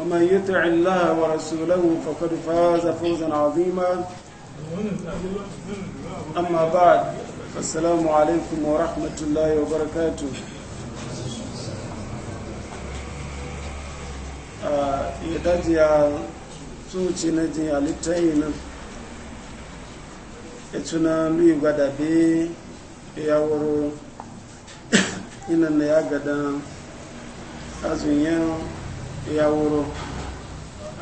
ومن يطع الله ورسوله فقد فاز فوزا عظيما أما بعد السلام عليكم ورحمة الله وبركاته يدجي tsoci na jiya littayi nan ya tuna luyi gwada be ya wuro inan na ya gada azun yau ya wuro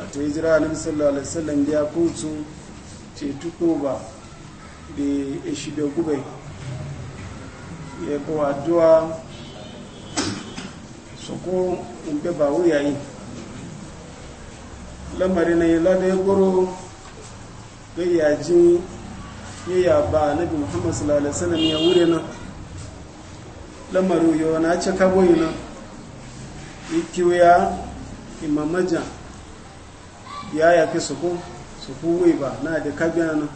a to a alim sallallahu alaihi wasallam da ya kutu ce tuko ba da ya shiga gube ya ko addu'a su ko umbe ba wuya yi lamarin na yi lada ya goro ga yaji ya yaba nabi muhammadu sallallahu alaihi wasallam ya wure nan lamarin yau na cika boyi nan ikiwa imamaja ya yafi suku suku wai ba na da kabiya nan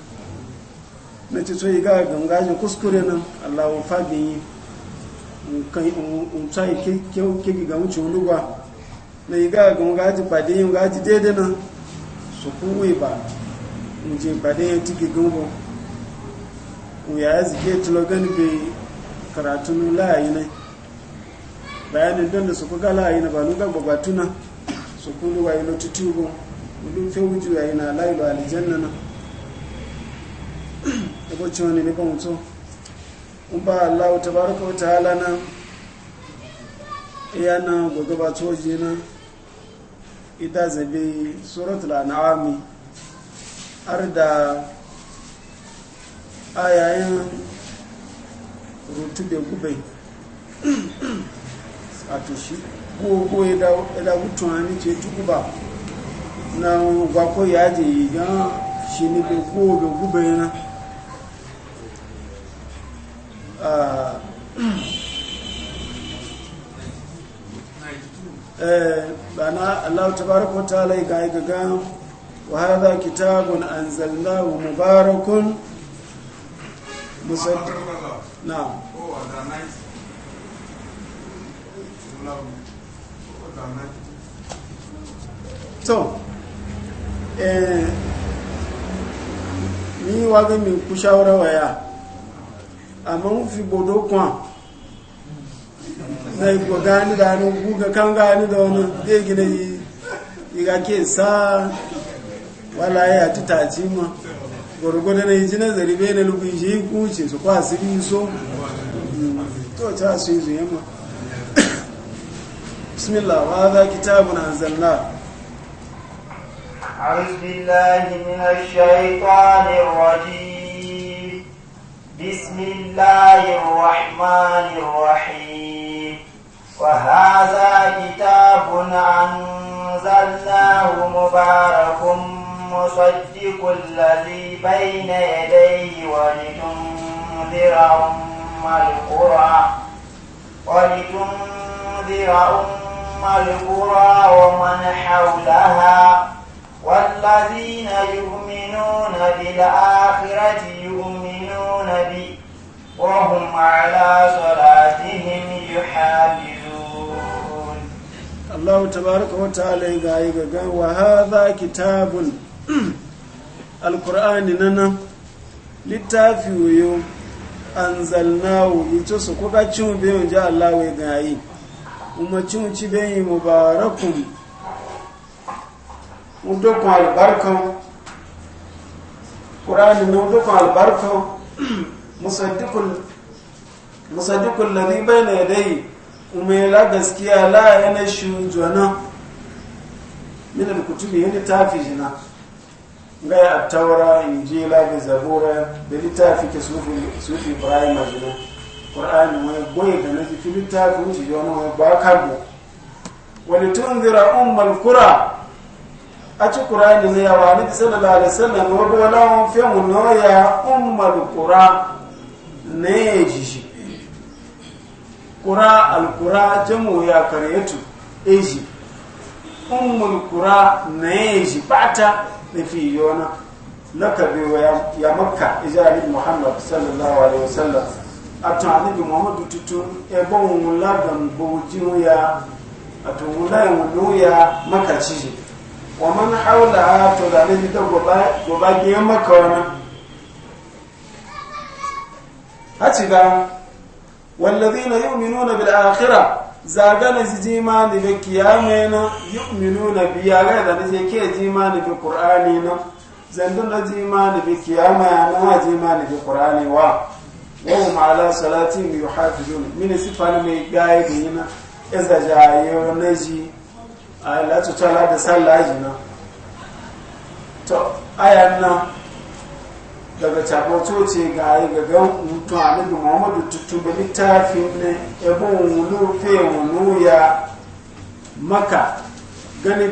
na ci yi ga gangajin kuskure nan allahu fagin yi in tsayi kegi ga wuce wulugwa na yi ga gangajin bade yi gaji daidai nan suku wai ba in je bade ya tiki gungo ya ya zike tulogan bai karatun layi ne bayanin don da suku ga layi na ba lugan babatuna sukulu wa ilo tutubo ulu fe wuju ya ina la ilo alijanna na ebo choni ni bonto umba allah tabaraka wa taala na yana gogo ba toji na ita zabe suratul an'am arda ayayin rutube gube a tushi gbogbo ẹ̀dàgùtàn ní ṣe túkúbà na gbàkó yájì ìgán ṣe níbi kó ológúbẹ̀ iná bana allahu tabaraka ta'ala ga gaga wa hadha kitabun anzalnahu mubarakun musaddiq na'am oh, to ni eh, wa ga mi ku shawara waya amma mun fi bodo kwan na iko gani da ni guga kan gani da wani zai gina ke sa wala ya ta ma gwargwada na yi ji nazari bai na lugu shi su kwa su bi so to ta su yi ma بسم الله وهذا كتاب أنزلناه أعوذ بالله من الشيطان الرجيم بسم الله الرحمن الرحيم وهذا كتاب أنزلناه مبارك مصدق الذي بين يديه ولتنذر أم القرى ولتنذر أم ثم القرى ومن حولها والذين يؤمنون بالآخرة يؤمنون بي وهم على صلاتهم يحافظون الله تبارك وتعالى وهذا كتاب القرآن لنا littafi أنزلناه an zalnawo ita su kuka cin biyun umacin ci bayi mubarakun udukun um albarkan ƙura'ani na um udukun albarkan musaddikun lalai bai na dai umela gaskiya la yana shi jona min alkutubi yana tafi jina ga ya taura injila da zabura da littafi ke sufi ibrahim jina ƙur'ani wani boye da na fi jifi littafi wuce yi wani wani ba kago wani tun zira umar kura a ci ƙur'ani ne yawa ni sallallahu da wasallam wa dole wani femu noya umar kura ne ya ji shi kura alkura jamu ya karyatu eji umar kura ne ya ji bata na fi yi wani lakabewa ya maka ijari muhammad sallallahu alaihi wasallam atan anabi muhammadu tutu ẹgbọn òun lágbàmgbò jíun ya àtòun láìwò ló ya makaci wọn mọ ní haúlà àtọ̀dà níbi tó gbọba gé maka ọ̀nà láti gba wàlẹ́dí na yóò mìnú na bìlà àkírà zaga na ji ma ni be kiyame na yu'minuna bi ya ga da ne ke ji ma ni bi qur'ani na zan na ji ma ni bi kiyama na ji ma ni bi qur'ani wa wahum ala salatihim yuhafizun min sifani mai gaye da yana izda jayo na ji na daga cakococe ga yi gaga mutum alibi muhammadu tuttuba littafin ne ebon wulu fe wulu ya maka gani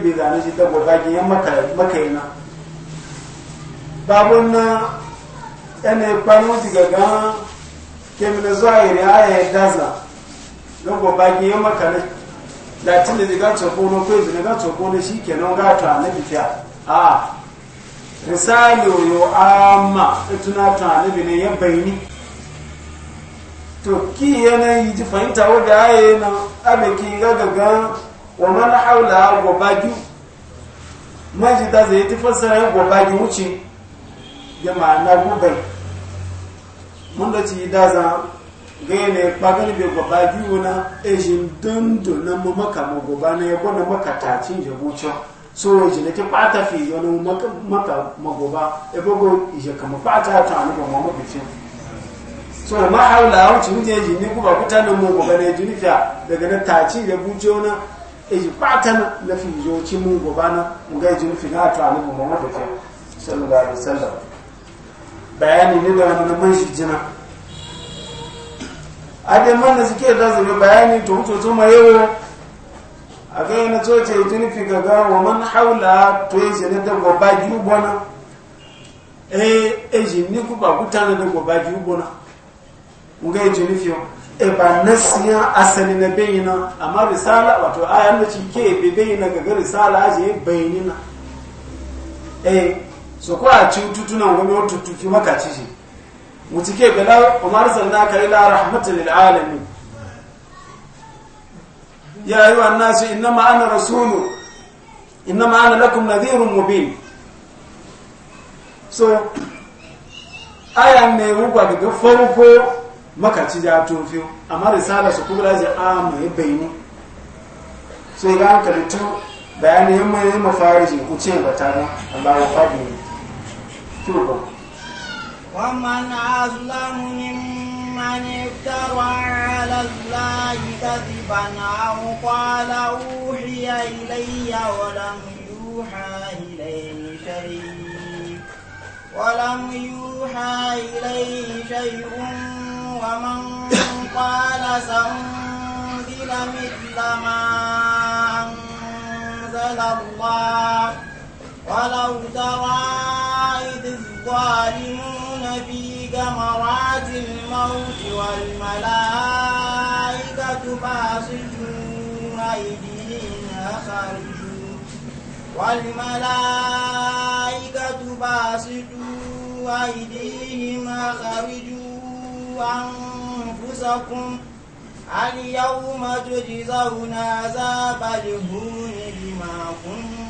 zuwa zahiri aya ya daza don gobagi ya makana latin da ga tsokono ko yanzu ga tsokono shi kenan ga ta na bifiya a risali yo amma tuna ta na bine ya bayani to ki yana yi ji fahimta na abeki ga gaga wa man haula ti fassara wuce ya ma'ana gubai mun da ci da za gane bagal be biyu biuna ejin dundu na mu maka na yabo na maka tacin jabucho so ji ne fi na maka kama ta ni ba mu bifi so ma haula wuce ni kuma na ji fiya daga na na fi yo ci na ga fi ga ta ni sallallahu alaihi bayani ne da wani man shi jina adin man da suke da zabe bayani to mutu to mai yawo a kan yana coce tuni fi gaga wa man haula to yi shi ne da goba biyu bona e eh shi ni ku ba ku tana da goba biyu bona mun ga tuni fi e ba na nasiya asali na bayyana amma risala wato a da cike be bayyana ga risala aje bayyana e. soko a ci tutunan wani wata tuki makaci shi mutu ke bela umar sanna ka ila rahmatul lil alamin ya yi wa nasu innama ma'ana rasulu innama ma'ana lakum nadhirun mubin so aya ne ruba daga farko makaci ya tofi amma risala su kubra ji a mai bayani so ga an karanto bayanin yamma ne yi ku ce ba ta Allah ya fadi شوفوا ومن أظلم ممن افترى على الله كذبا أو قال أوحي إلي ولم يوحى إليه شيء ولم يوحى إليه شيء ومن قال سأنزل مثل ما أنزل الله ولو ترى إذ الظالمون في غمرات الموت والملائكة باسطوا أيديهم أخرجوا والملائكة باسطوا أيديهم أخرجوا أنفسكم اليوم تجزون عذاب الهون بما كنتم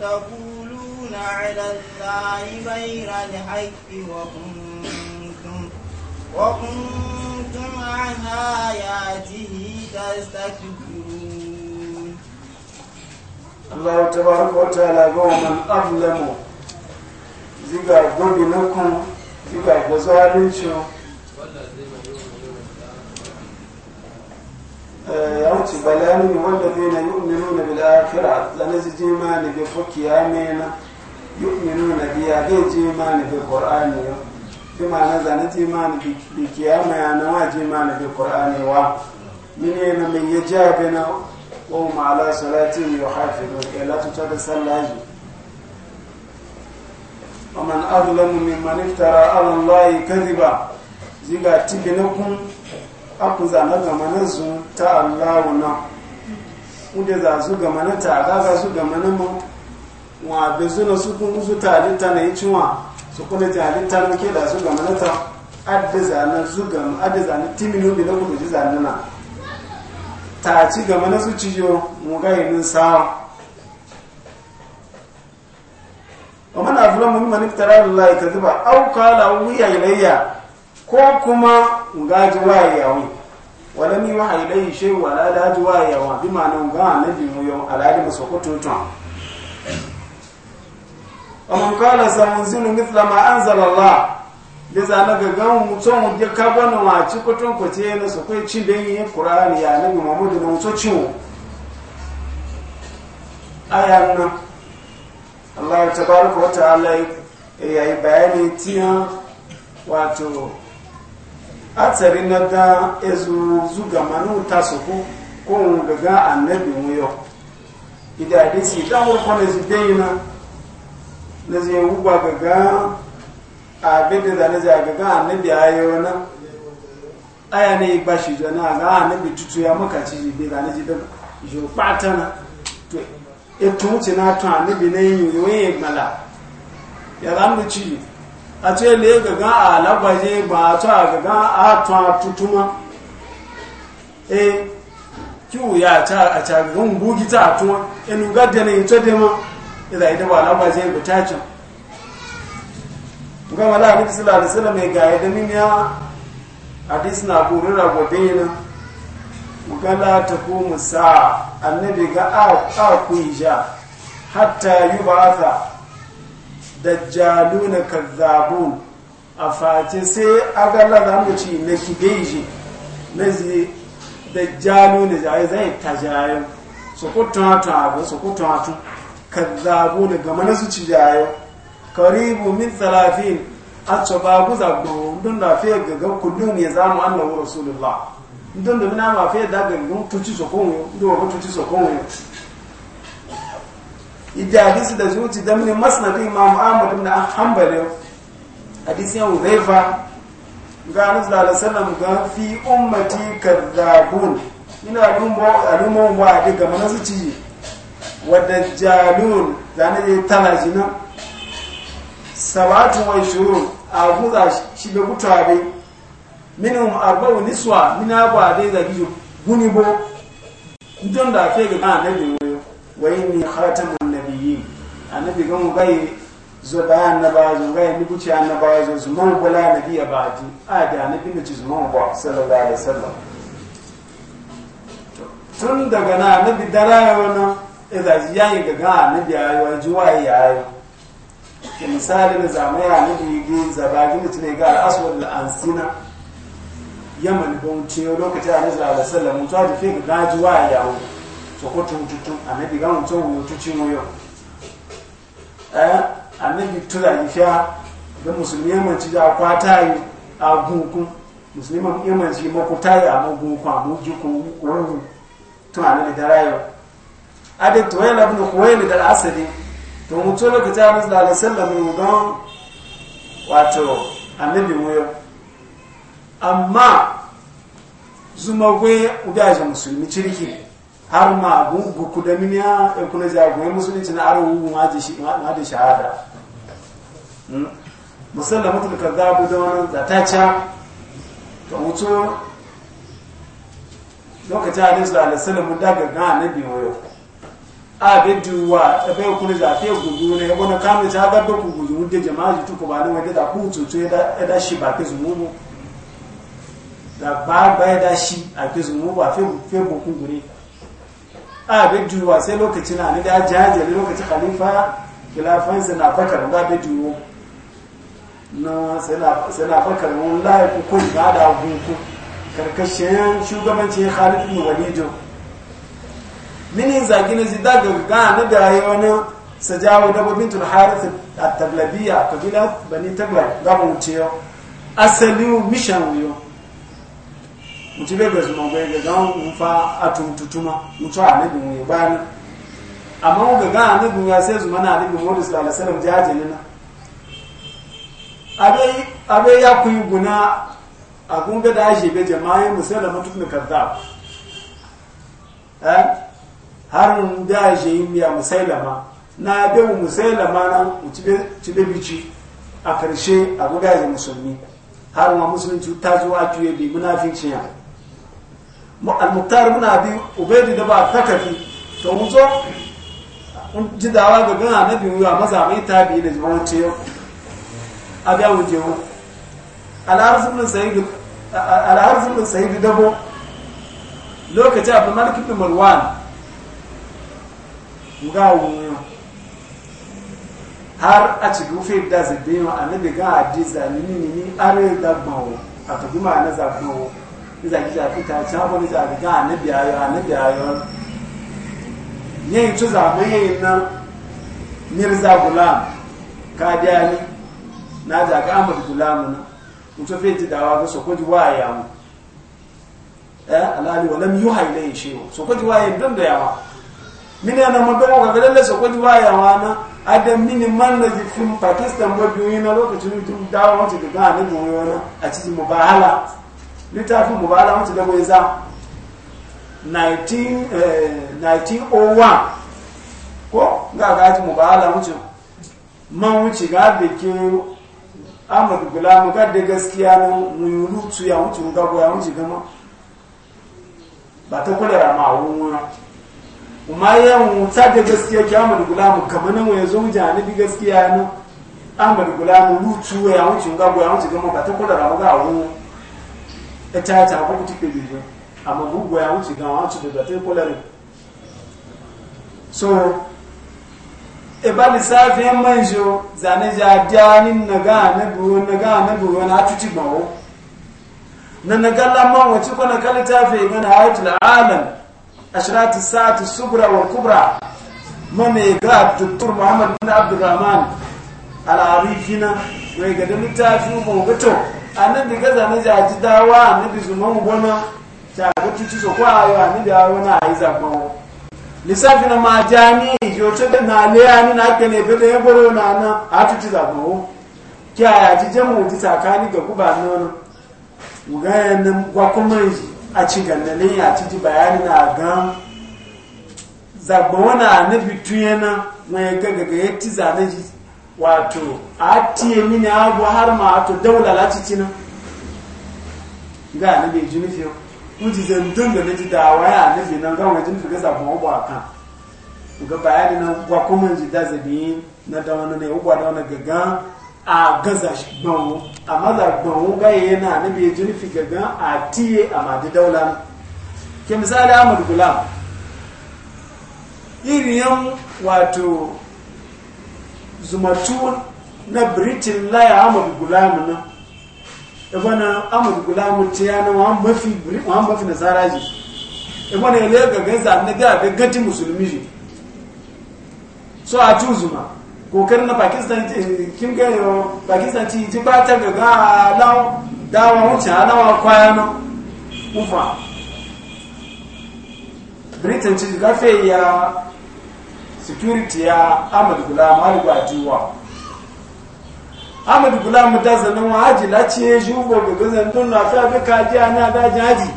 تقولون على الله غير الحق وكنتم وكنتم عن آياته تستكبرون الله تبارك وتعالى ومن أظلم زيغا غوغي لكم زيغا غزالين شو yawci bayanin wanda na yu'minuna bil akhirah da na ji ma ne bi ya mena yu'minuna biya zai ji ma ne bi qur'ani ya fi ma na zane ji ma ne bi kiyama ya na wa ji ma ne bi qur'ani wa min ya ja yaja na wa ma ala salati ya yuhafizu ila da sallaji ومن أظلم ممن افترى على الله كذبا ziga تبنكم akuza na gamanin su ta Allah na wunde za gama na ta ga za gama na mu wa be su na su kun zu ta halitta na yi cinwa su kuna ta ta na ke da gama na ta adda zanen su gam adda zanen timinu bi na ku ji na ta ci na su yo mu ga yi min sawa ومن أظلم ممن افترى على الله ba أو قال أو هي إليّ ko kuma gaji waye yawo wala mi wa ilayhi shay wa daji waye yawo bi ma nan ga annabi mu yau alaji masakutu to amma kala sanzilu mithla ma anzala Allah da zana ga gan mutum da ka gwanu ma ci kutun ku ce na su kai ci da yin qur'ani ya nabi muhammad da mutum ci ayan Allah tabaraka wa ta'ala yayi bayani tiyan wato atsari na da ezu zuga manu ta su ku kun gaga annabi mu yo si hadisi da mu ko ne zidai na ne zai wuba gaga abin da a zai gaga annabi ayo na aya ne igba shi jana ga annabi tutu ya maka ci bi da ne ji da jo patana to etu tun na to annabi ne yi yoyin mala ya ramu ci a ce ne ga a labaje ba to a ga a to tutuma e kiwu ya ta a ta e ga mu bugi ta tuma enu gadda ne to de ma idan ida ba labaje ba ta ce ga wala ni da alaihi mai ga idan min ya hadis na kuri gobe na gala ta ku sa annabi ga a ku ja hatta yubatha dajjaluna kazzabun a face sai agala za mu ci na kideji na zai dajjaluna jaye zai tajayo su ku tunatu abu su ku tunatu da gama na su ci jayo karibu min salafin a coba guza gudun da fiye gaga kullum ya zamu annabu rasulullah don da muna mafiya da gaggun tuci sokonwe don wa tuci sokonwe ita hadisi da zuci da mini masnadu imam ahmad ibn hanbal hadisi ya uzaifa ga annabi sallallahu alaihi wasallam ga fi ummati kadhabun ina dumbo alumo wa daga manasuci wadda jalun zane talajina sabatu wa a guza shi da kutabe minimum arba'u niswa mina ba dai zagi guni bo don da ke ga na da wayo wayin ni kharatan annabi gan gai zo da annaba zo gai ni buci annaba zo su man na biya ba ji a da annabi ne ci zuman ba sallallahu alaihi wasallam tun daga na annabi dara wannan idan yayi gaga annabi ayi wa juwai ayi ke misali na zamai annabi gi zabagi ne tune ga al-aswad al-ansina yaman bauchi lokacin annabi sallallahu alaihi wasallam mutuwa da fi gajuwa yawo sokoto tutun annabi gan mutuwa tutun yau Eh, annabi tura yi fiya da musulmi yamanci da kwata yi a gunku musulmi yamanci makuta yi a magunku a mujikun wurin tun annabi da rayuwa adin tuwa yana bin kuwa yana da asali to mutu lokaci a nasu da alisallam don wato annabi wuyo amma zuma gwe udajen musulmi cirki har ma guku da miniya ya eh, kuna jagoyi musulunci na arahu hmm? ma da shahada musulun mutum ka zabu da wani zatacca ta wuto lokaci a nisa ala salamu daga na biyu yau a biduwa ta bai kuna zafe gudu ne ya kuna kamar ta gaba ku gudu da jama'a ji tuku ba nan wajen da ku tutu ya da shi ba ke zumumu da ba ya da shi a ke zumumu ba fe bukun a ah, bai juwa sai lokacin na da jihajiyar lokacin khalifa khilafansa na fakar ba bai na sai na fakar wani layi kuku na da gunku karkashin shugabancin khalid ibn walijo mini zagi na zida ga na da wani sajawa da babin tulharith at-tablabiya kabila bani taglab ga mu ciyo asali yo mutu bɛ bɛn suma bɛn gɛgɛn n fa a tun tutuma mutu a ne dun ye baana amma o gɛgɛn a ne dun se zuma na ne bi o de sɔrɔ a la sɛlɛm jaa na a bɛ a bɛ ya kun guna a kun bɛ da shi bɛ jama'a ye musa ma mutu ne karta eh har mun da shi ya musa da ma na bɛ mu musa da ma na ti bɛ ci bɛ bici a karshe a gudaje musulmi har ma musulunci ta zo a tuye bi munafincin ya al-muktar ibn abi ubaydi da ba takafi to mun zo mun ji dawa ga gana annabi wa maza mai tabi ne zuwa ce abiya wuje mu al-harz ibn sa'id al-harz ibn sa'id dabo lokaci abu malik ibn marwan ga wuya har a cikin fi da zabe ma annabi ga hadisi ne ne ni are da gbawo a tabi ma na zabawo iza kija fita ta wani zabi ga annabi ayo annabi ayo ne to zabi yin na mirza gulam kadiyani na da ga amur gulam na mutum bai ji dawa ga sokoji waya mu eh alali wa lam yuha ilayhi shay'a sokoji waya don da yawa min yana magana ga lalle sokoji waya wa na adam mini man na jifin pakistan ba biyu na lokacin mutum dawo wata daga annabi wani a cikin mubahala littafin mu ba alamci da mai za 1901 eh, ko ga gaji mu ba alamci man wuce ga beke amadu gulamu ga da gaskiya na muyulutu ya wuce gabo ya wuce gama ba ta kula da ma'awun wuna kuma yan ta da gaskiya ki amadu gula mu kama nan ya zo janibi gaskiya na amadu gulamu lutu ya wuce gabo ya wuce gama ba ta kula da ma'awun ita ya tafi kuti ke biyu amma mugu ya wuce gan wasu da zaten kularin so e ba lissafin manjo zane ja danin na ga na buru na ga na buru na tuci gbawo na na galla man wace ko na kalli tafi gana hayatul alam ashratu sa'atu subra wa kubra mame ga dr muhammad bin abdurrahman al-arifina wai ga da littafi mu gato anabi gaza na jaji dawa annabi zuman ta shaga cuci so kwa ayo annabi ayo na ayi zagbawo lissafi na majani yoce da na leya ni na gane bada ya boro na atu a cuci zagbawo ki a yaji jamu ji tsakani ga kuba nono mugaya nan gwakwamon a ci gannalin ya ci ji bayani na gan zagbawa na anabi tuyena mai gagaga ya ci zane wato a tiye mini abu har ma wato daula lati cinan ga ni bai ji nufi ji zan dun da naji da waya nufi nan ga wajen fi gasa kuma ubu kan ga bayani nan gwa kuma ji da zabi na da wani ne ubu da wani gaga a gaza shi gbanwo amma za gbanwo ga yana ni bai ji nufi gaga a tiye a madi daula ke misali amur gulam irin wato zumatu na britain laya amur gulamu na ibana amur gulamu ta yana wa mafi nasara ji ibana ya lega gaza na gaga gati musulmi ji so a tu zuma kokarin na pakistan kim gayo pakistan ci ji ba ta gaga alawo dawa wuce alawa kwaya na ufa britain ci gafe ya security ya Ahmad Gulam har gwajiwa Ahmad Gulam da zanen wa haji la ce jubo ga gazan don na fa ga kaji ana da jaji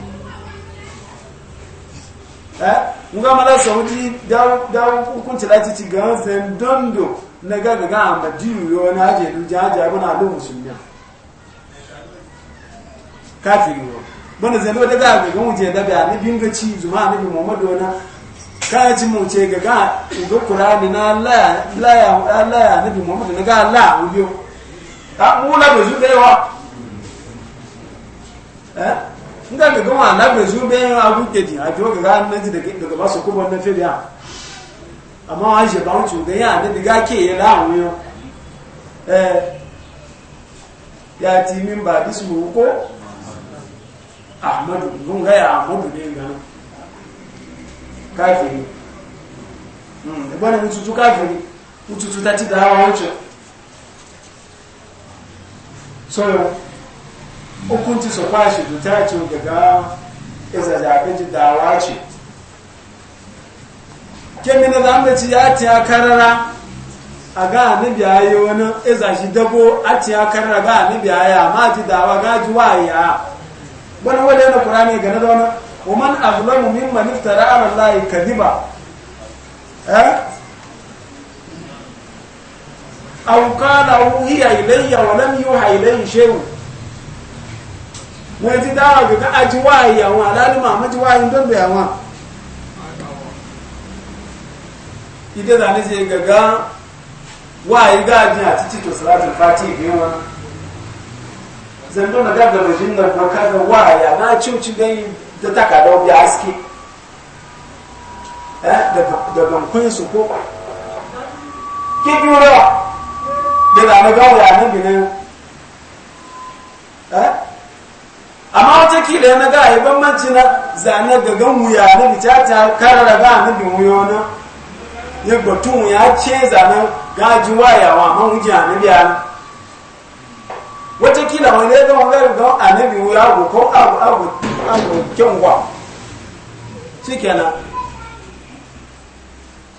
eh ga mala saudi da da hukunci la ci ga zan dondo na ga ga Ahmad Diyu yo na haji du jaji abun a lu musulmiya kafiru bana zai zan da ga ga mu je da ba ni binga ci zuma ni Muhammadu na kaji mu ce ga ga ga na laya laya laya nabi muhammad na ga la ubiyo a mu la bezu bewa eh ga gwa la bezu bewa abu kedi a jo ga daga daga basu ko wannan fe biya amma wa je ba wuce ya da ke ya la ubiyo eh ya ti min ba bismu ko ahmadu mun ga ya ahmadu ne ga káfìrí ẹgbọ́n ni mútútú káfìrí mútútú tàti dára wọn jù okun ti sọpá ìṣètò tàti ògẹ̀gá ìzàjà àbẹ́jì dáwà jù kemi na ti ya a a ti ya karara ga anibi a yi a ma ji dawa ga ji wa ya wani wani yana kurani da wani ومن أظلم ممن افترى على الله كذبا a أو قال أوهي إلي ولم يوحى إلي شيء wọ́n ti dáwà gbẹ̀gbẹ̀ ajíwáyé àwọn alálùmọ̀ àmọ́jíwáyé ń dọ́bẹ̀ àwọn ìdẹ́dà ní ṣe gẹ̀gá wáyé gáàdín àti títò sàlátì fàtí ìgbé wọn zẹ̀ndọ́nà dábẹ̀rẹ̀ jínà gbọ́ká wáyé àmáà tí ó ti gẹ́yìn ta da wabi aski eh, da bankun su ko ki jura da na na gawo ya nan bine eh? amma wata da na ga ya bambanci na zane ga gan wuya na bita ta karara ga na bin wuyo na ya batun ya ce zane gaji wayawa man wuji na ya watakila wanda ya gama gari don annabi wuya abu ko abu abu abu kyanwa shi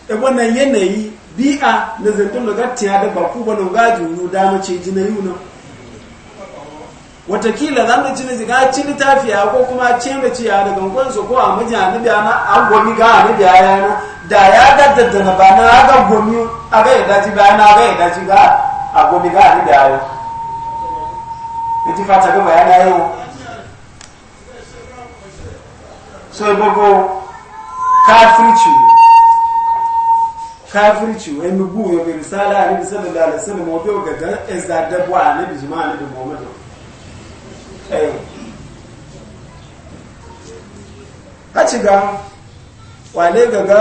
e wannan yanayi bi'a na zantun da gattiya da ba ku bane gaji wani dama ce ji na yuna watakila zan mu ci na ziga ci littafiya ko kuma ci na ciya da gangon su ko a miji annabi ana an gomi ga annabi yana da ya daddada na ba na ga gomi a ga ya daji ba na ga ya daji ga a gomi ga annabi yana ìdí fata gbé bàyá láyé o so gbogbo káfíríkì káfíríkì ẹnu gbú yomi risala àníbi sẹ́lẹ̀ lálẹ́ sẹ́lẹ̀ mọ́ bí ògẹ̀gẹ́ ẹ̀sà dẹ́bọ̀ àníbi jùmọ́ àníbi mọ́mọ́dọ̀ ẹ̀yọ̀ kaci ga wane gaga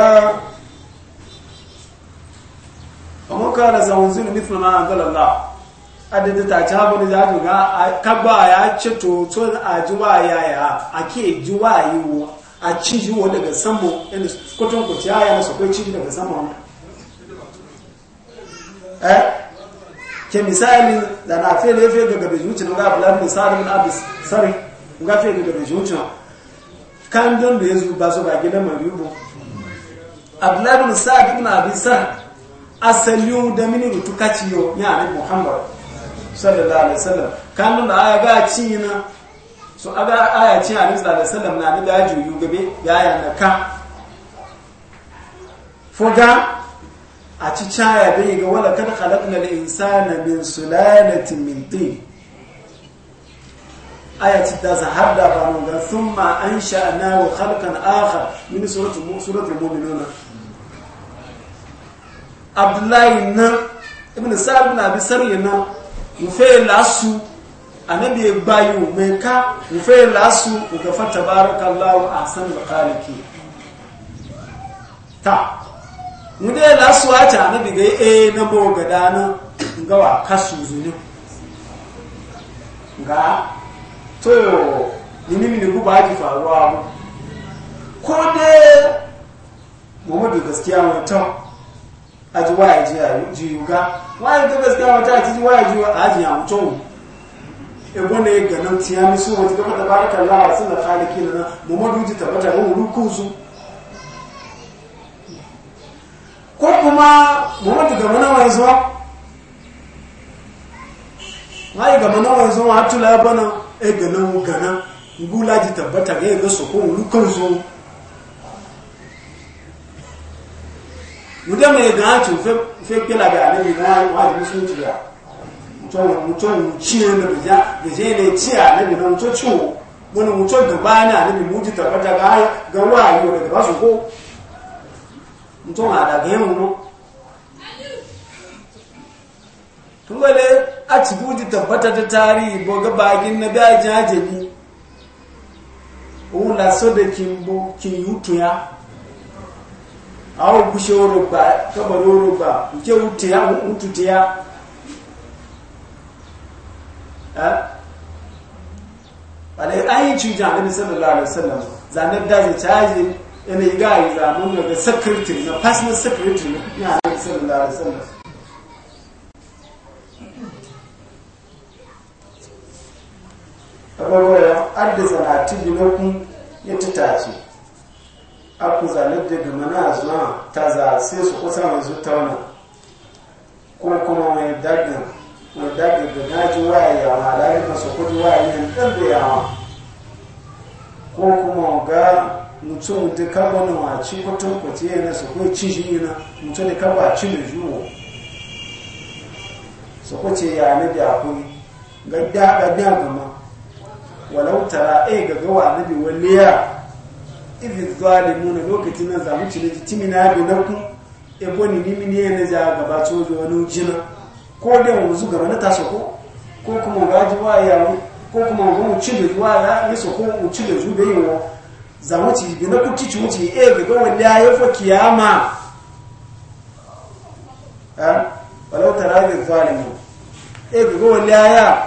amurka da zaun zini mitulun an anzalar adada ta ci haɓu da zaɗu ga kagba ya ci to a juwa wa ya ya a ke ji yi wa a ci juwa daga samu inda kutun ku ci haya su kai ci daga samu eh ke misali da na fe ne fe daga da zuci ga bulan da sarin na abis sari ga fe daga da zuci kan don da ya ba su ba gidan abu lafi bin sa'ad ibn abi sa'ad asaliyu da mini rutukaciyo ya ne muhammad sallallahu alaihi wasallam kan a da sallam na ni da juyu gabe ya ya na ka a ci caya bai ga wala kad khalaqna al-insana min sulalatin min tin aya ci da zahar da ba mun ga thumma ansha'na wa khalqan akhar min suratul suratul mu'minuna abdullahi na ibn sa'd na bi sarri na mufe lasu annabi ya bayu mai ka mufe lasu ga fata barakallahu a san kaliki ta mude lasu a ta annabi e eh, na boga dana nga wa kasu zuni ga to nini mini guba ji faruwa ko dai muhammadu gaskiya wani aji waya ji ayu ji yuga waya to gaskiya wata ci ji waya ji aji ya mutum e gona ya ganan tiya mi baraka na Muhammadu ji tabata mu ruku su ko kuma Muhammadu ga mana wai na wai ga mana wa bana e ganan ganan ngula ji ga ga so mutum mai ganci fefela da alayi na wajen musulunci ya mutum mutum da bija ci alayi na ni gaa ga ga wayo daga ba su ko mutum a daga yin mu tun gale a ci buji tabbata ta tarihi boga bagin na biya jajeni so kin yutu ya awo bushe orogba kabar orogba nke wuteya wututeya bale ayin cuta annabi sallallahu alaihi wasallam zanen daji caji yana ene ga za zanen daga secretary na personal secretary na annabi sallallahu alaihi wasallam kamar wadda adda zanatun yi lokun ya tutace aku zalar daga mana zuwa ta za sai su kusa mai zuta wani ko kuma mai daga mai daga da naji waye yawa halayen da su kudu waye yin ɗan da yawa ko kuma ga mutum da kaba na waci kutun kwace yana su kai ci shi yana mutum da kaba ci da juwo su kuce ya na da akwai ga daga gama walau tara eh, ga gawa na biyu wani izi zalimu na lokacin nan zamu cire ji timina bi na ku ebo ni ni mini ne ja gaba cojo wani jina ko da mu zu gaba na taso ko ko kuma gaji wa ya ko kuma mu ci da wa ya ne so ko mu ci da zu da yiwo zamu ci bi na ku ci ci mu ci e ga ko wani ya fa kiyama ha walau tara e bi zalimu e ga ko wani ya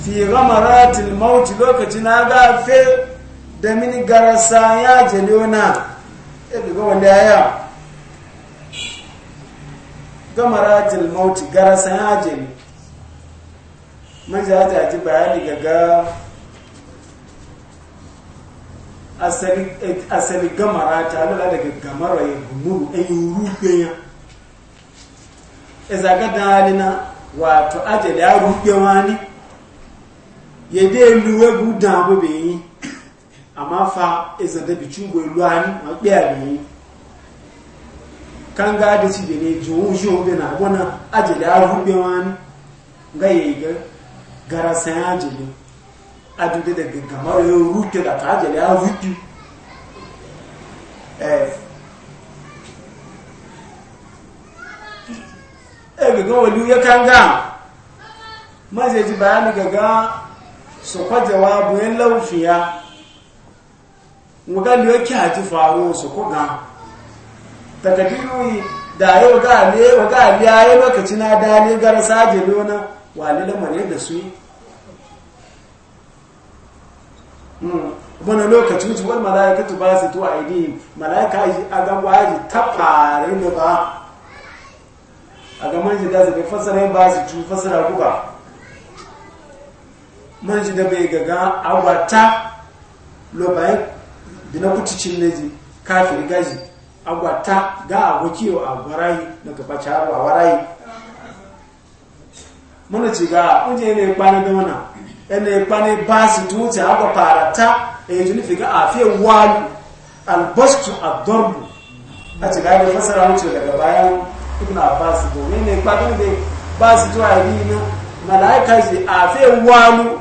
fi ghamaratil maut lokacin na ga fe da mini garasa ya jeliona ebe ga wanda ya gamara mauti garasa ya jeli manja ta ji bayani gaga asali gamara ta lula daga gamara ya gumuru yi rufe ya izaga dalina wato ajali ya rufe wani ya dai luwe gudan abu yi ama fa iza da bicu goyi luwani ma biya ne kan ga da ci da ne juwu shi hobe na gona aje da aru be wani ga yi ga gara san aje ne adu da daga gamar yau rute da ta aje da aru ki eh eh ga wani ya kan ga maje ji bayani ga ga su kwa jawabu yan laufiya mugali yake haji faru su kuga daga dinoyi da yau ga ne wa ga biya yau lokaci na da ne gar saje lona wani lamar da su yi hmm, bana lokaci wuce wani mala'ika tu ba su tuwa aidi mala'ika yi a ga waji tafare ne ba a ga manji da su zabe fasara ba su tu fasara kuka manji da bai gaga awata lobayin dina kuticin neji kafin gaji agwata ga agwakiyo a warayi na gaba caro a warayi mana ce ga kunje ne kwana da wana ene kpani basi tuti agwa ta a yi tuni figa afiye walu albastu adorbu a ce ga yi fasara wuce daga bayan ibn abbas domin ne kpani da basi tuwa yi na malaika ji afiye walu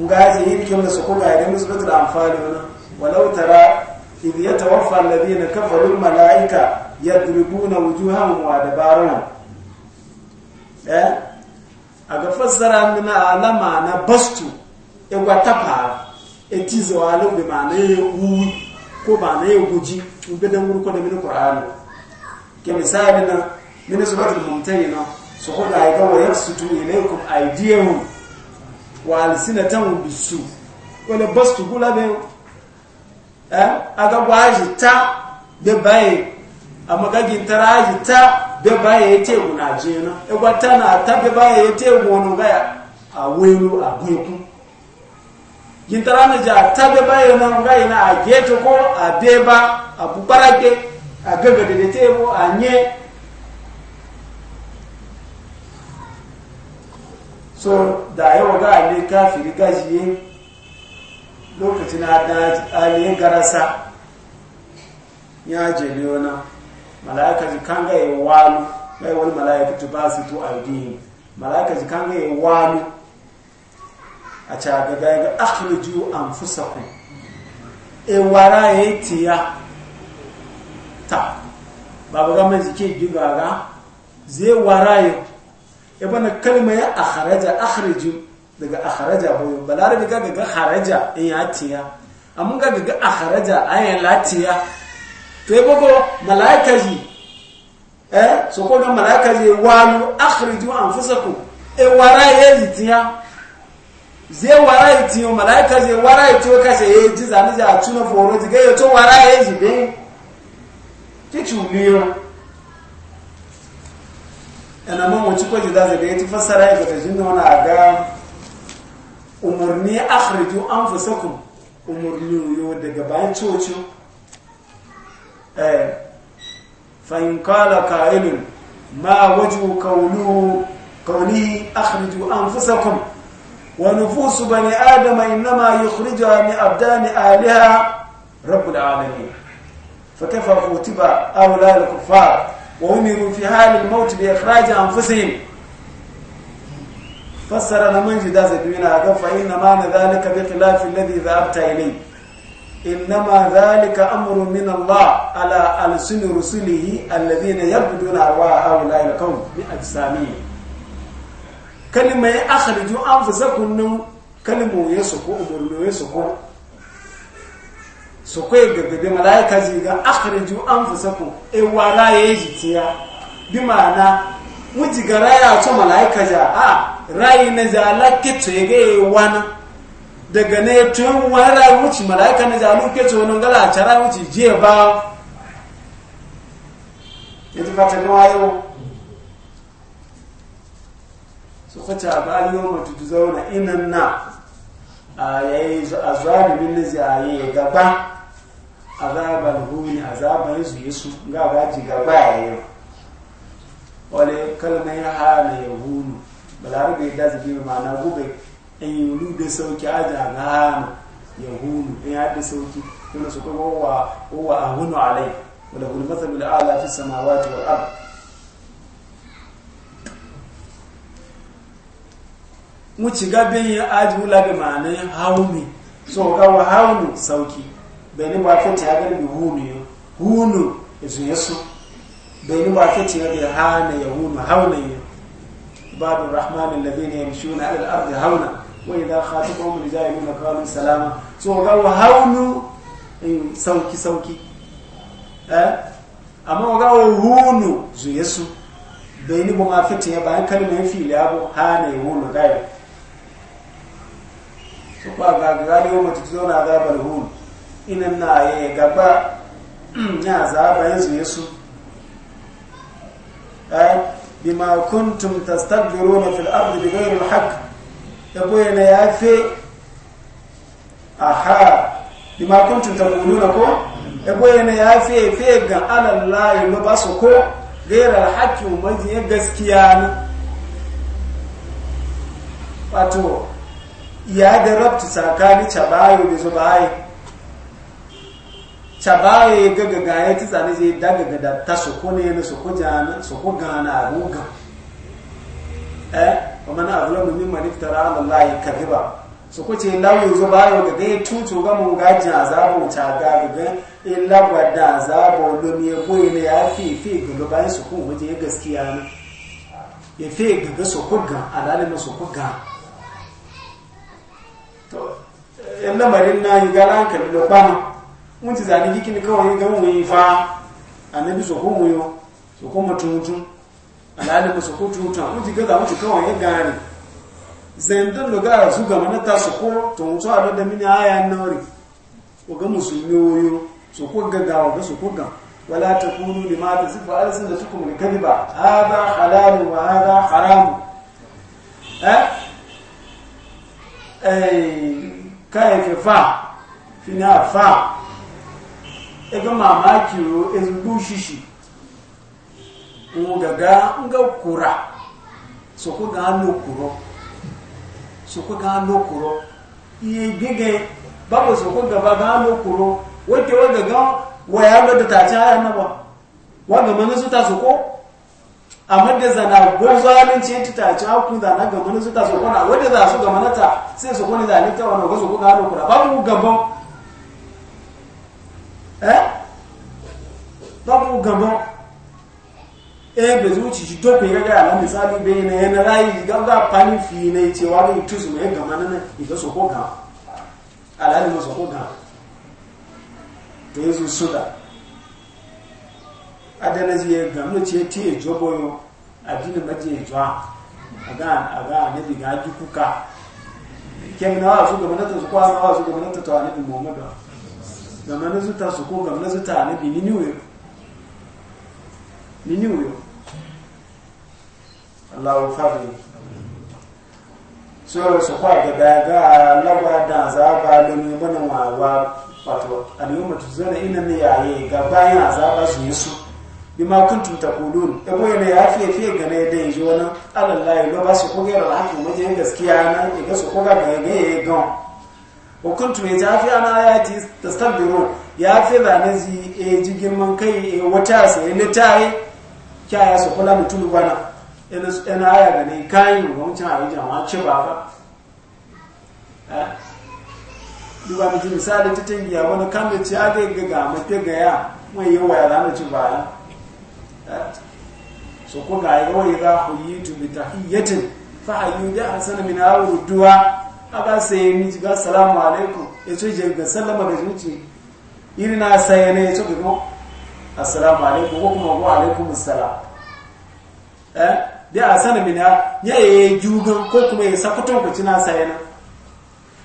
nga ji yi kin su kula da amfani anfal walau tara idh yatawaffa alladhina kafaru malaika yadribuna wujuhahum wa dabaran eh aga fassara mina alama na bastu e gwatapa etizo walo be mana ya wu ko mana ya guji ubeda nguru ko da min qur'an ke misalina min suratul mumtahina su kula ga wa yaksutu ilaykum mu. wa ta alsinatahum bisu wala bastu gula be eh aga gwaji ta be baye amma gagi taraji ta be baye yete guna jina e gwata na ta be baye yete gono ga a welu a gweku gintarana ja ta na ga ina a geto ko a beba a bubarake a gaga de tebo a nye so da yawa ga ne kafiri gajiye lokacin ale garasa ya je leona mala'ika ji kan ga wani walu bai wani mala'ika ta ba su to addini mala'ika ji kan ga yi walu a cagaga ya ga akhruju anfusakum e wara ya tiya ta babu ga mai zike gigaga zai wara ya ya bana kalma ya akharaja akhriju daga akharaja boyo balarabi ga ga kharaja in eh, ya tiya amma ga ga akharaja ayan latiya to ya bago malaika ji eh so ko ga malaika ji walu akhriju anfusakum e wara ya tiya zai wara ya tiyo malaika zai wara ya tiyo kashe ya eh, ji zani ja tuna foro ji ga ya to wara ya ji be kichu miyo ana man wuce kwaji da zaga ya ci fassara ya bata jin wani a ga umarni akhriju anfusakum umarni yo daga bayan cocio eh fa in qala qa'ilun ma wajhu qawluhu qawli akhriju anfusakum wa nufusu bani adama innama yukhrijuha min abdani aliha rabbul alamin fa kayfa kutiba awla al-kuffar وأمروا في حال الموت بإخراج أنفسهم فسر لمن جداز دوينا فإن معنى ذلك بخلاف الذي ذهبت إليه إنما ذلك أمر من الله على ألسن رسله الذين يبدون أرواح هؤلاء الكون بأجسامهم كلمة أخرجوا أنفسكم كلمة يسكو أمر يسكو su kai gaggabe mala'ika zai ga akhriju anfusakum ay e wala yaji bi ma'ana muji garaya to mala'ika ja a rayi na za lakke to ga wana daga ne to wala wuci mala'ika na za lukke to wannan gala tara wuci je ba yaji fata no ayo su kwata ba al yawma tujzauna inna a zalimin na zaye ya gaba azabar huni azabar su ga gaji gaba ya yau wale ya hana ya hunu balarabe da zabi ma'ana gube in yi lu da sauki aja ga hana ya hunu in ya da sauki kuma su kuma wa a hunu alai wala hulmatar bil'ala fi samawati wal ardh muci gabi yin aji wula da ma'anin hauni so kawo haunu sauki bai ni ba fiti ya gani hunu ya hunu ya zuye su bai ni ba fiti ya gani hana ya hunu hauna ya babu rahmanin labi ne ya mishi wani adal arzi hauna wani za ka tuka wani jaya nuna kawalin salama so kawo haunu eh, sauki sauki eh? amma kawo hunu zuye su bai ni ba ma fiti ya bayan kalmar fili ya hana ya hunu gaya so ga gari yau mutu zo na gabar hul inan na yi gaba na azaba yanzu yesu eh bima kuntum tastakbiruna fil ardi bighayri al haqq yabo yana yafe aha bima kuntum taquluna ko yabo yana yafe fe ga alallahi no basu ko ghayri al haqq mun gaskiya ne wato ya da rabta tsakani cabayo da zubaye cabayo ya gaga gaya ta tsane zai daga gada ta soko ne na soko jana soko gana a goga eh kuma na azula mun mimma niftara ala allah ba. soko ce lawo zubayo ga gaya tuto ga mun gaji azabo ta ga ga in lagwa da azabo lomi ya boye ne ya fi fi ga bayan soko wajen gaskiya ne ya fi ga soko ga alalin soko ga to yan lamarin na yi gara kalli da kwana mun ci zane gikin kawai ga mu yi fa a soko mu yi soko so kuma tutun alhalin su ko tutun mun ci gaza mutu kawai ya gane zendon da gara su gama na ta soko ko to a da mini na wari ko ga musulmi yoyo gaga ko ga soko ga so ko ga wala takunu kuma tasifu alsinatukum ba hadha halalun ba hadha haramun eh kayayyaki e fa fina fa ega mamaki ro ezigbo shishi ngaga nga kura sokwa ga n'okuro sokwa ga n'okuro ihe gige babu sokwa gaba ga n'okuro wake waga ga waya ga da ta ci haya na ba waga mana su ta amma da zana gwar zalunci ta ta ci haku zana ga mana zuta su kona wadda za su ga mana ta sai su kona zane ta wani wasu kuka hannu kura babu gaban eh babu gaban eh da zuci shi tofe ga ga ala misali bai na yana rayi ga ga fani fi ne cewa ga itu su mai ga mana na iga su ko ga ala ne su ko ga to yanzu suda adana je ga mu ce ti joboyo adini maje jwa aga aga nabi ga ji kuka ken na wasu ga su kwa na wasu ga ta nabi muhammad ga manata ta su ko ga manata ta nabi ni ni niwe ni niwe Allahu fadli so su kwa ga daya ga lawa da za ba da ni bana wawa wato a al'ummatu da ina ne yaye ga bayan azaba su yi su bima kuntum taqulun e boye ne ya fiye fiye gane da yanzu wani alallahi lo ba su ko gera hakin wajen gaskiya na e ga su ko ga ga ga ga wa kuntum ya jafi ana ayati tastabbiru ya fi da ne zi e jigin man kai e wata sai e ne tai kya ya su kula mutum bana ina haya aya ga ne kai mu mun tana wajen ma ce ba ba duba mutum misali ta tangiya wani kan da ci aga ga ga mafi ga ya mai yawa ya zama ci ya. so ko ga yi wai za ku yi tu bi tahiyyatin fa hayyu da hasan min awru duwa aba sai ni ga assalamu alaikum e to je ga sallama da zuci iri na sai ne to ga assalamu alaikum ko kuma wa alaikum assalam eh da hasan min ya yi jugan ko kuma ya ko ku cina sai na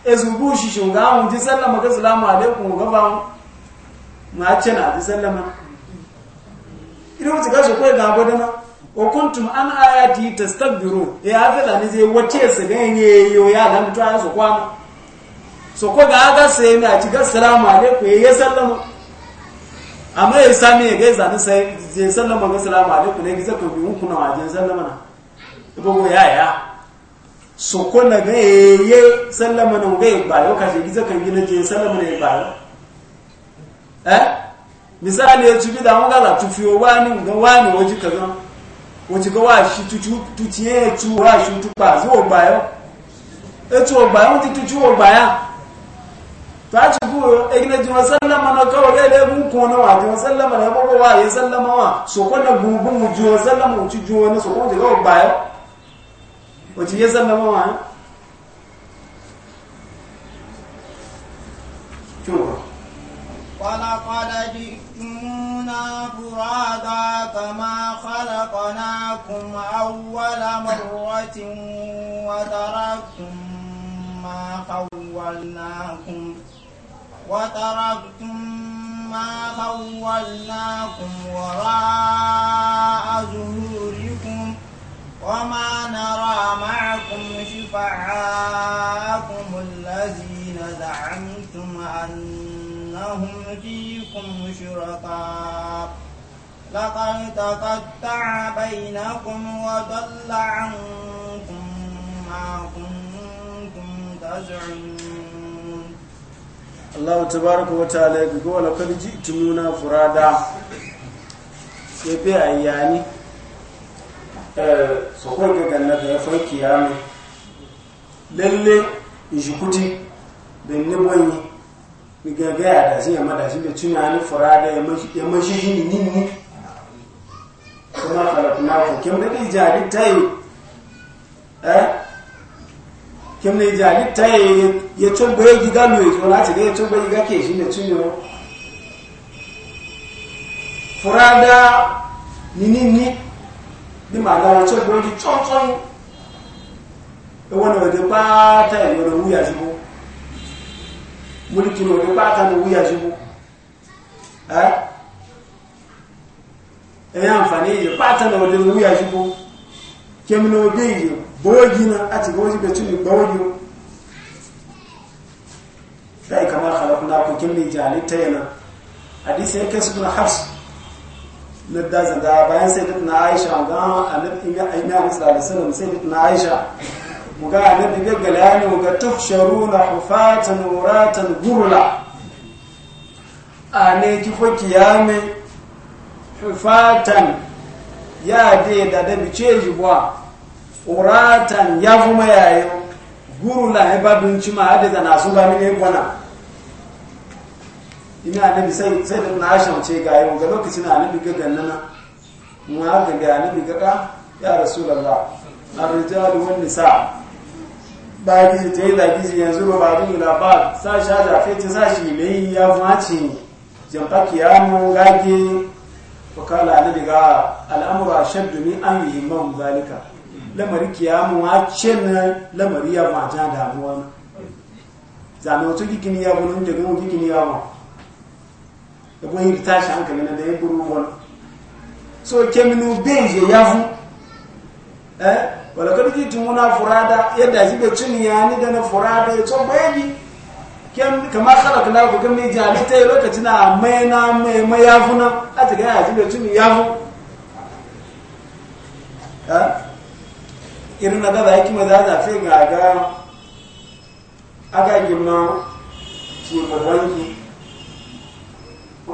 e zubu shi shunga mun ji sallama ga salamu alaikum ga ba mu ma cina ji sallama ina wuce gashi kawai ga abu na o kuntum an ayati tastakbiru eh, ya afila ne zai wace su ganye yo ya nan to an su kwana so ko ga ga sai na ci ga salamu alaikum eh, ya sallama amma ya sami ga zani sai ya sallama ga salamu alaikum ne gizo ko bi kuna wajen sallama na go ya ya so ko na ga ye sallama na ga ba yau ka je gizo kan gina je sallama ne ba eh misali ya tufi wani wani waje waje ga washi tu washi ti ta ci go e gina sallama na kawo mun wa sallama na wa ya sallama wa na mu sallama na ga waje ya sallama wa تأتونا فرادا كما خلقناكم أول مرة وتركتم ما خولناكم وتركتم ما خولناكم وراء ظهوركم وما نرى معكم شفعاءكم الذين زعمتم أن أنهم فيكم شركاء لقد تقطع بينكم وضل عنكم ما كنتم تزعمون الله تبارك وتعالى يقول لقد جئتمونا فرادا سيبي أياني sokon ga na ya farki ya mai lalle in shi kuti da ni bonyi gaga ya da shi da tunani fura da ya mashi shi ne nini kuma falakuna ku kim da ni jari ta yi eh? kim da jari ta yi ya tumba ya gida mai ya tumba ta ya tumba ya gake shi ne tunyo fura da ni ni ni màá dára tó gbọ́n di tọ́ntọ́n ewọ́n náà wọ́n ti pátá ìwọ́n náà wúyà sí mulkin wani bata da wuya shi mu ẹ̀yà àǹfààní èyí pàtà na ọdún orí àṣíkò kẹmìnà odé èyí bọ́ọ̀gì na àti bọ́ọ̀gì bẹ̀tún ní gbọ́ọ̀gì o láì kama kàlọ́kùnlá kò kẹmìnà ìjà àlè tẹ́yẹ̀nà àdísẹ́ kẹsùn na hapsu na dazada bayan sai na aisha ga annabi ina aisha muga annabi gaggala ya ne ga tuhsharuna hufatan uratan gurla a ne ki fa kiyame hufatan ya de da da bice jibwa uratan ya fuma yayo gurla he babin cima hada zana su ba mine gwana ina annabi sai sai da na shamce ga yau ga lokacin annabi gaggana na mu ga annabi gaga ya rasulullah الرجال والنساء ba gizi ta yi zagi yanzu ba ba gini la ba sa sha da fece sa shi mai ya faci jamfa kiyamu gage wakala na daga al'amura shaddu min an yi ma mu zalika lamari kiyamu a ce na lamari ya maja damuwa na zame wato gigini ya gudun da gudun gigini ya ma da gudun yi tashi hankali na da ya gudun wani so keminu beje ya fu eh walakadi kan ji tumuna furada yadda shi be cin yani da na furada ya so bayani kem kama khalaqna ku kam ni jali tai lokacin na mai na mai mai yafuna a ta ga ji be cin yafu ha irin na da hikima da da fe ga ga aga gimma ki ko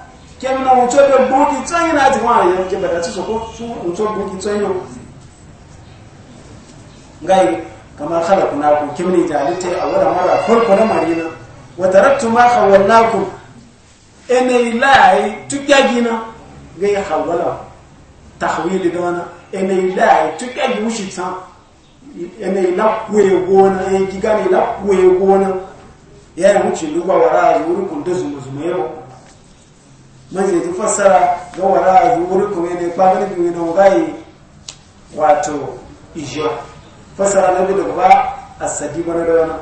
kem na wuto be bugi tsayin na jiwa ya ke bada ci so ko su wuto bugi tsayin ngai kamar khalaqna ku kim ni jalite awara mara farko na marina wa taraktu ma khawalnakum ene ilai tukagina ngai khawala tahwili dona ene ilai tukagi mushitsa ene ila kwe gona e gigani ila kwe gona ya wuce lugwa wara yuru kun da zumu zumu yau maje tufasara ga wara a zuwuri kuma ne kwanar biyu na mugaye wato ijiya fasara ne bi da ba a sadi mana da wani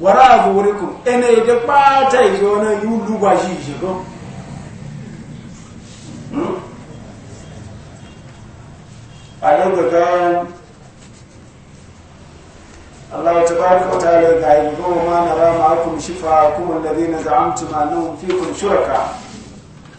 wara a zuwuri kuma ene da ba ta ijiya wani yi duba shi ijiya ba a yau da gawan Allah ta ba ku tare ga ibo ma na rama akum shifa kuma da zai na za'amtu ma nan fi kun shuraka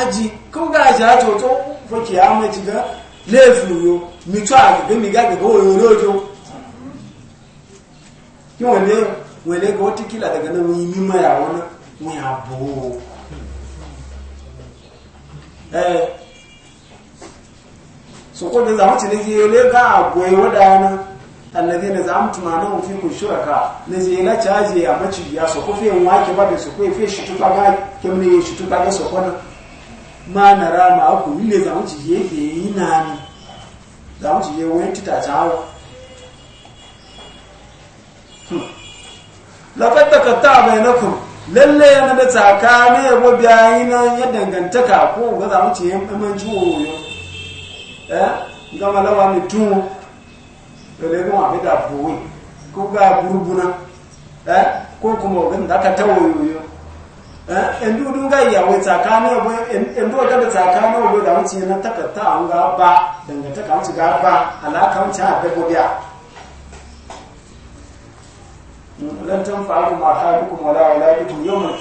Aji, kó gáàjì àjò tó fòkè àmọ́ ti gan léèfù yo mìtọ́ àgbègbè mìgágbègbè òyìn olóòjò kí wọ́n lé wọ́n lé kó daga náà wọ́n yí mímọ́ ìyàwó náà wọ́n yà bò ó ẹ̀ sọ́kọ́ bí zàmù ti fi ne je na caje a maciji ya so ko fe wake ba da so ko fe shi tuka ga kemne shi ma na rama aku ile za wuce je ke yi ni za wuce je wani tuta ta hmm. la lafar da ka ta ba na ku lalle na ta ka ne yabo biyayi nan ya dangantaka ko eh? ga za wuce ya mamanci woyo eh gama lawa ni tu dole ga mafi da buwai ko ga burbuna eh ko kuma wajen da aka ta woyo Eh, endu dunga ya we tsakano bo endu ga tsakano bo da wuce na takatta an ga ba dangantaka wuce ga ba alaka wuce a da gobiya hmm, lan tanfa'u ma hadukum wala waladukum yawm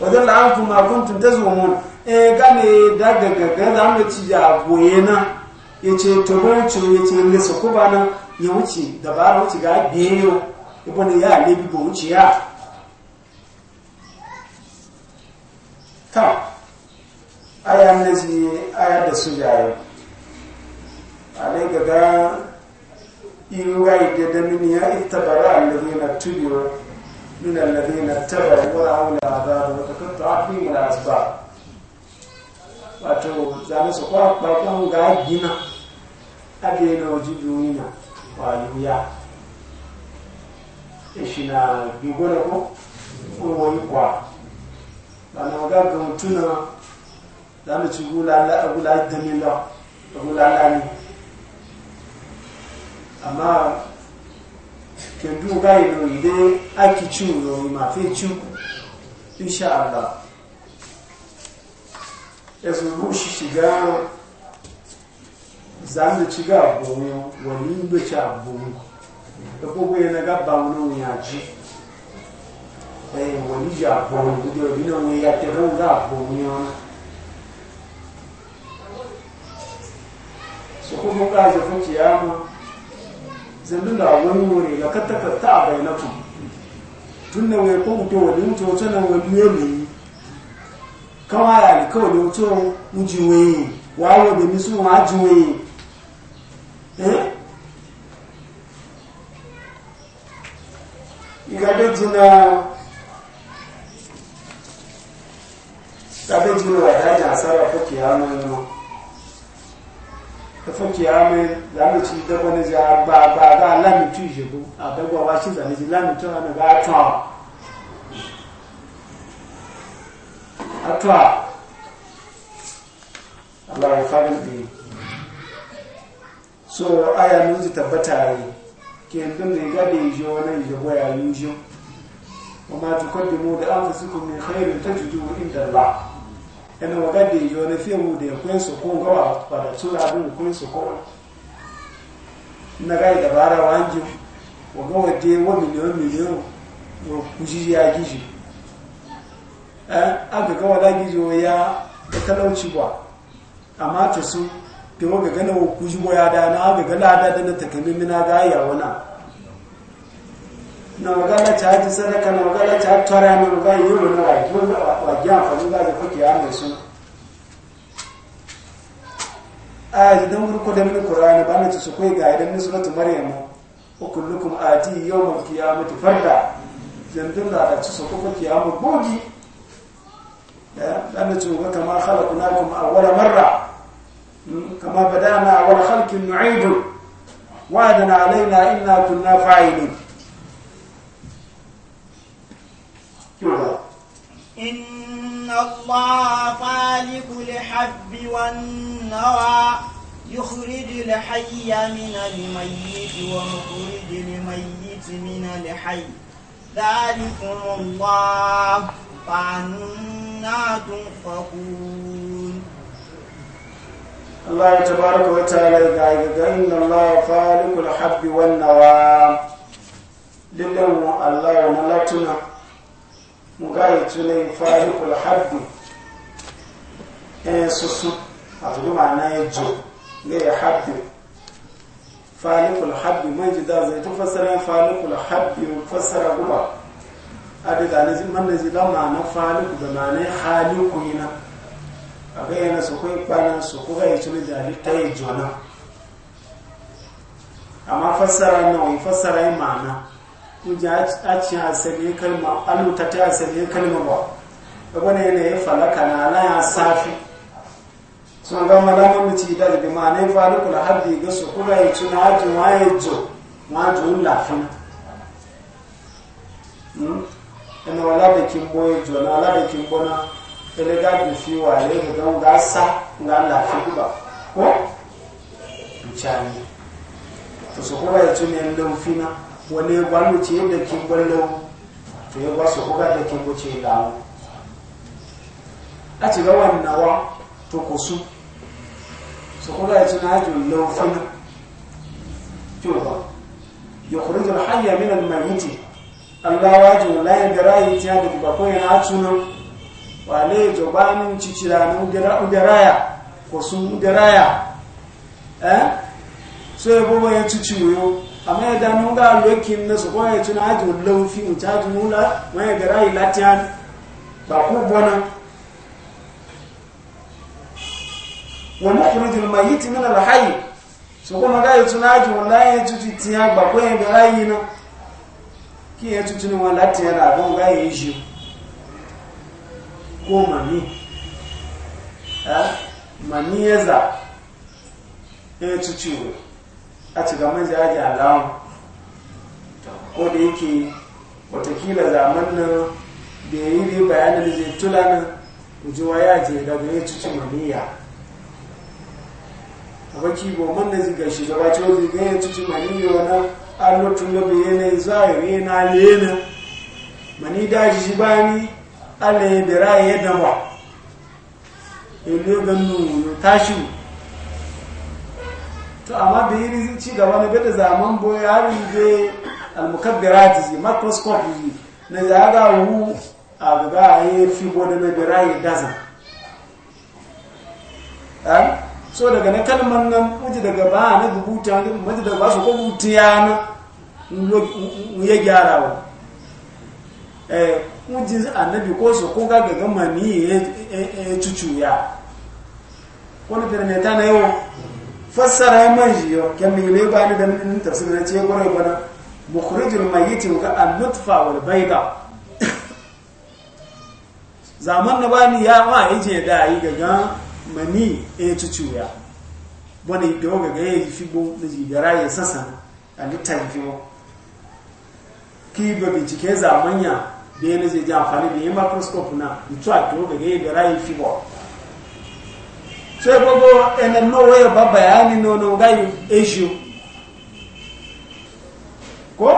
al ma kuntum tazumun eh, e daga gaga za mu ci ya na yace to barci yace ne su kubana ya wuce dabara wuce ga biyo ya ne bi wuce ya taa ayan na ji ayar da su yayi a dai gaga iwai da damini ya ittabara allazina tubiru min allazina tabaru wa ra'awla azab wa taqatta'at bihim al-asbab wato zane su kwa bakon ga gina ade na oji duniya wa yuya ishina bigona ko ko wani kwa bana ga ga mutuna da mu ci gula la agula damila agula la ni amma ke du ga ido ide aki ci yo ma fe ci insha Allah yaso rushi shiga zanda ci ga gomi wani ibe ci abu ko ko yana ga bawo ya ji wani ji àpòrò ìdúdé orí náà wọ́n ya tẹ́lẹ̀ ń dá àpòrò ní ọ́nà sọkún mú káàzẹ̀ fún da wani wuri ya katakata a bai naku tun da wai ko mutu wani mutu wato na wani ne mai kawai wai wawo da nisu ma wai eh igade jina dabe ji wa da ya asara ko kiyama no ko kiyama da mu ci da bane ja ba ba ga la tu je bu a da gwa wa shi da ni la tu na ga ta atwa Allah ya fara bi so aya mun ji tabbata ne ke dun ne ga da yijo na yijo boya yijo وما تقدموا لأنفسكم من خير تجدوه عند الله ẹnu ọ̀gá dè yọ ní mu dè kún sòkó ńgọ́ wà padà tó ra bí kún sòkó ìdàbára wa ń jù ọ̀gá dé wọ́n mílíọ̀nù mílíọ̀nù wọ́n kú jíjí agíjì agaga wala gizo ya da talauci ba amma ta su da waga gana wa kuji ya da na agaga lada da na takamimi na ga ya wana na magana ta ji sadaka na magana ta tara na magana yi wani rayuwar wa gyan fari za ta fuke ya mai sun a yi don gurku da mini kurani ba na ci su kai ga idan ni sunatu maryam hukullukum ati yawmal qiyamati farda zandun da ta su kuka kiyamu bogi dan ci ga kama a awwala marra hmm, kama bada na badana awwal khalqin nu'idu wa'adna alaina inna kunna fa'ilin إن الله خالق الحب والنوى يخرج الحي من الميت ومخرج الميت من الحي ذلكم الله فأنا تنفقون الله تبارك وتعالى إن الله خالق الحب والنوى لله الله نلتنا mugaye tule fari kula haddi ɗaya susu a ma ma'ana ya jo ne ya haddi fari kula haddi man ji da zai ta fassara fari kula haddi fasara guba a da zane zin man da zai da ma'ana fari kula ma'ana hali kuyina a ga yana su kai kwana su kuka ya tule da ta yi jona amma fassara nawa fassara yi ma'ana kuje a cikin asali kalma aluta ta asali kalma ba wani ya falaka na na ya safi sun ga malamin mace da bi ma ne fa lukul haddi ga su kula yi tuna haji wa ya jo ma jo lafin hmm? ina wala da kin boye jo na wala da kin bona ele ga bi fi wa le ga ga sa ga lafi ba ko mutane to su kula yi tuna yin fina wani gwanu ce da ke gwallo to ya wasu kuka da ke goce da a ci ga wannawa to ku su su kuka ya ci na haji laufin kyoba ya kuri zuwa hanyar minan mahiti allah wajen layin da rayu ta da bakon yana tunan wale jobanin cicira na ugaraya ko su ugaraya eh so ya bubba ya cici yau. amma ya da mun ga lokin na su kwaye tuna aji wallon fi mu ta ji mula wani ga rayu latiyan ba ku bona wani kurujin mayit da alhayi su kuma ga tuna aji wallahi ya tuti tiya ba ko ya ga rayu na ki ya tuti ni wani latiyan na don ga yi shi ko mami mami ya za ya tuti wani a ci gaman jaji alawan ko da yake watakila zaman nan da ya yi dai bayanin da zai tula nan wa ya je da ya cici maniya a baki gomin da ziga shi gaba ce wani ziga ya ci cici maniya wani alotun da bai yanayi zuwa ya yi na lena mani da shi bani alayin da ra'ayi ya dama ilu ganin tashi to amma da yi ci gaba na bada zaman boye har yi almukabbirati microscope yi na ya ga wu a a yi fi bodo na birayi dazan so daga na kalman nan muji daga ba na rubuta muji daga ba su ko ya na mu ya gyara wa eh muji annabi ko su ko ga gaga mani ya cucuya ko na firmeta na yau fassara ya man jiyo kyan mai yule ba ni da min su na ce gore bana mukhrijul mayyit ka an-nutfa wal bayda zaman na bani ya ma ije da yi gaga mani e cucuya wani ido ga ya yi fi fibo da gara ya sasa a littan fibo ki ba bincike ya da ya zai ji amfani da ya microscope na mutuwa to ga ya gara fi fibo so ya gbogbo ẹnẹ ya baba bá bayani nínú gáyì asia kó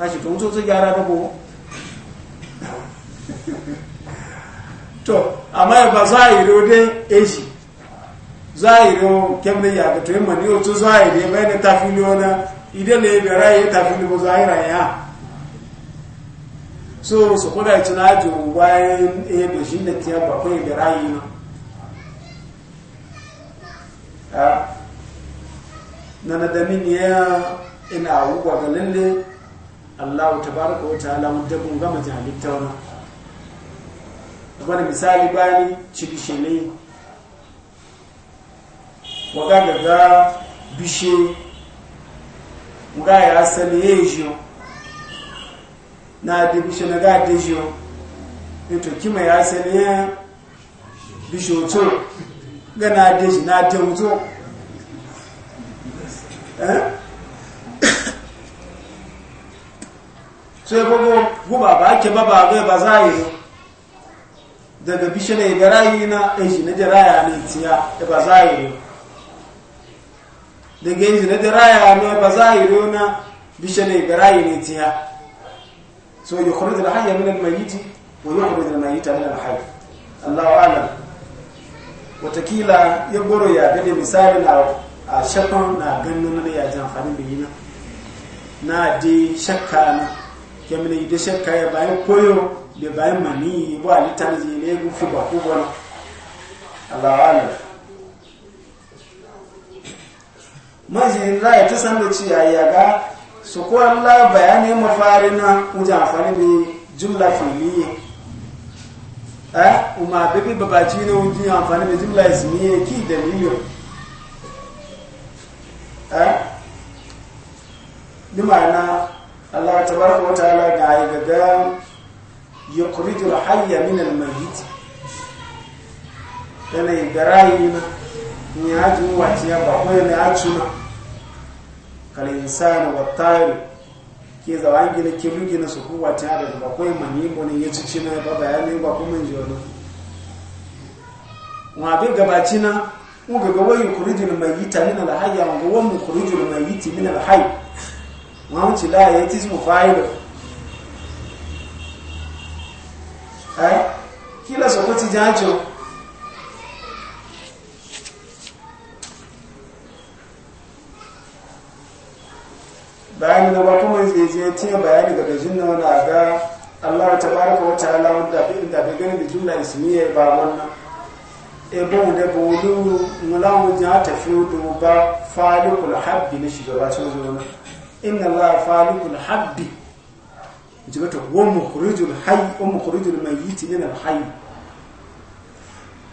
láti tó ń tó tó yára gbogbo to amma ya ba zahiri dai asia zahiri kemgbe ya ga to yi mani otu zahiri ya bayan ta fi na idan da ya bera ya ya so su kuda ya na bakwai da ha nana da min ya ina abubuwa ga lalle Allah ta baraka wata ala wadda kun gama jihalitta wani wani misali bani cilishe ne waga gaga bishe ga ya asali ya jiyo na da bishe na ga da jiyo ne kima ya asali ya bishe otu gana da shi na ta wuto eh? sai gogo guba ba ake ba ba gai ba za yi daga bishe ya gara yi na ɗanshi eh, na jiraya na itiya da eh, ba za yi daga yi na jiraya na ba za yi na bishe ya gara yi na itiya so yi kuri da hanyar minar mayiti ko yi kuri da mayita minar hanyar ta alam watakila ya goro ya gani misali na a shakon na ganin nan ya ji amfani da yi na de shakka na yi de shakka ya bayan koyo da bayan mani ba litar ji ne gufi ba ko wani alawala maji ya ta san da ciya ya ga su ko Allah bayanin mafarina wajen amfani da yi jumla fili eh uma bebe babaci ne wunji amfani mai jimla ismiye ki da miliyon eh bi ma'ana Allah tabaraka wa ta'ala ga yi gaga yukhrijul hayya min al mayyit yana ibrahim ni hajin wace ba ko ne a cuna kal insanu wat tayru ke zawangi gina ke mun na su kuwa ta da ba kawai mani ne ya ci cina ba bayanai ba kuma ji wani ma bi gabaci na mu ga gawai yukurijin mai yi ta min alhayya ma ga wani yukurijin mai yi ti min alhay ma wuce la ya ti mu fa'ida eh? kila so ko ti jajo bayani na ba kuma zai tiya bayani daga jinna wani a ga Allah ta baraka wa ta'ala wanda fi inda bai gani da jumla ismiya ba wannan e ba mu da bolu mulamu ja ta fi do ba falikul habbi na shugaba ta zuwa inna Allah falikul habbi jiga ta wa mukhrijul hayy wa mukhrijul mayyit min al hayy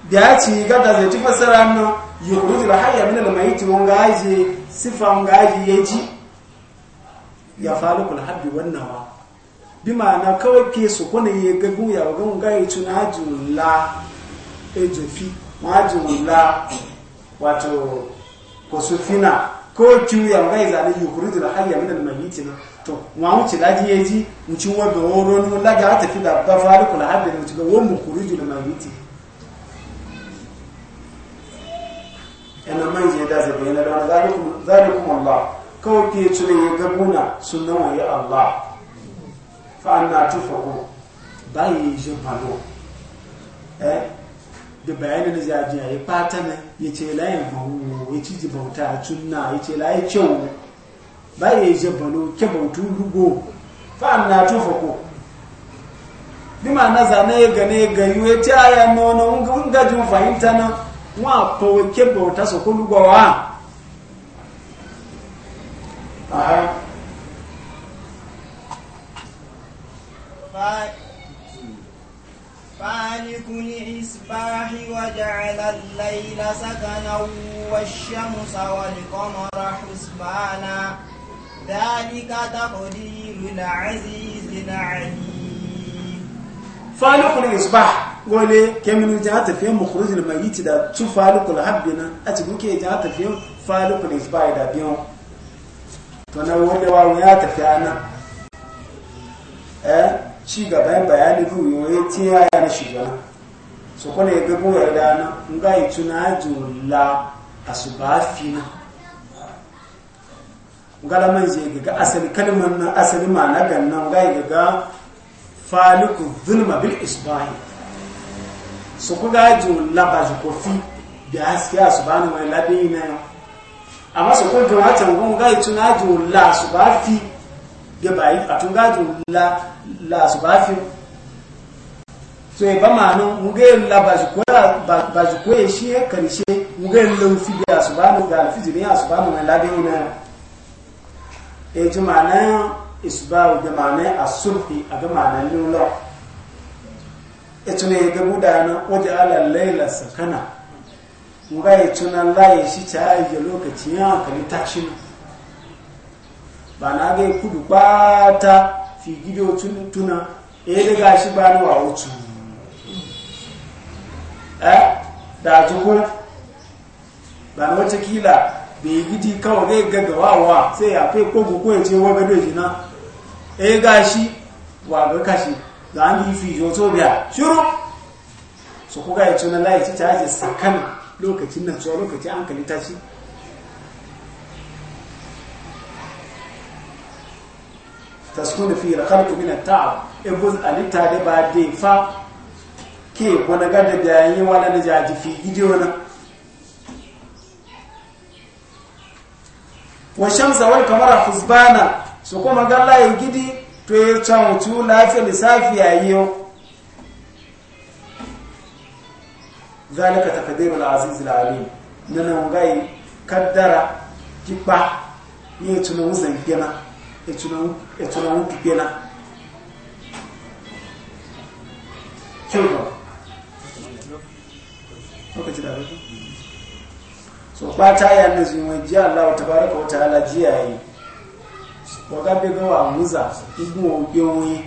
da ci gada zai ci fasara nan yukhrijul hayya min al mayyit wanga ji Sifan wanga ji yaji ya falikul habbi wannawa bi ma'ana kawai ke su kone ya gagu ya ga mun gaya tun hajjun la ejofi hajjun la wato kosufina ko kiwu ya ga izali yukuridu da hayya min al-mayyit na to mu mu ci laji yaji mu ci wa goro ni la ga ta fi da ba falikul habbi mu ci ga wa mu kuridu da mayyit yana manje da zabe na da zalikum zalikum Allah kawai ke tuna ya gabuna sunan waye Allah na anna tufaku bayi jin falo eh da bayanin na zaji ya fata ne ya ce layin hawo ya ci ji bauta tunna ya ce layi kyau bayi jin falo ke bautu rugo na anna tufaku bima na zane ya gane ga yuwe ta aya nono nga jun fahimta na wa ko ke bauta so ko lugowa فالك الإصباح وجعل الليل سكنا والشمس والقمر حسبانا ذلك تقدير العزيز العليم فالق الإصباح gole kemini ja tafiyan mukhrujul mayyit da tu faluqul habbina a cikin ke ja tafiyan faluqul isbai da biyan to na wanda wa ya tafi ana eh ci gaban bayani ku yoye tiya ya na shiga so ko yadda ga goya da na nga yi tuna jula asuba fina ngala man je ga asali kalman na asali ma na ganna nga yi ga faliku dhulma bil isbahi so ko ga jula ba ko fi da haske a su ba na askiya subhanahu wa ta'ala amma su ko ga watan gun ga itu na la su ba fi ga bai atun ga ju la la su ba fi so e ba ma no mu la ba su ko ko shi ya karshe mu ga la su ba mu ga fi su ba mu la bi na e jumana isbahu da ma'ana as-subhi a ga ma'ana lula e tune ga budana waje ala la sakana nga ya tuna laye shi ta yi lokaci ya hankali tashin ba na ga kudu ba ta fi gido tuna eh daga shi ba ni wa wutu eh da tukun ba na wata kila bai gidi kawai zai gagawawa sai ya fai kogo ko ya ce wa gado jina e ga shi, wa ga kashi za a yi fi joto biya shiru su kuka yi tuna layi shi ta yi sakana lokacin na tsuwa lokacin hankali tashi taskuna fi rakhalku min at-ta'ab ibuz alita da ba de fa ke wani gada da yayi wala da jaji fi gidiyo na wa shamsa kamar kamara husbana su kuma galla yi gidi to ya lafiyar lissafi lafiya lisafiya yiyo zalika taqdirul aziz alalim nana ngai kaddara kipa ni tuna usan gena etuna etuna so bata ya nazu mai jiya Allah tabaraka wa ta'ala jiya yi wa ga be ga muza igun o gbe onwe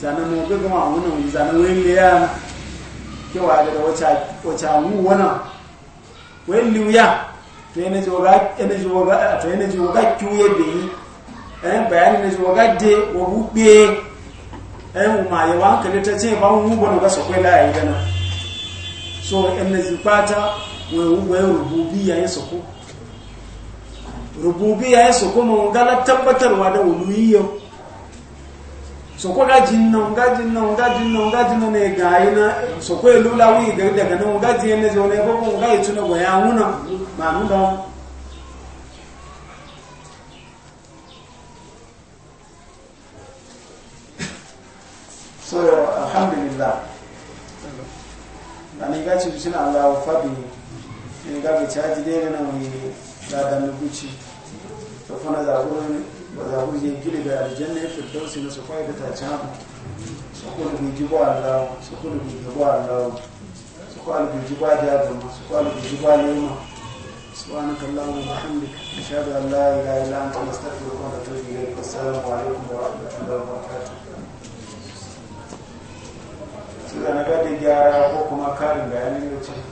zana mo be ga wa wona zana we le ya kewa daga wata mu wana wani liuya to yana ji waga kiwuye beyi ɗayan bayani na ji waga de wa gube ɗayan eh, umaye wa hankali ta ce ba mu gwanu ga sakwai layayi gana so yana ji fata wani rububiya ya sako rububiya ya sako ma gana tabbatarwa da yau sokwa gajin nan gajin nan gajin nan gajin nan ne ga yi na sokwa lula wi ga daga nan gaji yana zo ne ba kun gaji tuna ya huna ma mun da so alhamdulillah na ni gaci bishin Allah wa fabi ni ga bi caji dai na mu ga da mu kuci to fa na zago ne rabu ne gili da aljanna fi dawsi na su fayda ta ta su ko bi jibo Allah su ko bi jibo Allah su ko bi jibo da da su ko bi jibo ne ma subhanaka allah wa bihamdika ashhadu an la ilaha illa anta astaghfiruka wa atubu ilaik assalamu alaykum wa rahmatullahi wa barakatuh sai na gade ga hukuma karin bayanin lokacin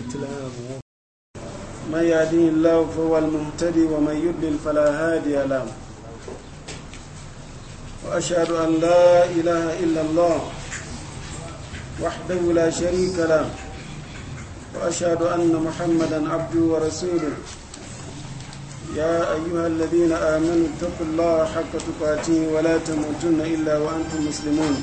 الفتنة من يهديه الله فهو المهتدي ومن يضلل فلا هادي له وأشهد أن لا إله إلا الله وحده لا شريك له وأشهد أن محمدا عبده ورسوله يا أيها الذين آمنوا اتقوا الله حق تقاته ولا تموتن إلا وأنتم مسلمون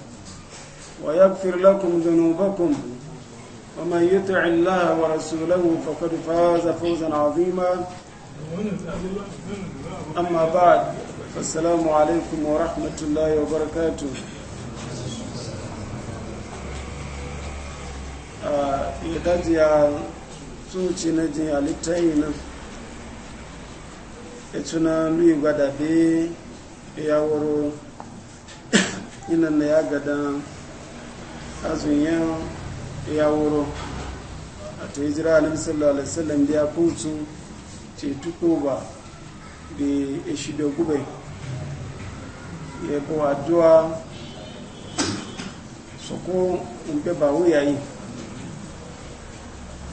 ويغفر لكم ذنوبكم ومن يطع الله ورسوله فقد فاز فوزا عظيما أما بعد فالسلام عليكم ورحمة الله وبركاته idaji آه، ya سوتي نجي jin halitta yi nan ita na luyi gwada be ya wuro ya gada azuyen ya wuro a ta yi jira alim sallallahu alaihi wasallam da ya fusu ce tuko ba da ya shida gube ya bu addu'a su ko in ba wuya yi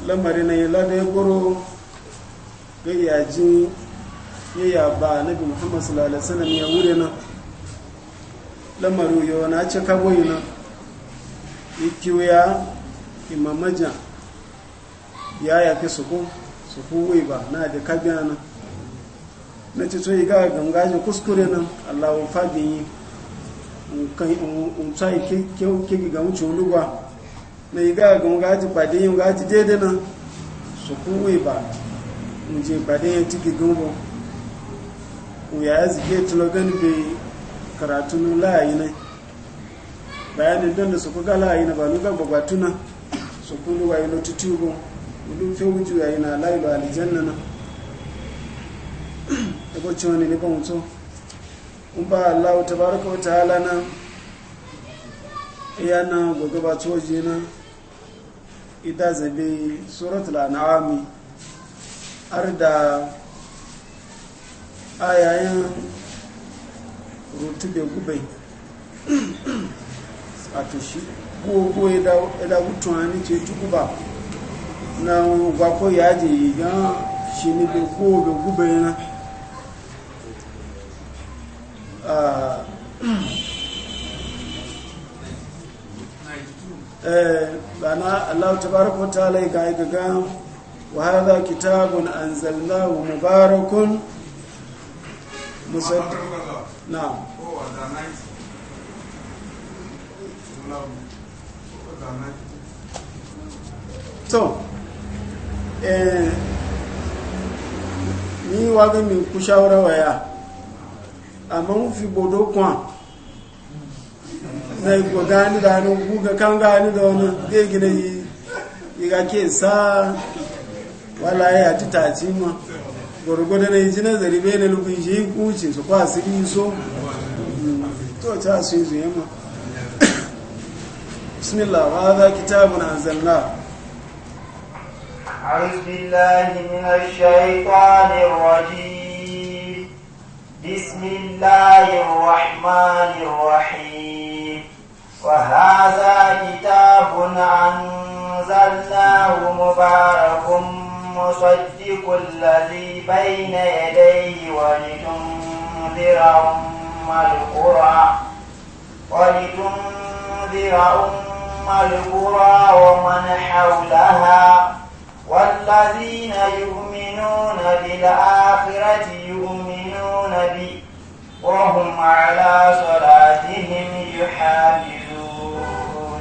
lamari na yi lada ya goro ga yaji ya yaba nabi muhammadu sallallahu alaihi wasallam ya wuri na lamari yau na ce kabo na ikiwe ya imamaja ya yafi suku suku wai ba na da kabiya nan na ci tsoyi ga gangajin kuskure nan allahu fadi yi in tsayi kegi ga wuce olugwa na yi ga gangaji pade yin gaji daidai nan suku wai ba in je pade yin tiki gumbo ku ya zike tilogan bai karatu layayi ne bayanin don da su ku gala yi na ba nuga babatuna su ku luwa yi na tutubo ulu fe wuju ya yi na layu da alijanna na ko cewa ne ne ba mutu in ba allahu tabaraka wa ta'ala na iya na gobe ba coji na ita zabe suratul an'ami har da ayayen rutube gubai atoshi gbogbo ẹ̀dàgùtàn ní ti túkúbà na gbàkọ́ yáàjẹ̀ ìyàn ṣe níbi gbóòbẹ̀ gúbẹ̀ ẹran ah. eh, bana ta tabaraka wa ta'ala ga gaga wa hadha kitabun anzalnahu mubarakun musaddiq na. tọ eh ni wage mi ku shawara waya amma mu fi bodo kwa na igbo gani da ni guga kan gani da wani yi ke sa wala ya ti ma na na kwa so hmm. to ta su yi ma بسم الله وهذا كتاب أنزلناه أعوذ بالله من الشيطان الرجيم بسم الله الرحمن الرحيم وهذا كتاب أنزلناه مبارك مصدق الذي بين يديه ولتنذر أم القرى ولتنذر أم القرى ومن حولها والذين يؤمنون بالآخرة يؤمنون به وهم على صلاتهم يحافظون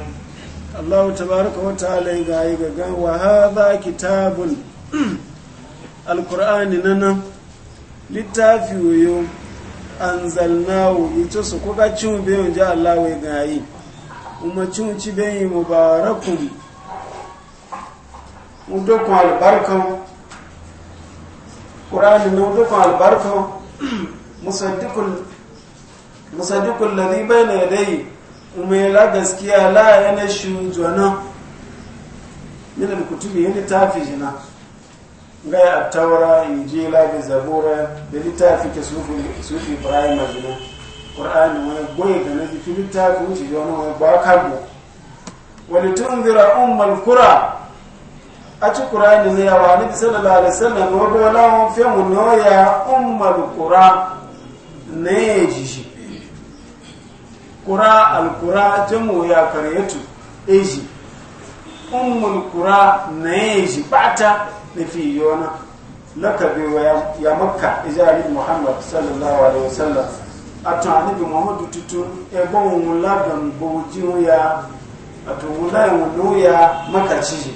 الله تبارك وتعالى وهذا كتاب القرآن لنا للتافي ويوم anzalnahu ito su kuka cin biyun ji Allah wai gayi kuma cin ci bayin mubarakun udukun albarkan ƙuranin na udukun albarkan musaddikun lalli bai na yadai umela gaskiya la yana shi jona da kutubi yana tafi jina ga a taura injila da zabura da littafi ke sufi ibrahim jina ƙur'ani wa goyi da na jifi littafi wuce da wani wani ba kagbo wani tun zira umar kura a ci ƙur'ani ne wa ni sallallahu alaihi wasallam wa dole la fi munoya umar kura ne ji shi kura alqura jamu ya karyatu eji umar kura ne ji bata ifi yona wa ya makka izari muhammad sallallahu alaihi wasallam ato anibi muhammadu tutu ebo wula gan boji ya wula ya ci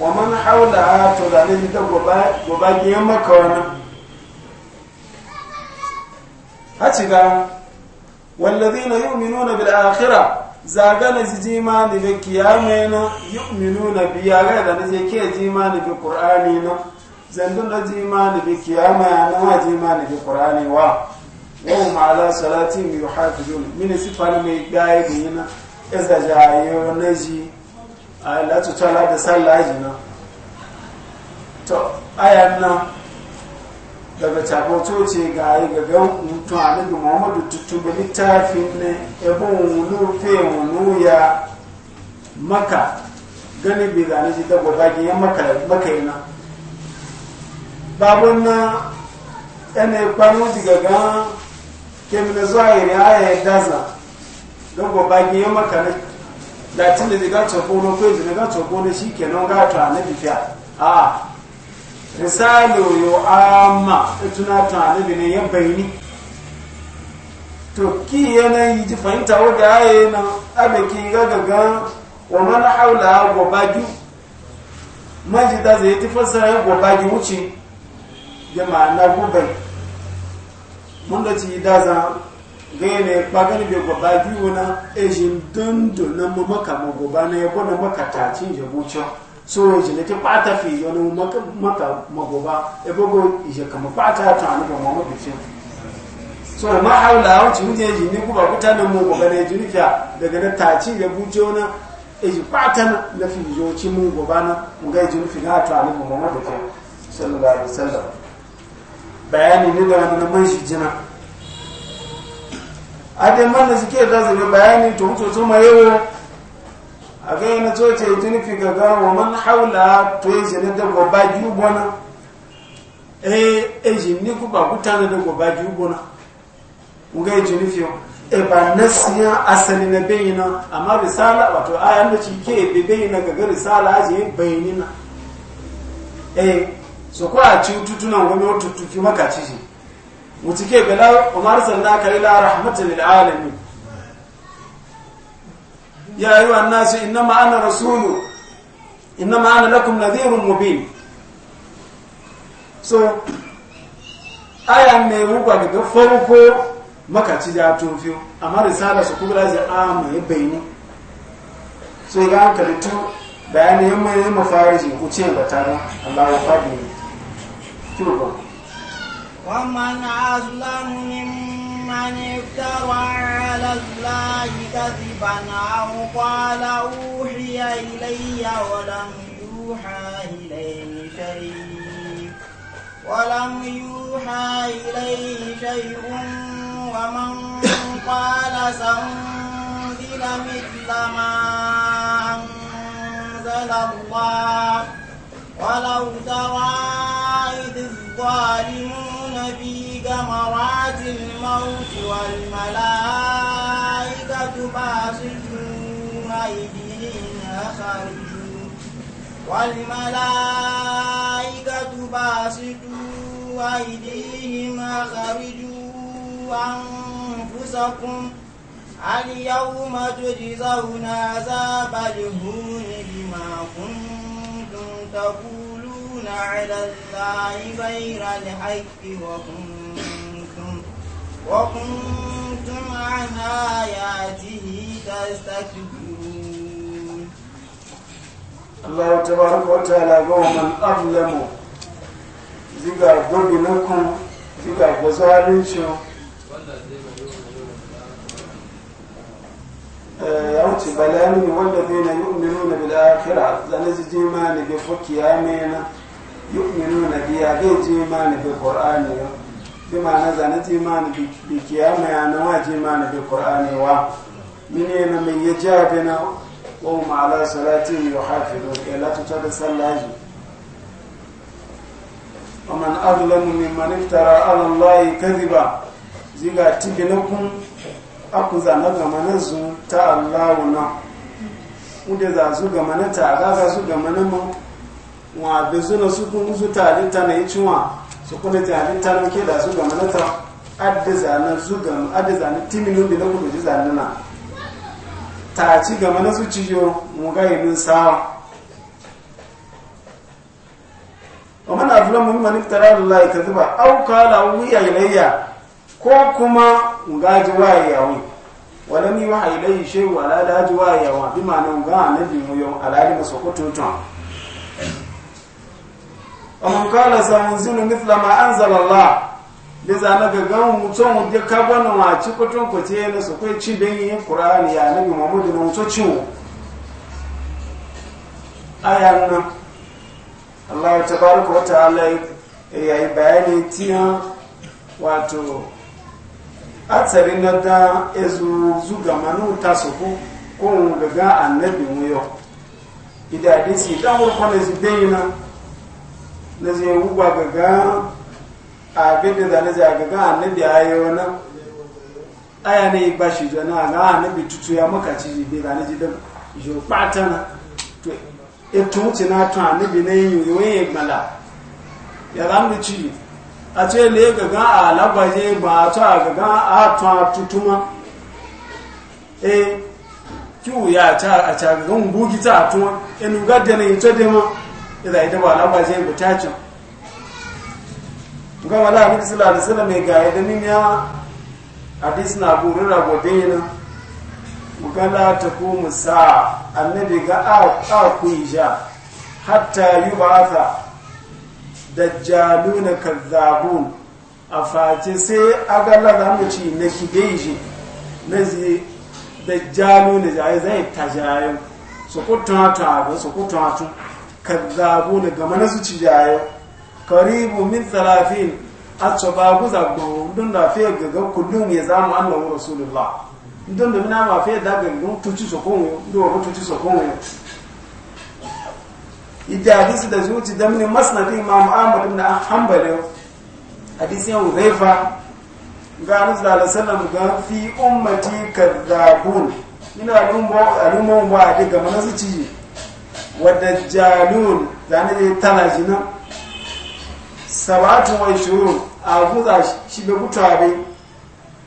wa man haula ne da goba والذين يؤمنون بالآخرة zagana ji jimani be kiyame na yu'minuna bi yaga da naje ke jimani bi qur'ani na zandun da jimani bi kiyama na ma jimani bi qur'ani wa wa ma ala salati yuhafizun min sifan me gaye bina ezda jayo naji ala tutala da sallaji na to ayanna na daga cakococi ga yi gan mutum alibi muhammadu tuttuba littafi ne ebe wulu fe wulu ya maka gani bi zane shi dabo zagi ya maka maka yana babun na yana kwano ji gaga kemina zuwa iri aya daza dabo bagi ya maka ne latin da ga tsoko no ko ji ga tsoko shi kenan ga to annabi fiya a ah, risalo yo amma tuna ta ne ne ya bayani to ki yana yi ji fahimta wa da aye na abeki ga gaga wa man haula wa baju maji daza zai ti fasara wa baju wuce ma na gubai mun da ci da za ga ne bagar bi wa baju na ejin dundu na mamaka magoba na ya gona makata cin jabucin so jile ke pata fi wani maka maka magoba e bogo ije kama pata ta anu ba mama bife so ma haula au ci muje ji ni ku ku ta na mu goba ne jini kya daga na taci da bujo na e ji pata na fi jo ci mu goba na mu ga jini fi ga ta anu ba mama bife sallallahu alaihi wasallam bayani ne da na man shi jina a dai man da suke da zabe bayani to mutu ma yawo a ga yana coce tun fi gaga wa man haula to yi zane da goba biyu bona e eji ni ku ba ku tana da goba biyu bona ku ga yi nufi e ba nasiya asali na bayina amma risala wato yan da cike be bayyana gaga risala aji bayyana e so ko a ci tutunan wani tutufi makaci shi mutike bala umar sallaka ila rahmatul alamin يا أيها الناس إنما أنا رسول إنما أنا لكم نذير مبين so aya mai rugwa daga farko makaci ya tofiyo amma risala su kubra zai a mai bayani so ga an kalitu bayani yan mai yi mafariji ku ce ba tare Allah ya faɗi ne kyau ba ومن أظلم ممن افترى كاذبا أو قال أوحي إلي ولم يوحى إليه شيء ولم يوحى إليه شيء ومن قال سنزل مثل ما أنزل الله ولو ترى إذ الظالمون في غمرات الموت والملائكة تباسطوا أيديهم أخرجوا والملائكة باسطوا أيديهم أخرجوا أنفسكم اليوم تجزون عذاب الهون بما كنتم تقولون على الله غير الحق وكنتم وكنتم عن آياته تستكبرون الله تبارك وتعالى أظلم زيغا دوغي زيغا balani wanda zai na yu'minu na bil'akira zane ma ne bai ya mena yu'minu na biya zai je ma ne bai ƙor'ani yau bi ma'ana zane ti ma'ana bi ma ya na waje ma'ana bi qur'ani wa mine na mai ya ja bina wa ma ala salati yuhafizu ila ta da sallaji wa man azlamu mimman iftara ala allahi kadhiba ziga tiginakun aku zana ga manazu ta allahu na ude za su ga manata ga za su ga manama wa bezuna su kun su ta na yi ciwa su kuna jani ta ke da su gama nata adda zana su gama adda zana timinin da na kuma ji zana na ta ci gama na su ciyo mu ga yin sawa wa man azlamu mimman iftara zuba kadhiba aw qala wiya ilayya ko kuma ga ji waye yawo wala mi wa ilayhi shay wala da ji waye yawo bi ma nan ga annabi mu yau alali masokoto ومن قال سأنزل مثل ما أنزل الله لذا نغغان متون ودي كابون ما تشكوتون كوتي نسو كوي تشيبين القرآن يا نبي محمد نوتو تشو آية Allah tabaraka ta ta'ala ya yi bayani tiya wato atsarin na da ezu zuga manu ta su ko kun gaga annabi mu yau idadisi dan wakon ezu na. na je wuba gaga abin da zane ja gaga annabi ayo na aya ne ba shi jana ga annabi tutu ya maka ci jibe zane ji da jo na to etu ci na to annabi ne yi wani mala ya ramu ci a ce le gaga a labaje ba to a gaga a to tutuma e kiwu ya ta a ta gaga bugi ta tuma enu gadda ne to ta ma idan ita ba lamba zai butacin ga wala ni da alaihi mai ga yadda min ya hadis na burira gobe na mukala ta kuma sa annabi ga a kuija hatta yubatha dajjaluna kazzabun a face sai agalla za mu ci na shi na zai dajjaluna zai zai tajayen su kutunatu ba su ta kadzabuna gama na su cijayo karibu min salafin a coba guza gbogbo don da fiye gaga kullum ya zamu annan wa rasulullah don da mina ma fiye daga gaga tuci sokonwe don wa tuci sokonwe idda hadisi da zuci da mini masnadi imam ahmad ibn hanbali hadisi yan uzaifa ga annabi sallallahu alaihi wasallam ga fi ummati kadzabun ina lumbo alumon ba daga manazuci wadajjalun zane da talaji nan sabatun wa shurun a guza shi be kutare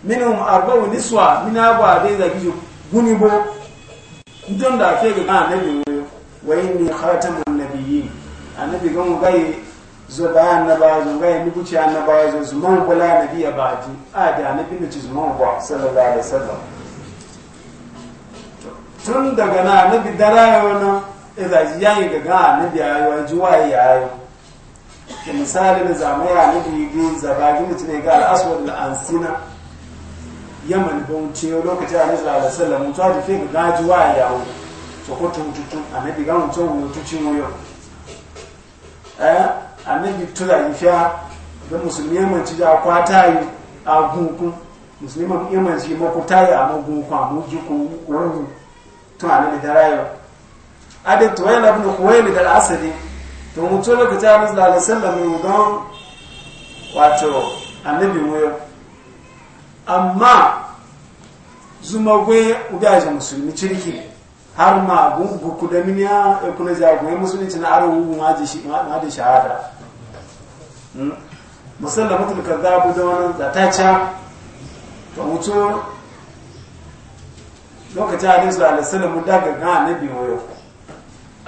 minimum arba'u niswa min agwa dai da kiji guni bo don da ke ga annabi wa inni khatamun nabiyyin annabi ga mu gai zo ba annaba zo gai mu kuce annaba zo zuman bala nabiya ba ji a da annabi ne ci zuman ba sallallahu alaihi wasallam tun daga na annabi dara yana iza yayi ga ga annabi yayi juwa yayi ke misali na zamai annabi ga zabagi mutune ga al-aswad al-ansina yaman bauchi lokacin annabi sallallahu alaihi wasallam mutu da fe ga juwa yayi to ko tun tun annabi ga mutu mutu cin wuyo eh annabi tula yifa da musulmi yaman ci da kwata yi a gungun musulmi yaman ci makuta yi a magungun a mujiku wani tun annabi da rayuwa adin tuwaila kuwai ne da asali to mutu lokaci a nasu da sallam don wato annabi wuyo amma zuma gwe udajen musulmi cirki har ma gugu da miniya ya kuna jagoye musulunci na arewa ma hmm? da shahada musallam mutulka za a da wani zatacca to mutu lokacin a nasu da mu daga ga annabi wuyo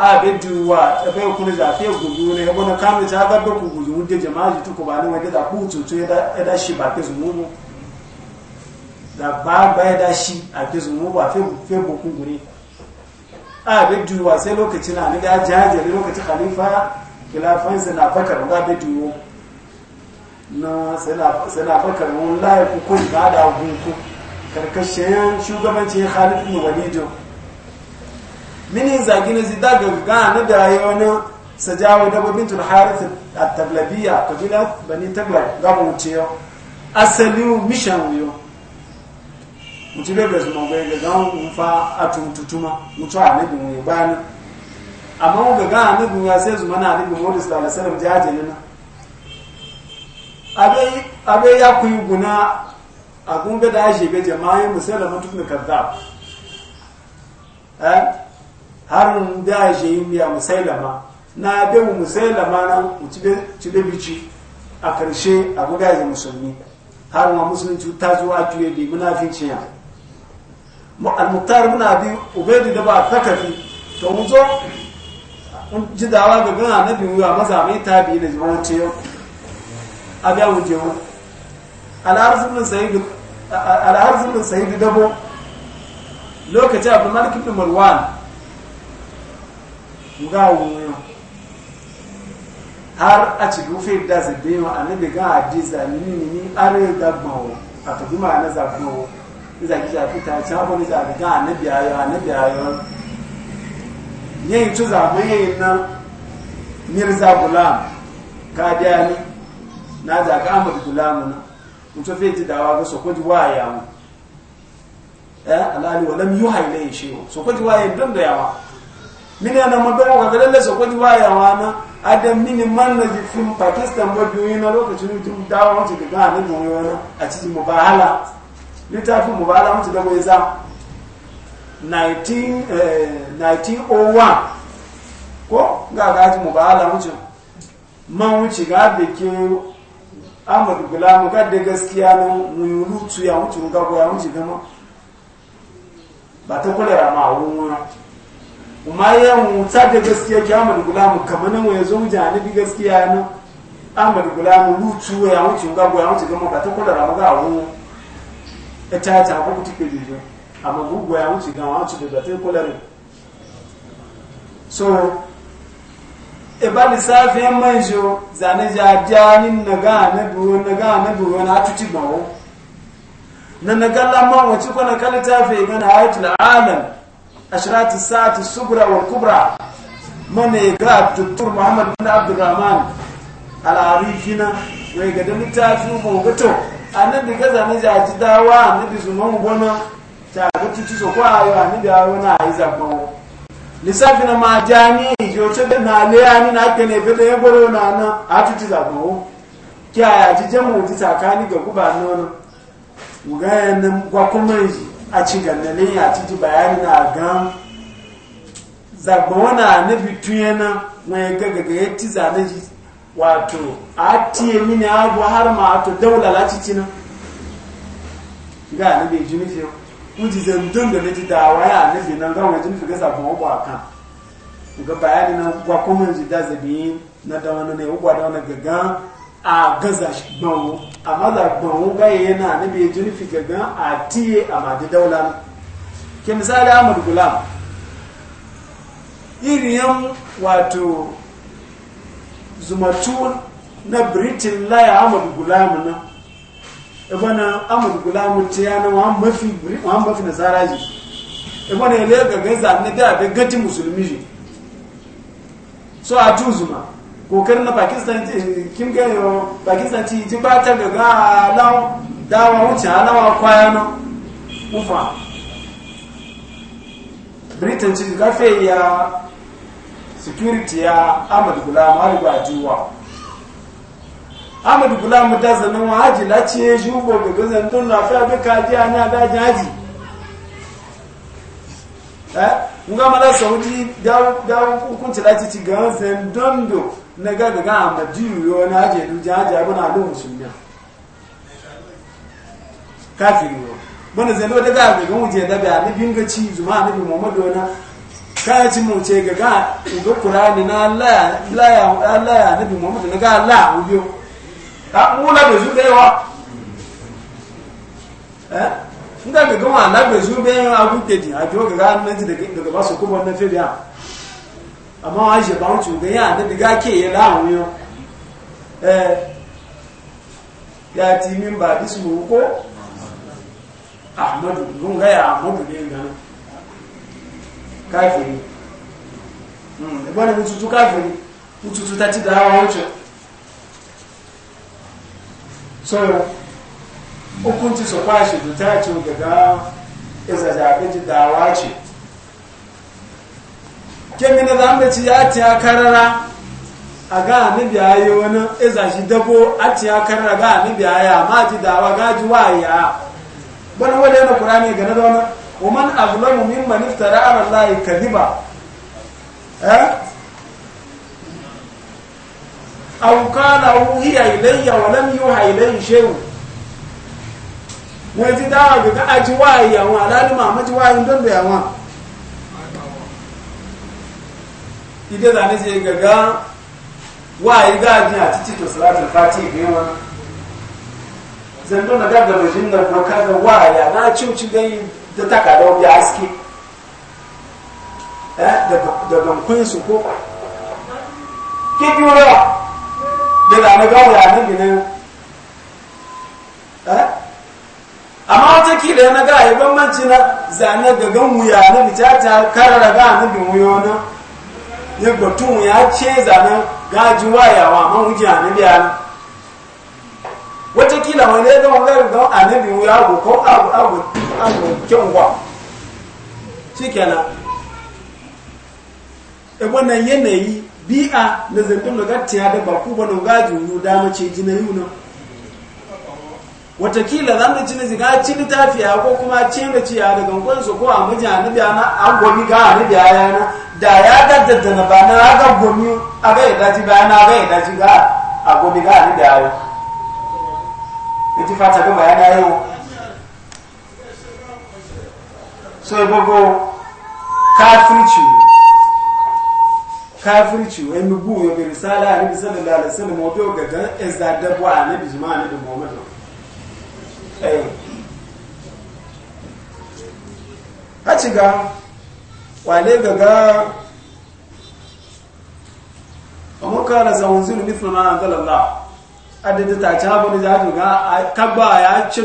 abeduwa ebe kuni za fe gudu ne ebo na kanu ta gaba ku gudu wujen jama'a ji tuko ba ne waje da ku tutu ya da shi ba ke mu da ba ba ya da shi a ke zumubu a fe fe boku guri wa sai lokacin na ga jajiri lokacin khalifa khilafansa na bakar ga abeduwa na sai na bakar mun la ku kun ga da gunku karkashin shugabancin khalifin ibn Walid mini zagi na zida ga gana da yana sajawa da babin tun harith at-tablabiya kabila bani taglab ga mu mission yo mu ci bebe su ga gan mu fa atuntutuma mu to anabi mu bani amma mu ga gan anabi ya sai zuma na anabi mu sallallahu alaihi wasallam jaje ne na ya kuyi guna a da shi ga jama'a musallama harin da a shi yin biya musailama na bai mu musailama na cibe bici a karshe a gudajen musulmi harin ma musulunci ta zo a tuye bi munafinci ya al-muktar muna bi ubaidu da ba takafi to mu zo mun ji dawa ga gana na biyu a maza mai tabi da jima wace yau a ga mu mu al-harzumin sayidu dabo lokacin abu malikin ibn marwan nga har a cikin fi da zabe ma annabi ga hadiza ni ni are da gbawo a tafi ma na zabo iza ni ta zafi ta abu ni zabe ga annabi ayo annabi ayo yayi to zabe yayi na mirza gulam ka da ni na da ka amur gulam na mutum fi ji dawa ga sokoji waya mu eh alali wa lam yuha ilayhi shay'un sokoji waya dan da yawa Mina ana magana ga lalle so ko diwa ya wana adam mini man na jifin pakistan ba biyu na lokacin mutum dawo wancan daga nan ne wani a cikin mubahala littafin mubahala wancan da mai za 1901 ko ga gaji mubahala wancan man wuce ga beke amadu gulamu ga da gaskiya na muyulutu ya wuce ga goya wuce gama ba ta kulera ma a wurin wani kuma ya musa da gaskiya ki Ahmad Gulamu kamar nan ya zo bi gaskiya nan Ahmad Gulamu lutu ya wuce ga goya wuce ga maka ta kula da maga hu ta ta ta ko kuke jijo amma gugu ya wuce ga wuce da ta kula da so e ba lissafin manjo zane jajanin na ga na duro na ga na duro na tuci gawo na na kallon man wace kwana kalita fe gana ayatul alam ashirati sa'ati sugura wal mana ya ga tuttur muhammad bin abdurrahman al'arifina wai ga da littafi mogato annabi gaza na jaji dawa annabi zuman gona ta ga tuci so ko ayo annabi ayo na ayi zaban lissafi na majani yoce da na leya na gane be da yaboro na na a tuci zaban wo kya ya ji jamu ti tsakani ga guba nono mu ga nan gwa kuma yi a ci gannale a ci ji bayani na gan zagbawana na bituye na wani gagaga ya ti zane ji wato a tiye mini abu har ma to daula la cici na ga na bai ji nufi kuji zandun da na ji dawa ya nufi nan ga wani nufi ga zaɓin wabu a kan ga bayani na gwakwamon ji da zabi na da wani ne ugwa da wani gagan a gaza shi gbanwo amma za gbanwo gaya yana na bai jini figagan a tiye a madi daula ke misali ahmad gulam iriyan wato zumatu na britain laya ahmad gulam na ibana ahmad gulam ta yana wani mafi nasara ji ibana ya lega gaza na da da gati musulmi so a zuma. kokarin na pakistan kim gayo pakistan ci ji batar da ga lawo dawa wuce alawa kwaya no ufa britain ci gafe ya security ya ahmad gulam har ba juwa ahmad gulam da zanen wa haji la ce jubo ga gazan don na fa be ka ji ana da jaji eh mun ga mala saudi da da hukunci la ci ci zan dondo na ga ga amma dinu yo na je du ja ja bana lu musulmi kafiri yo bana zai lo da ga ga mu je da ga ni ci zuma ni bi muhammadu na ka ci mu ce ga ga ga qur'ani na Allah la ya Allah ya ni bi muhammadu na ga Allah u biyo ta mu da zu da yawa eh inda ga ga wa la da abu tedi a jo ga ga nan ji daga daga ba su kuma na fe biya àmọ́ wọ́n ṣe bá ń tún gẹ́yà níbi gákèyè láàrin yọ ẹ yà ti mí bà bí sùn kó àmọ́dù ló gáyà àmọ́dù ní ìgbà káìfèrè ẹgbọ́n ni mo tutù káìfèrè mo tutù tàti dára wọn jọ sọ́rọ̀ ó kún ti sọ̀pá ìṣèlú táàtì ògẹ̀gá ẹ̀zàjà àbẹ́jì dára wá jù kemi na zama ci ya ci ya karara a ga nabi ya yi wani iza e shi dabo a ci ya karara ga nabi ya yi ma ji dawa ga ji wa ya wani wani yana kura ne gane da wani umar azulamu min manifta ra'ar Allah ya kadi ba eh aukala wuhi ya ilayya wa lam yuha ilayhi shay'un wani ji dawa ga ga ji ya wa lalima ma ji wa yin don da ya ide da ne je gaga wa yi gaji a cikin to salatul fati ga yawa zando na gaga rajin na ko kaga wa ya na cuci gai da takada ya aski eh da da kun su ko ke biyo da zane na gawo ne? ni ne eh amma wata da na ga ya bambanci na zane ga gan wuya na mijata karara ga ni bin na ya batun ya ce zanen gaji wayawa man wuce annabi ya watakila wani ya zama gari don annabi ya abu ko abu abu abu kyanwa shi kenan e wannan yanayi bi'a na zantun da gatiya da baku ba na gaji yau dama ce jinayu na watakila za mu cini ziga cini tafiya ko kuma cini ciya daga kwansu ko a miji a nabiya na an gomi ga a nabiya yana da ya ga daddana ba na ga gomi a ga ya daji ba na ga ya daji ga a gomi ga a nabiya yau ya ti fata ga bayana yau so ya gogo kafirci kafirci wani mu bu ya bi risala a nabi sallallahu alaihi wasallam wato ga dan ezadabu a nabi jima'a nabi muhammadu Eh. a ci ga wale gaga a muka da zaun zuru mitin na adada ta ci haɓu da za ga kagba ya ce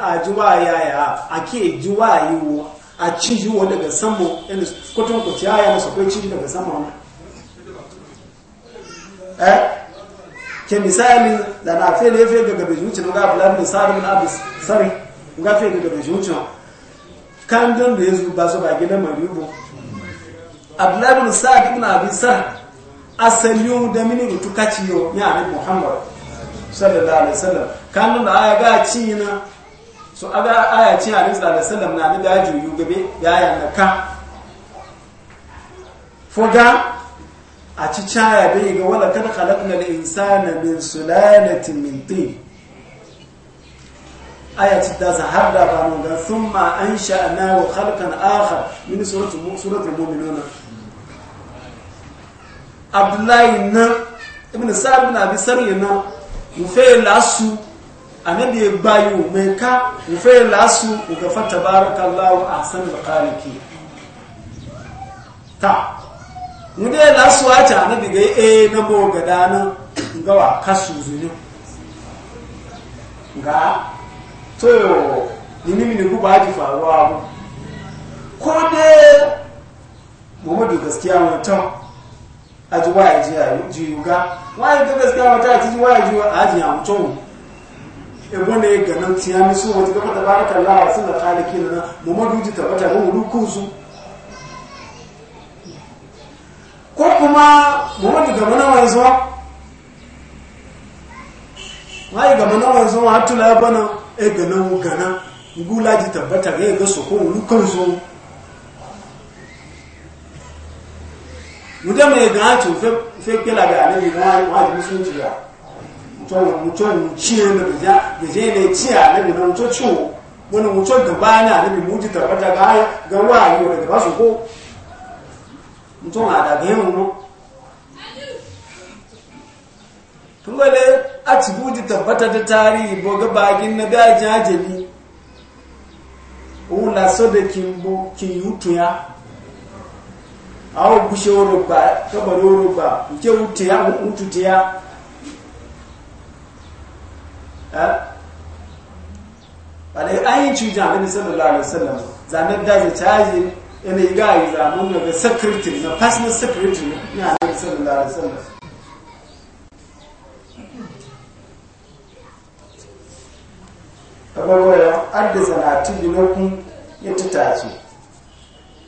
a taba ya ya a ke ji wa yi wo a ci daga samu inda kotun ya yi masu ci daga sambo eh ke misali da na fele ne fele daga bejuci na gafi lafi misali na abu sari ga daga bejuci na kan don da ya zuba su ba gidan maribu abdullahi bin sa'ad ibn abi sar asali da mini rutu yau ya ne muhammad sallallahu alaihi wasallam kan don da aya ga ci na so aga aya ci alaihi sallam na ni da juyu gabe ya yanka foga a ci caya bai ga wala kan khalaqna insana min sulalatin min tin aya ci da zahar da ba mun ga thumma ansha'na wa khalqan akhar mini suratul suratul mu'minuna abdullahi na ibn sa'd na bi sarri na mu lasu annabi ya bayu mai ka rufe lasu ga fata barakallahu a da ta mude la suwata na biga e eh, na bo gada na gawa kasu zuni ga to ni mini ku ba ki faruwa abu ko de mu Muhammadu gaskiya mutum aji ji ya ji a ji ga wa ya gaskiya mutum a ji wa ya ji a ji ya mutum ebo ne ganin tiyami su wata gaba da baraka Allah wa sallallahu alaihi wa sallam Muhammadu ji tabbata mu rukunsu ko kuma muhammadu gaba na wanzu ma yi gaba na wanzu ma hatula ya bana e gana mu gana gula ji tabbata eh, ga su ko lukan mu mutum mai gana ce fe kila da anabi na wani musulunci ya mutum mu ciye na gaje ne ciye anabi na mutum ciwo wani mutum gaba na anabi mu ji tabbata ga wayo daga ba su ko mutum a daga yin mu tungale a cibuji tabbata ta tarihi boga bagin na gajin ajali so da kimbo kin yutuya awo kushe orogba kabar orogba nke wutuya wututuya wale an yi cujan abin sallallahu alaihi wasallam zanen da zai yana yi ga yi zamun daga security na personal secretary na annabi sallallahu alaihi wasallam kamar waya adda zanati binakun ya a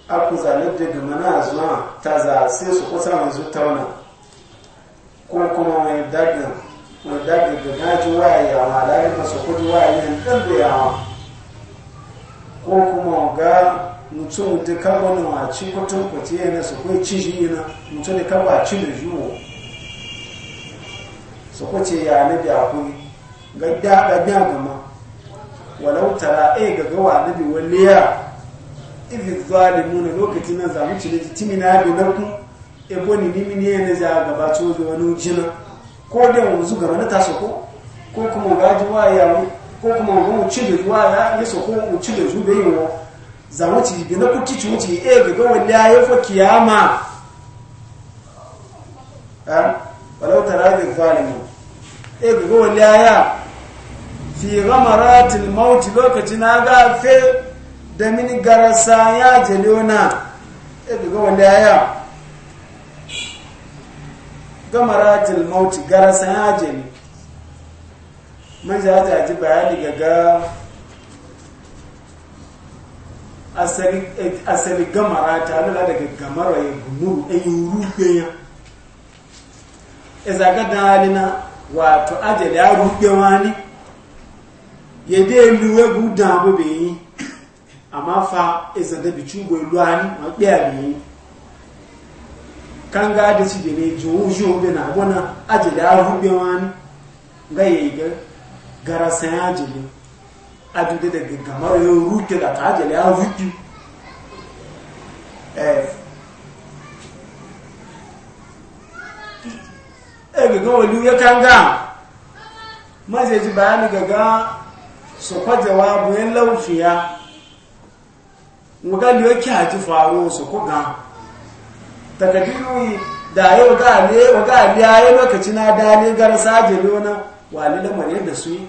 aku zalar da gumana zuwa ta za sai su kusa mai zuta ko kuma mai dagin mai dagin da gaji waye yawa lalata su kudu waye yan ɗan da yawa ko kuma ga mutum da kaba na wace kwatan kwace yana su kwai ci shi yana mutum da kaba ci da juwo su kwace ya na bi akwai gadda ga gama walau tara a eh, ga gawa na bi ya ifi zalimu na lokacin nan zamu ci da timi na bi na ku ebo ni nimi ne yana za gaba ci zo wani jina ko da wani zuga wani ta taso ko ko kuma gaji wa ya ko kuma wani ci da zuwa ya yi soko wani ci da zu bai yi zama ci bi na kuki ci e ga ga wani ya yi fa kiyama ha eh, walau tara bi zalimu e ga ga wani ya ya fi ratin mauti lokaci na ga fe da mini garasa ya jelona e ga ga wani ya ya ratin mauti garasa ya jeli manja ta ji bayani ga ga asali gamara ta lula daga gamara ya gumuru a yi rufe ya iza ga dalina wato ajali ya rufe wani ya dey luwe guda abu bai yi amma fa iza da bicu bai luwani ma ɗaya bai yi kan ga da ci gane jiwu jiwu obi na abu na ajali ya rufe wani ga yi ga garasa ya ajali ajude da gamar yau ruke da ta ya ruki e gaga wani ya kanga majeji bayani ga su kwa jawabu yin laufiya mugali yake haji faru su kuga takadiru da yau ga ne wa ga ne lokaci na dale gar sajelo na wali lamar yadda su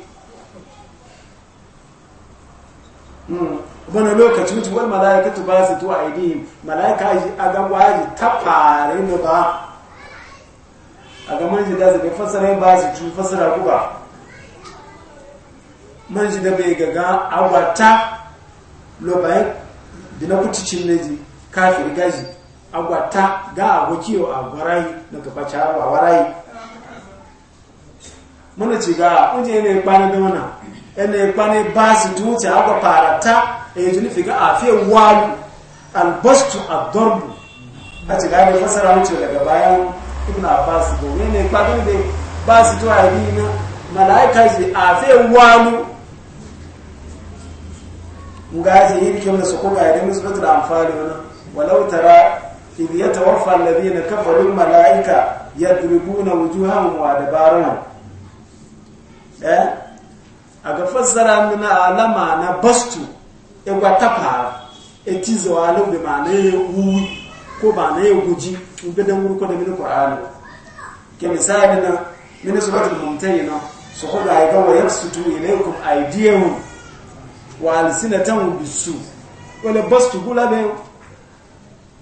wani hmm. lokaci mutu wani mala'ika tu ba su tuwa aidihim mala'ika ji a ga ta fare ne ba a ga manji da zaga fasara ba su ci fasara guba manji da bai gaga agwata lobayin kuci cin neji kafin gaji agwata ga agwakiyo a gwarayi na gaba cewa warayi mana ce ga kunje ne kwanan da wannan ene kpani basi tuuti agwa parata ejuni figa afiye walu albastu adorbu ati ga ne fasara wuce daga bayan ibn abbas go ne ne kpani be basi to ayi na malaika ji afiye walu ngaji yiri kemna sokoga ya demi suratul amfani wana walau tara idh yatawaffa alladhina kafaru malaika yadribuna wujuhahum wa adbarahum eh a ga fassara muna alama na bastu igwa e ta fara eti zuwa lau da ma'ana ya e wuwi ko ma'ana ya e guji ubidan ko da mini ƙwararru ke misali na mini su batul mumtai na su kuda ya gawa ya su tu ilaikum aidiyahu wa alsinatan bisu wala bastu gula be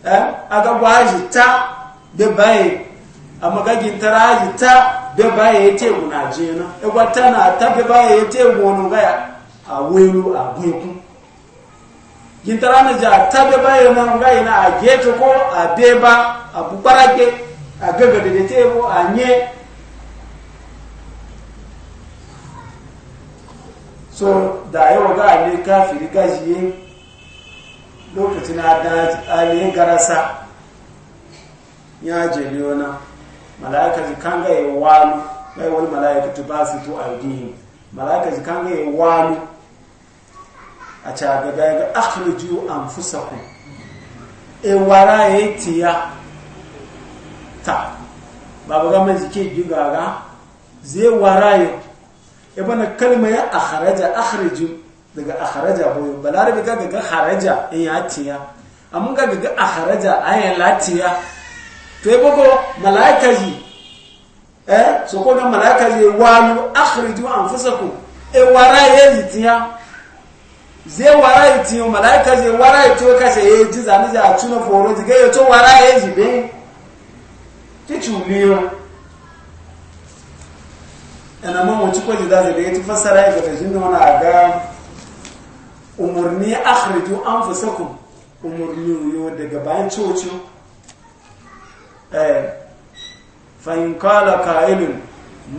eh aga waji ta da bai amma gagin taraji ta beba ya ete na jena na ịgwata e na ata beba ya ete egwu ọnụ ga ya awụ elu agụ ekwu gintara na ji ata beba ya na nga ya na aga echekwa abịa ebe abụkpara gị agagadede te anye so da yawa ga ale kafiri gaji ye lokacin da ale garasa ya jeli wani malaika zikanga ye walu bai wani malaika tu basi tu aidihim malaika zikanga ye walu a caga ga ga akhruju anfusakum e wara ye tiya ta baba ga mai zike gigaga zai wara ye e bana kalma ya akhraja akhriju daga akhraja boyo balarabi ga ga kharaja in e ya tiya amma ga ga akhraja ayan latiya to yi bako mala'ika ji eh so ko ga mala'ika ji walu akhriju anfusakum e wara ye yitiya ze wara yitiyo mala'ika ji wara yitiyo kashe ye ji zani za tuna foro ji ga ye to wara ye ji be ti chuliyo ana e mun wuce ko da zai ga fasara ya ga jin wannan aga umurni akhriju anfusakum umurni yo daga bayan cocio Eh, فإن قال قائل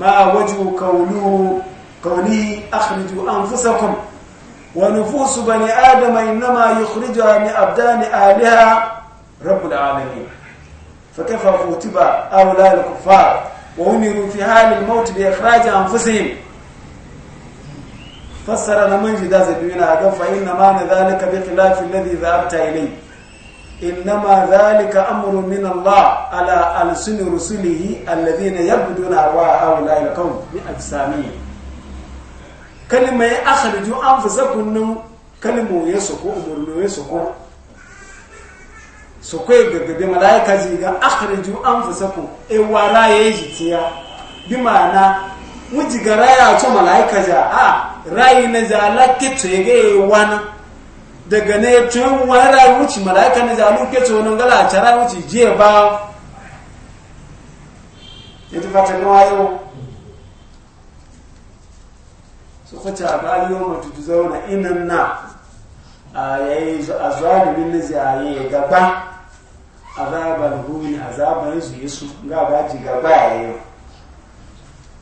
ما وجه قوله قوله أخرجوا أنفسكم ونفوس بني آدم إنما يخرجها من أبدان آلهة رب العالمين فكيف فوتب أولى الكفار وأمروا في حال الموت بإخراج أنفسهم فسر لمن جداز ذا فإنما ذلك بخلاف الذي ذهبت إليه إنما ذلك أمر من الله على ألسن رسله الذين يبدون أرواح هؤلاء من بأجسامهم كلمة أخرج أنفسكم كلمة يسكو أمر يسكو سكوي غغبي ملائكة زيغا أخرج أنفسكم إوالا يجتيا بمعنى mujiga raya to ملايكة ja a rayi na ja lakke daga ne tun wani rayu wuce mala'ika ne zalu ke tsohon gala a cara wuce jiya ba ya ti fata nawa yau su kwace a bali yau mutu zauna inan na a yayi a zalimin na ziyaye gaba azabar huni azabar su yesu ga gaji gaba ya yau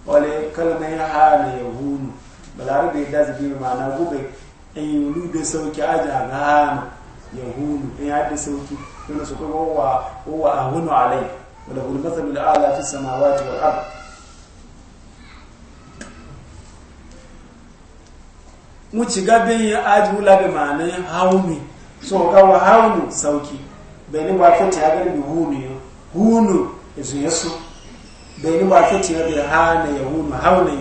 wale kalmai hana ya hunu balarabe da zabi ma'ana gube in yulu da sauki aja ya hulu in ya da sauki yana su kuma wa wa ahunu alai wala hul da ala fi samawati wal ard mu ci gabe yin aji wula da ma'anin haunu so ga wa haunu sauki bai ni ba fata ya gani hunu hunu izu yasu bai ni ba fata ya gani hana ya hunu hauna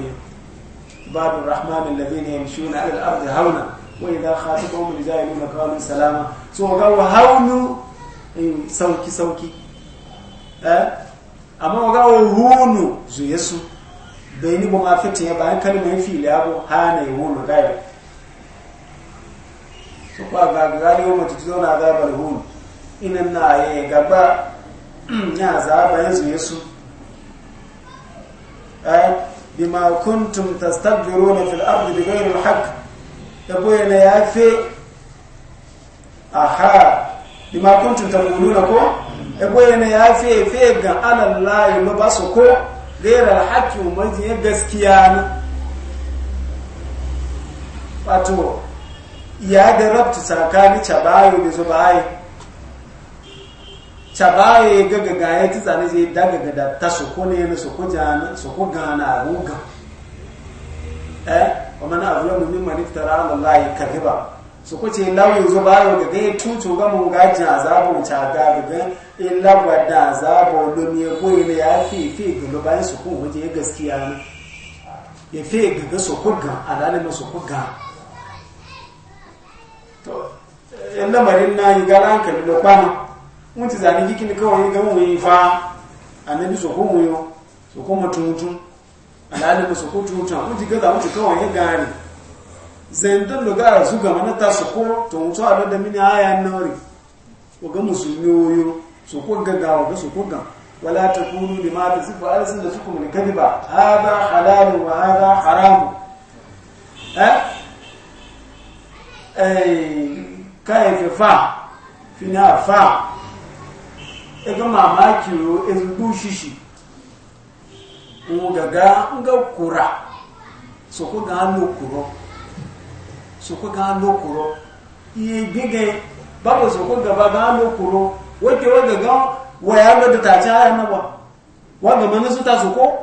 babu rahmanin ladina yamshuna ala al-ardi hauna wani idha khatabahum al-jahilun qalu salama so ga wa haunu sauki sauki eh amma ga wa hunu zu yesu bai ni bon afete ya bayan kalmar fili abu hana ya hunu ga ya so kwa ga ga yi mu tuzo na ga bal hunu inan na yi gaba ya zaba yanzu yesu eh bima kuntum tastakbiruna fil ardi bighayri al-haqq da ya eboye na yafe aha bima kuntum na ko eboye ya fi fi ga alallahi ma ba su ko gaira alhaqi wa majiya gaskiya ne wato ya da rabta tsakani cabayo da zubaye cabaye gaga ga ya tsane je daga da ta su ko ne su ko jana su ko gana rugan eh wa man azlamu mimman iftara ala allahi kadhiba so kuce lawo zo bayo ga ga tutu ga mun ga jin azabu ta ga ga in lawa da azabu lo mi ko ile ya fi fi ga lo bayan su ko waje gaskiya ne ya fi ga ga su ko ga alalin su ko ga to in lamarin na yi ga ranka lo kwana mun ci zani gikin kawai ga mun yi fa annabi su ko mu yo su ko mutum mutum alhalin su ko tuta mun ji gaza mutu kawai ya gari zendon da gara su gama na ta su ko to mutu a da mini aya nori ko ga musulmi yoyo su ko gaggawa ga su ko ga wala takunu lima tasifu alsin da suku mun kadiba hada halal wa hada haram eh eh kai fe fa fina fa e ga mamaki ro ezugbo shishi ngaga nga kura so ko ga no kuro so ko ga no kuro ye gege babo so ko ga ba ga no kuro wote wa ga ga wa ya ga ta ta ya na ba wa ga mana su ta so ko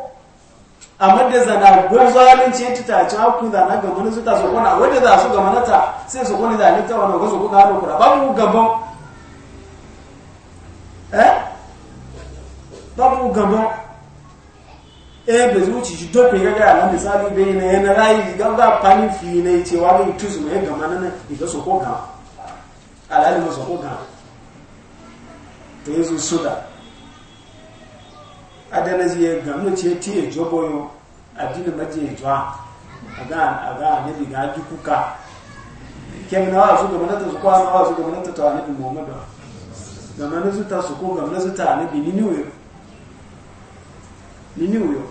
amma da na go zalunci ta ta ta ku da na ga mana su ta so ko na wanda za su ga mana ta sai so ko ni da ni ta wa ga so ko ga no babo babu gaban eh ebe zuci dope ala na misali bai na yana rayu gaba fani fi na ce wa bai tuzu mai gama nan iga so ko gama alali ma so ko gama to yanzu suda adana je gamu ce ti e jobo yo adina maje e jwa aga aga ne bi ga kuka kem na wa su gama na ta kwa na wa su gama na ta ta ne bi muhammadu gama na su ta su ko na su ta ne bi ni ni yo ni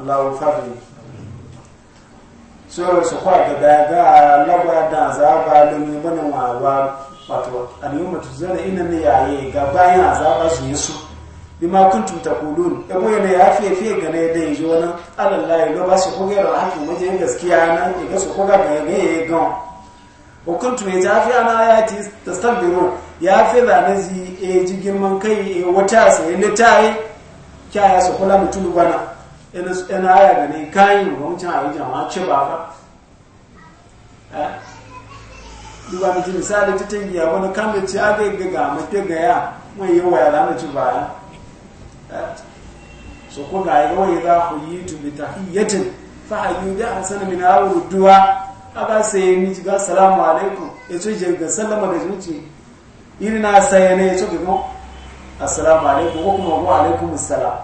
Allahu fadli so su kwa ga daga lagwa da azaba da ne bana wawa wato al'umma tu zana ina ne yaye ga bayan azaba su yesu bima kuntum taqulun e boye ne ya fiye fiye ga ne dai jo na alallahi lo ba su da ga rahatu maje gaskiya na e ga su ko ga ga ne ga wa kuntum yajafi an ayati tastakbiru ya fi da ne ji e ji girman kai wata sai ne tai kya ya su kula mutum bana ina aya gani kayan wancan a wajen wa ce ba ba eh? duba sa misali ta giya wani kamar ce aka yi gaga mafi gaya mai yi waya rana ci baya eh? so ko ga yi wani za ku yi tu bi tahiyyatin fa yi da an sanar min awuru duwa aka sai ni ga salamu alaikum ya ce je ga sallama da zuci iri na sai ne ya ce ga assalamu alaikum ko kuma wa alaikum assalam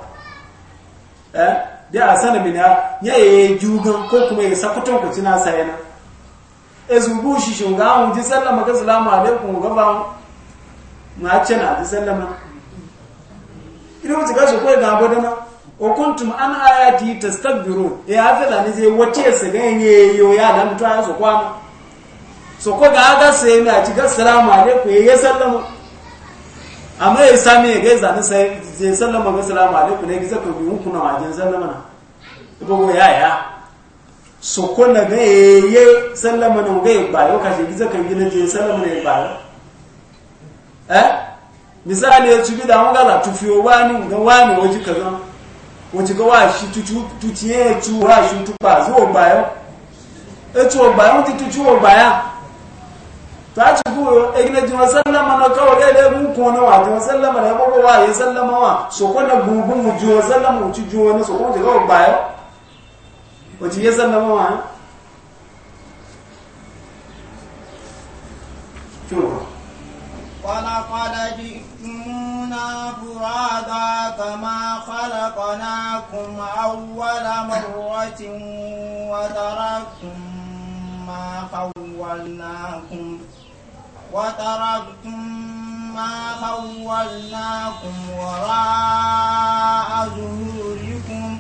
eh da a sana mina ya yi jugan ko kuma ya sakutan ku cina sayana e zubu shi shunga mu ji sallama ga salamu alaikum ga ba na ce na ji sallama ina wuce gashi ko ga boda na o kuntum an ayati tastakbiru e afela ne zai wace su ganye yo ya dan to an so kwana so ko ga ga sai na ci ga salamu alaikum ya sallama amma ya sami ga zani sai je sallama ga salamu alaikum ne giza ko biyun kuna wajen sallama na ba go ya ya so ko na ga ye sallama na ga ba yau kashe giza ko gina je sallama ne ba eh misali ya tubi da mun ga la tufi o wani ga wani waji kaza waji ga washi tutu tutiye tu washi tupa zo ba yau e tu ba yau ti tutu ba yau ta ci buyo egina ji wasallama na kawai ele gun ko na wa ji wasallama na gogo wa yi sallama wa so ko na gugu mu ji wasallama uci ji na so ko ji ga ba yo uci sallama wa ولقد جئتمونا فرادا كما خلقناكم أول kuma وتركتم ما خولناكم وتركتم ما خولناكم وراء ظهوركم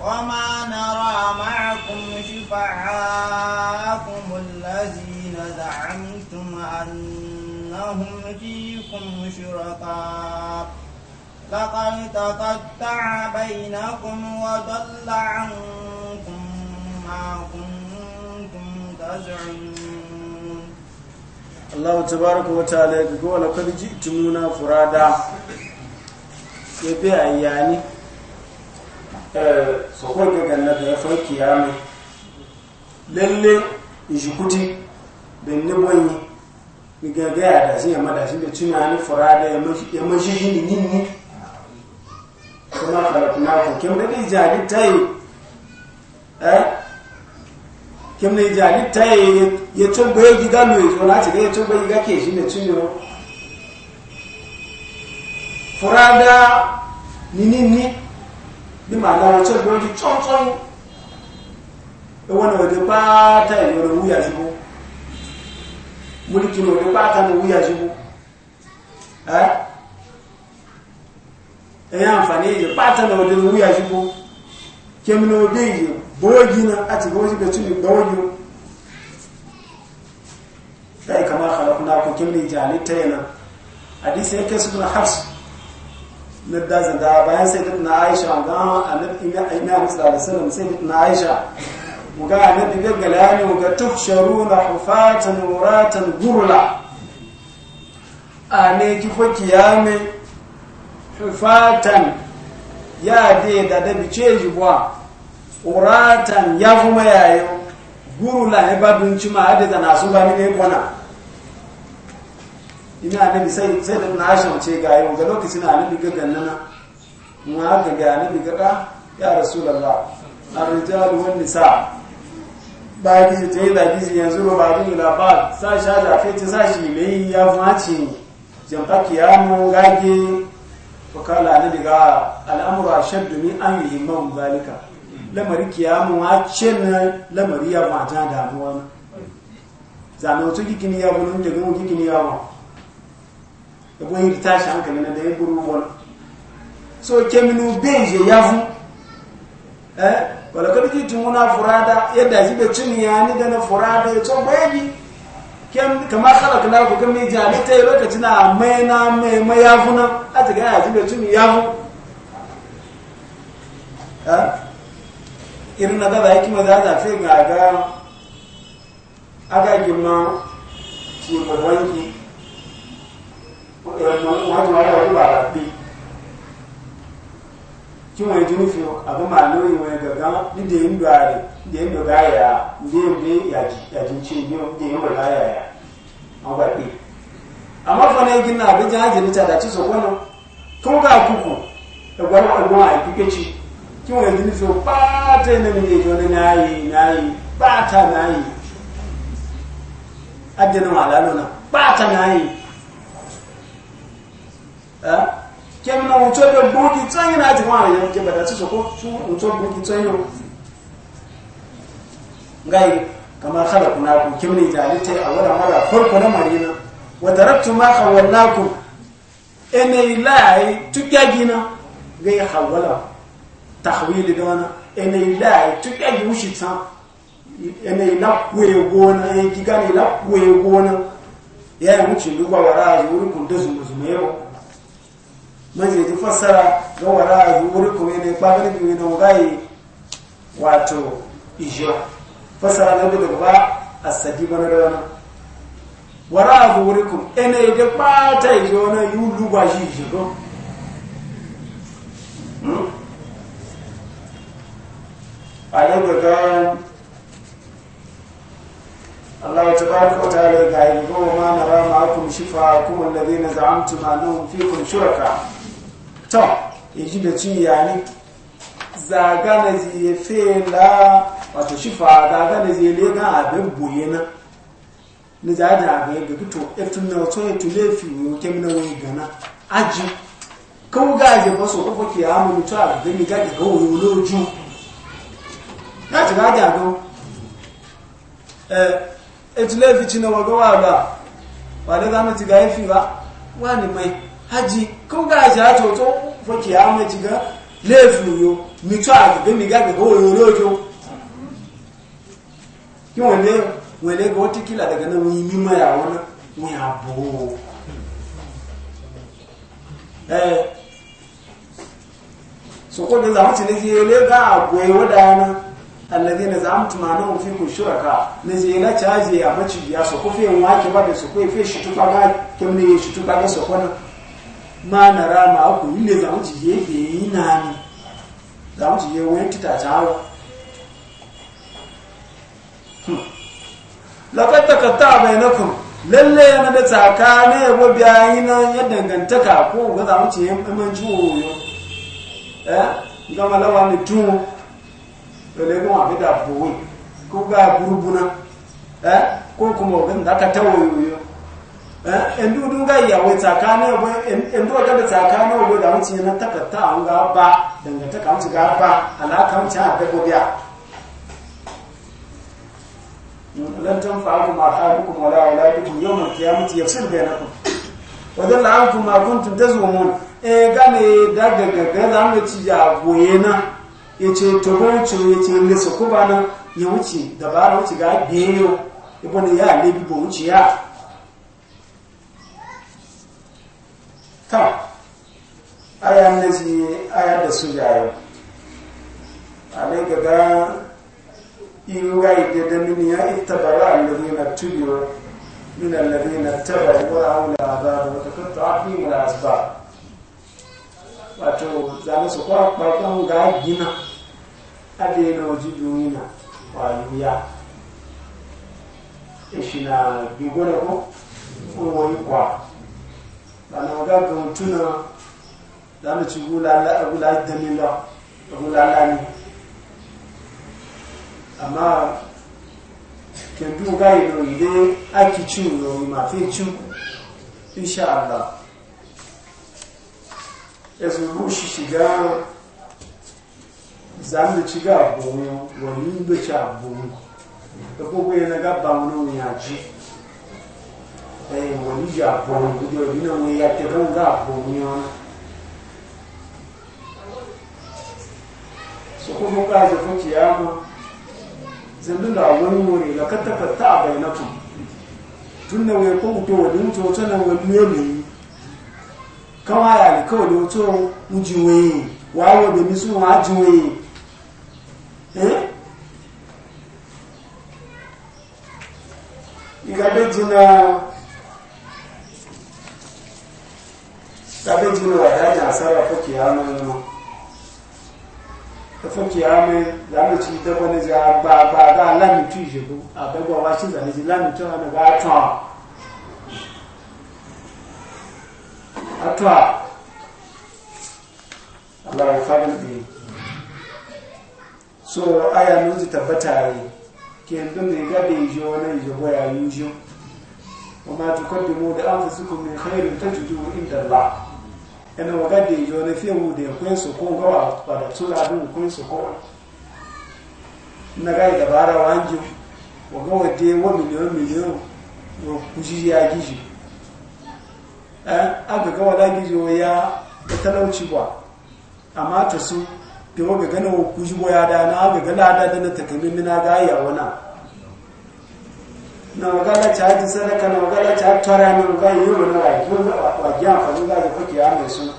وما نرى معكم شفعاءكم الذين زعمتم أنهم فيكم شركاء لقد تقطع بينكم وضل عنكم ما كنتم تزعمون Allah tabaraka wata ta'ala ya ga wala kad fura furada ya fi a eh so ko ga ganna da ya fara kiyama lalle jikuti ben ne boyi mi ni ga ya da shi ya da shi da tunani furada ya mashi ya mashi ni ninni kuma fara kuma kankan da ga jari ta yi eh kim ne jali ta ya tumba ya gida lo ya zola ta ya tumba ya ke shi furada nini ni ni ma la to go di ton ton e pa ta e lo e wuya jibo mo ni kilo pa ta mo wuya jibo eh e ya anfani je pa ta lo de wuya jibo kim no de yi bogi na a ti goji ga cikin bogi sai kamar halakuna ku kimni jali ta yana hadisi yake su na harsu. na daza da bayan sai duk na aisha ga annabi ina musu da sallam sai duk na aisha mu ga annabi gaggala ne mu ga tuhsharuna hufatan wuratan gurla a ne ki ya kiyame hufatan ya de da da yi jiwa uratan ya fi yayo guru la ne babin cima hadita na nasu ba mini kwana ina ne sai sai da na asham ce ga yau ga lokacin annabi ga gannana mu haka ga annabi ga ka ya rasulullah ar-rijalu wan nisa ba ki je da gizi yanzu ba ba ni la ba sa sha da fe ce sa shi me ya mace jamfa kiyamu gage fakala annabi ga al'amru ashaddu min amri man zalika lamari kiyamu a cin lamari ya ma damuwa na zama wato gikini ya gudun da gudun gikini ya ma da gudun yi tashi hankali na da ya gudun wani so kemino beje ya fi eh wala kada ji tumuna furada yadda ji be cin ya ni da na furada ya tso bayani kem kama khalaqna ku kam ni jali tai lokacin na mai na mai mai ya fu na a ta ga ji be cin ya fu eh irin na dada hikima za ta fi ga ga aga gima ki mabangi wani wani wani ba rafi ki wani jini fi abu maloyi wani gaga da yin dare da yin doga ya da yin da ya jinci da yin doga ya ya an ba ɗi amma fa ne gina abin jihar jinita da ci sokono tun ga kuku da gwamnati a kike ci kí wọ́n yẹn nífẹ̀ẹ́ pàtẹ́ ní mi èdè náàyè náàyè pàtà náàyè adẹ́nà wà lálọ́nà pàtà náàyè kẹ́mi náà wùtọ́ bẹ gbóògì tọ́yìn láti wọ́n àyẹ̀ jẹ bàtà tí sọ́kọ́ tún wùtọ́ gbóògì tọ́yìn o ngáyé kamar khalaqnakum kimni jalita awwala mara farko na marina wa taraktu ma ku ene ilahi tukagina gai hawala tahwili dona ene ila tuka yushi ta ene ila kwegona e gigani ila kwegona ya mutu lugwa wara yuri kunde zumu zumu yebo manje ji fassara ga wara yuri ko ene bagani bi ne ngai wato ijo fassara na da ba asadi bana dona wara yuri ko ene ga pata ijo na yulu gwa shi ijo ale gaga Allah tabaraka wa ta'ala ga yi ko ma nara ma'akum shifa kum alladhina za'amtum annahum fikum shuraka to yaji da ci yani zaga na ji fela wato shifa zaga na ji le ga abin buyena ni za da ga ga to eftun na to to le fi mu kemna wai gana aji kawo ga je ba so ko ki amu to a ga ni ga ga wo loju láti rájì àgọ́ ètùlé fi chinà wọ̀gọ́ wà lọ ti ga wa wà ní mai hajji kó gáàṣì àjò tó fòkè àmì ti ga léèfù yo mìtọ́ àgbègbè mi gàgbègbè òyò olóòjò kí wọ́n lé wọ́n lé gọ́ tíkìlà daga náà wọ́n yí mímọ́ ìyàwó náà wọ́n yà bò na alladhina za'amtum annahum fikum shuraka ne je na caje a baci ya so ko fe wake ba da so ko fe shi tuka ga kemne ya shi tuka ga so ko na ma na rama aku ile zamu ji ye ke yi na ni zamu ji ye wani tita jawo hmm. laqad taqatta bainakum lalle yana da tsakane ya bo biyayi na ya dangantaka ko ga zamu mutu yan mun ji woyo eh gama lawa ni tun dole mu abi da buwul ko ga eh ko kuma ga da tawo yoyo eh en du ga ya wai en du ga da da na takatta an ga ba ga ba ala a da gobiya lan wala yawm al-qiyamati bainakum wa dhalla ankum ma kuntum tazumun e eh, gane daga gaga zamu ci na. ya ce togoncu ya ce lesa kuma nan ya wuce dabara wuce ga ya bane ya lebi ba wuce ya ta aya na ji aya da su yau a ne gaga in rai da da mini ya ittabara allazina tubiru min allazina tabaru wa aula azaba wa taqatta'u fi al-asbab wato zane su kwa kwarkan ga gina ade na waje na kwayoya ishi na bigora ko kowai kwa bana ga ga mutuna za mu ci gulala gulala dalila gulala ne amma kendu ga ilo ide aki ciwo ma fi ciwo insha Allah ezuru shiga zanda ci ga bomo wani da ci bomo da gogo yana ga bamu ne ya ji eh wani ja bomo gudu ne ne ya te ban ga bomo ya su kuma ga ji ko kiyama zanda da wani wuri la kataka ta bainatu tunna wai ko to wani to tana wani ne káwọn àyà àlìkọ́ ló tó ń ju wẹ̀yìn wà á wọ̀dọ̀ mi sún wọn á ju wẹ̀yìn ìgbàbẹ́jì náà ìgbàbẹ́jì náà wà dájà sára fókè àmì wọn fókè àmì lámìtì ìdẹ́gbọ́n ní ti agbá agbá agbá alámìtì ìṣègùn àbẹ́gbọ́ wa ṣì zàlẹ́jì lámìtì ọ̀nà bá atwa Allah ya fara ɗi so aya nuzi tabbata yi kendo ne gaɗe gabe ijo wani ijo goya yujo wa ma mu da an mai min ta tajiduhu inda la. Yana wa gabe ijo ne fiye da ya kun su ko gawa ba da tsura dun kun su ko na ga dabara wanju wa gawa dai wa miliyon miliyon wa kuji ya gishi Eh, aga ga wala gijo ya da talauci ba amma ta su da ga gana wa kuji boya da na ga gana da na takalmi mina ga ya wana na magana ta haji sadaka na magana ta tara na ga yi wani rayuwar da wajen gyan fari ga ya kuke ya mai su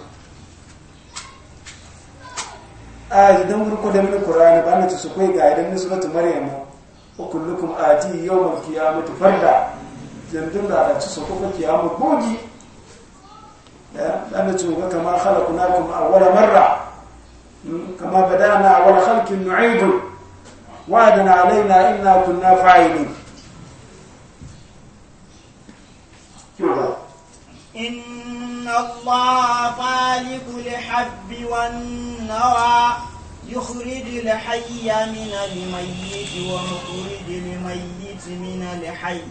a idan ku da mini kurani ba na ta su kai ga idan ni suratu maryam wa kullukum ati yawmal qiyamati farda jandun da ta su kuka kiyamu gogi أنا تشوف كما خلقناكم أول مرة كما بدأنا أول خلق نعيد وعدنا علينا إنا كنا فاعلين إن الله خالق الحب والنوى يخرج الحي من الميت ومخرج الميت من الحي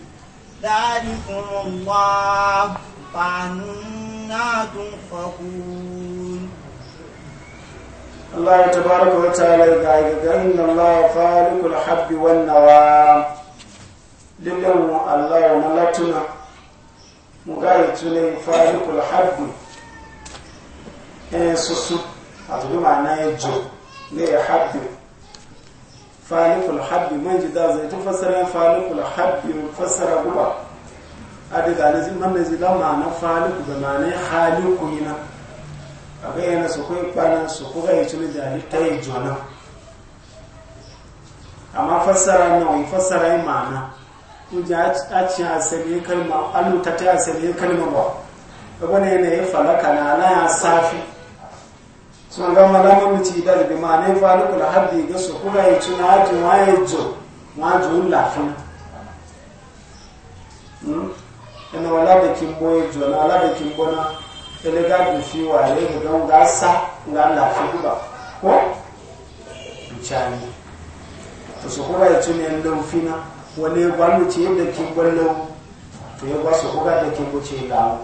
ذلكم الله فأنا أنا تنفقون الله تبارك وتعالى إن الله خالق الحب والنوى الله ملتنا مقايتنا خالق الحب bi ma'ana ya jo ne ya habbi falikul habbi falikul guba adiga na zin manna zila ma'ana faliku da ma'ana haliku yana a ga yana su kai kwana su kuka yi tuni da ta yi jona amma fassara na wani fassara yi ma'ana kuje a ci asali kalma alluta ta asali kalma ba ga wani yana yi falaka na ala ya safi sun ga malamin mutu da da, ma'ana yi faliku da haddi ga su kuka yi tuni wa yi jo ma jo lafiya. Hmm? ina wala da kimbo ya jona ala da kimbo na ina ga dufi wale ga gan gasa ga lafi ba ko bicani to su kuma ya tuni yan wani wale gwanu ce da kimbo lau to ya gwasu kuga da kimbo ce lawo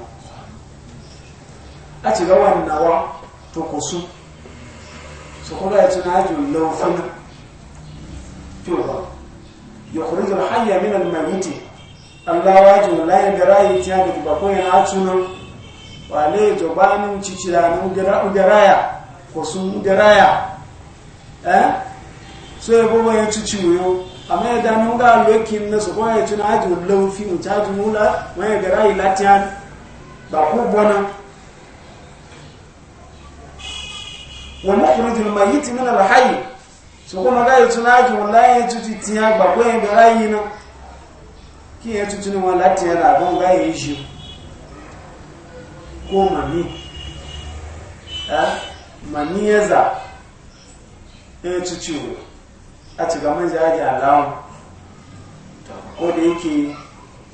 a ci ga wannawa to ku su su kuma ya tuni ajin lufina to ba yukhrij hayya min al-mayyit Allah wajo lai garayi tiya da ba yana tunan wale jo banu cicira nu ugaraya ko sun ugaraya eh so ya cici yo amma ya da ga lokin na so ko ya tuna ajo laufi mu ta ju mula mai garayi latian ba ku bona wa nukhrijul mayyit min al hayy so kuma ga ya tuna ajo wallahi ya cici tiya kí yẹn tuntun wọn láti ẹ̀rọ àgbọn báyìí ń ṣe kó màmí màmí ẹ̀zà ẹ̀ tuntun rẹ̀ àti gaman jaji aláwọn ko da yake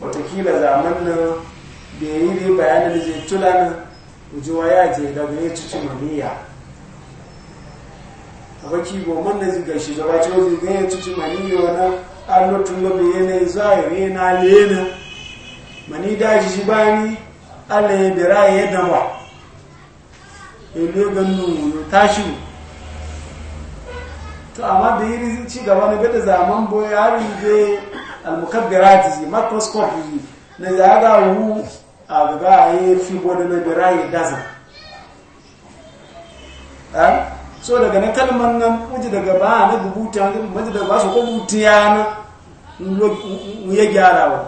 watakila zaman nan da ya yi dai bayanin da zai tula nan ujuwa ya je daga ya tuci mamiya a baki goma na zigar shugaba ce wajen ya tuci mamiya wani allo tunga be yene zahiri na lena mani da ba ni Allah ya bira ya dawa ilu gannu tashi to amma da yi ci gaba na gada zaman boye har yi ta ji microscope ji na ya ga hu a ga ya fi gwada na bira ya daza so daga na kalman nan muji daga ba na gubuta muji daga ba su ko gutiya na mu ya gyara ba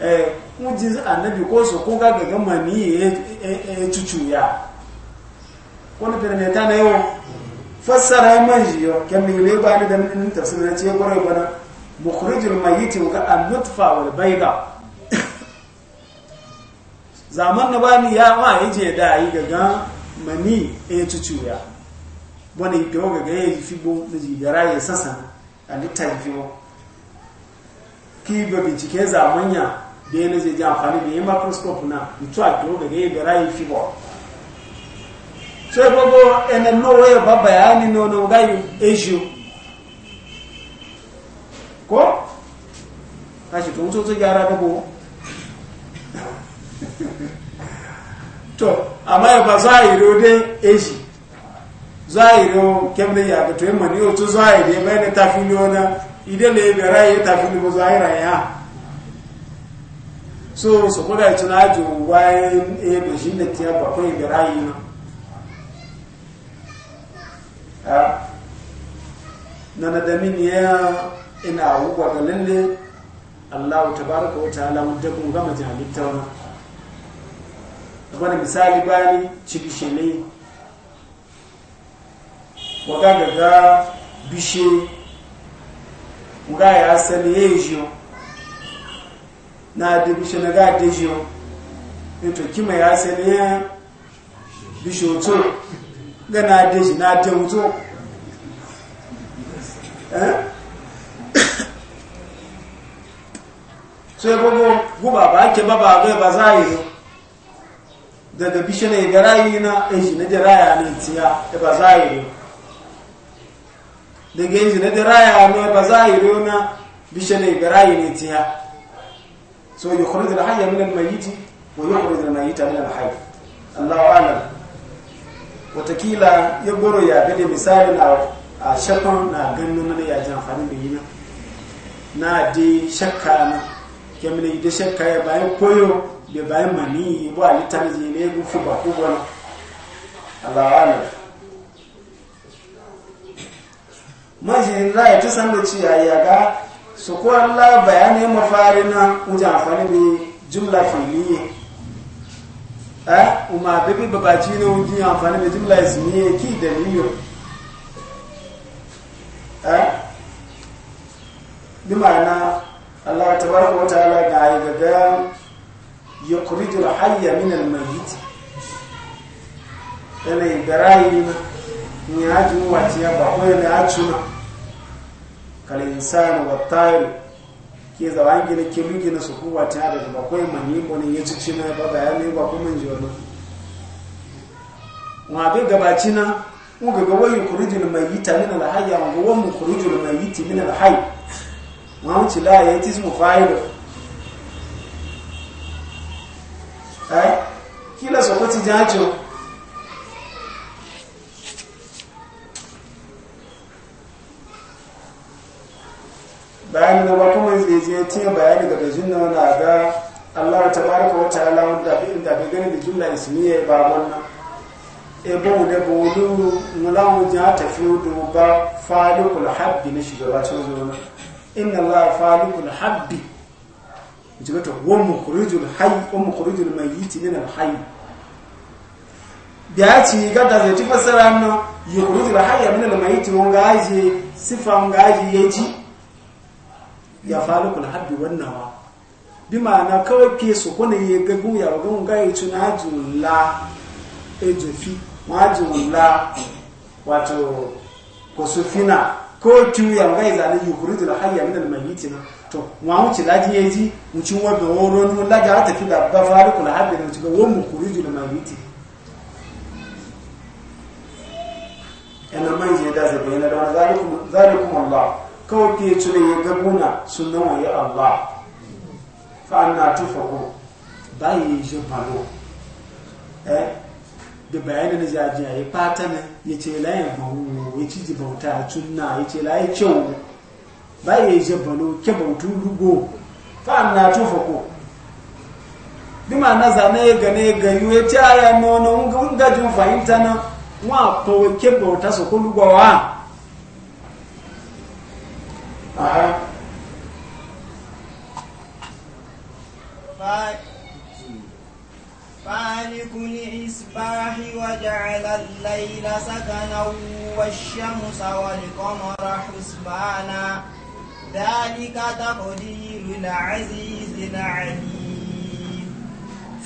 eh muji annabi ko su ko ga ga mani ya cucuya ya? na fere ta na yau fassara man jiyo kan mi le ba da min tafsir na ce gore bana mukhrijul mayyit ka an-nutfa wal bayda zaman na bani ya ma yaje da yi ga mani e tutuya bona ipeoga ga yi fibo da jigara ya sasa a littar fibo ki ba bincike za manya da yana je ji amfani da yi microscope na mutu a peoga ga yi gara ya fibo so ya gbogbo ẹnẹ náà ya ba bayani na ọ̀nà ọ̀gá yìí ejo ko ta ṣe tó ń tó tó yára to amma ya ba yi dai eji zahiro kemgbe ya ga mani otu ni a yi da mai ne tafili ona ide le ne rai tafili bo zahira ya so so ko ya tuna ju wai e do shi ne tiya ba ya be rai na na nana da min ya ina abubuwa ga lalle allahu tabaraka wata ala mu gama jahilta wannan bana misali bani cibishele wakagaga bishe ngaya asali yejio na adebishe na ga adejio eto kima ya asali ya bishe oto ga na adeji na ade oto eh? so ya gogo guba ba ake baba ga ba za yi daga bishe ne ga rayi na eji na da ne tiya da e ba zahiri daga eji na da raya ne ba zahiri na bishe ne ga rayi ne tiya so hanyar al mai yiti ko yi kuri da na yi min al allah wa a'lam watakila ya goro ya gani misalin a shakon na ganin na ya ji amfani da yi na na dai shakka na kemina da shakka ya bayan koyo da bayan mani bu a litarji ne gufi ba ku wani ala'ala majin raya ta san da ciya ya ga su ko Allah bayanai mafari na wajen amfani da jumla filiye eh umma bibi babaci ne wajen amfani da jumla ismiye ki dalilin eh bi ma'ana Allah tabaraka wa ta'ala ga ayi gaggawa yukhrijul hayya min almayyit ene ibrahim ni aju watia ba ko ene achuna kale insanu wa tayr ke za wangi ni kimingi na suku watia da ba ko manimbo ne yace cina ba ya niwa kuma jona wa bi gabaci na mu ga wa yukhrijul mayyita min alhayya wa wa mukhrijul mayyit min alhayy wa wuce la yatizmu fa'ilu eh kila so wati jajo bayani da ba kuma tí tiya bayani daga jinna na ga Allah ta baraka wa ta'ala wanda bi inda bi gani da jumla ismiya ba wannan e bo da bolu mulawu ja ta fi ba falikul habbi na shugaba cin zuwa inna Allah falikul habbi jiga to wa mukhrijul hayy wa mukhrijul mayyit min da ci sifa ji ya faru kul haddi wan bi kawai ke su kuna ya wato kosufina ko tuya ga izalin yukuritu da hayya min almayyiti na to wa mu ci laji yeji mu ci wa ga woro nu la ta fi da ba fari kula habbi mu ci ga wo mu kuriju da mayyiti ana man je da zai bayyana da zalikum zalikum Allah ko ke ne ya gabuna sunnan wa ya Allah fa anna tufaku bayi je palo eh da bayanin da jaji ya fata ne ya ce ya bawu ya ci ji bauta cunna ya ce layi ba ya yi jabalo ke bautu na ko dima na zane ya gane ga yi ya nono gajin fahimta na wa ke bauta su ko Bye. فالك الإصباح وجعل الليل سكنا والشمس والقمر حسبانا ذلك تقدير العزيز العليم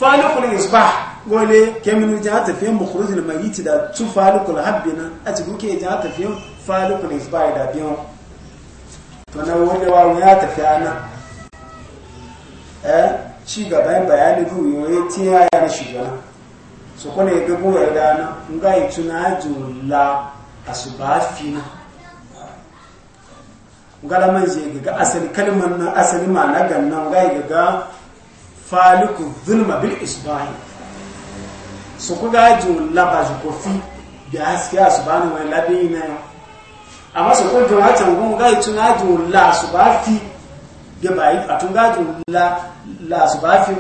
فالق الإصباح gole kemini ja tafiyan bukhrujul mayit da tu falikul habbina a cikin ke ja tafiyan falikul isbai da biyan to na wani wawo ya tafi ana eh ci gaban bayanin ruwa ya ce ya yana shiga su kone ga goyar dana in ga yi tuna jula a su ba fina gala man je ga asali kalmar nan asali ma na gannan ga yi ga faliku zulma bil isbahi su ku ga jula ba su kofi da haske a su bani wani labi na amma su kun jula can gun ga yi tuna jula su ba fi gaba yi a tun gaju la la su ba fi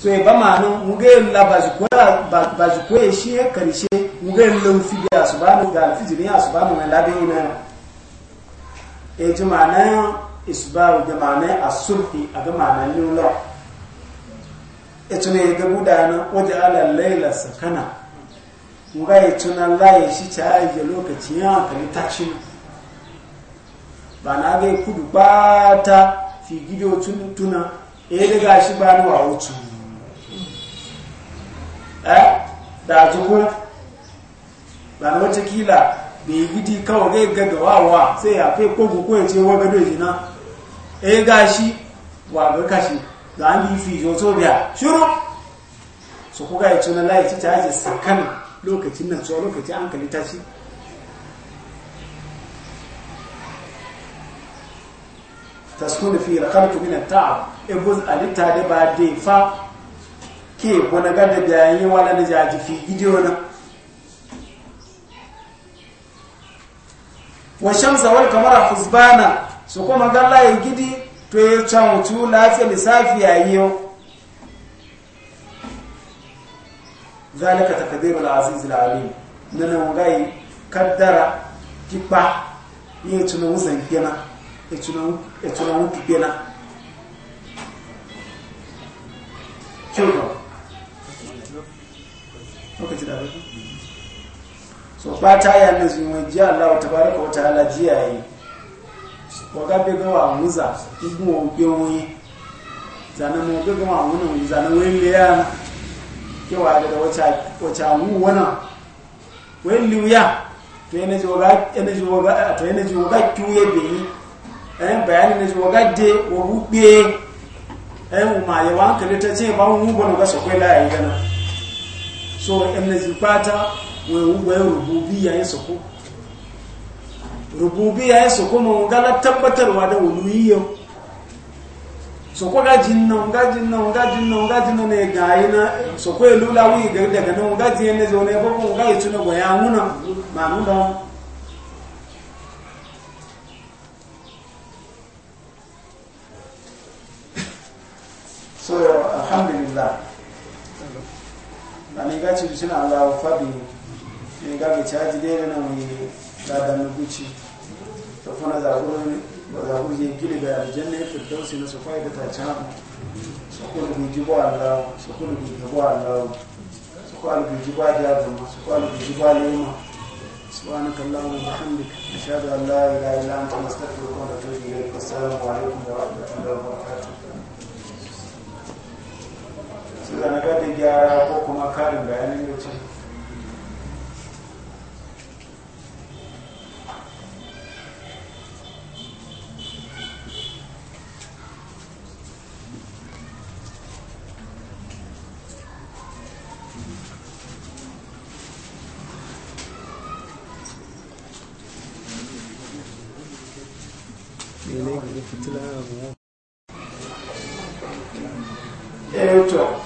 so e ba ma no muge la ba ji ko ba ji fi biya su ba no ga fi jini su ba no la be ina e jumana isbaru jumana asulhi a jumana ni lo e tune ga buda na waje ala laila sakana muga e tuna la e shi ta ya lokaci ya kalita shi ba na ga kudu ba ta fi gido tuna eh da shi ba ni wa wuce eh da zuwa ba na wata kila da yi gidi kawai ga wa-wa sai ya fi kogo ko ya ce wa gado jina eh ga shi wa ga kashi za a yi fi joto biya shuru su kuka ya tuna ci ta haji sakana lokacin nan tsohon lokacin an kalita shi taskunu fi raqaltu min at-ta'ab ibuz alita da ba de fa ke bona ga da wala na jaji fi gidiona na wa shamsa wal qamara husbana su kuma ga la gidi to ya can wutu lafiya lissafi yayiyo zalika taqdirul aziz al-alim nan ngai kaddara kipa yin tunan musan kenan etunan etunan pipela kyauta lokaci da rukun so fata ya nan su yi jiya Allah wa wa ta'ala wa gabe gawa muza igun ogbe onye zanen mu ogbe gawa ya ya to yana ji waga to a bayani na ji waga de wa ruɓe ɗayan umaye wa ga sakwai laya yi gana so ɗan zifata wai wai rububiya ya ma gala tabbatarwa da wuluyiyyo soko gaji nan gaji nan gaji nan gaji nan ne gayi na soko ya lula ya so alhamdulillah dani suna Allah wa fabi ne caji dai na mu da da mu fana za ba gili ga na da ba Allah ba Allah ba ba سبحانك اللهم وبحمدك نشهد ان لا اله الا انت نستغفرك ونتوب اليك والسلام عليكم ورحمه الله وبركاته su zana gada gyara ko kuma karin bayanin da ce Eto,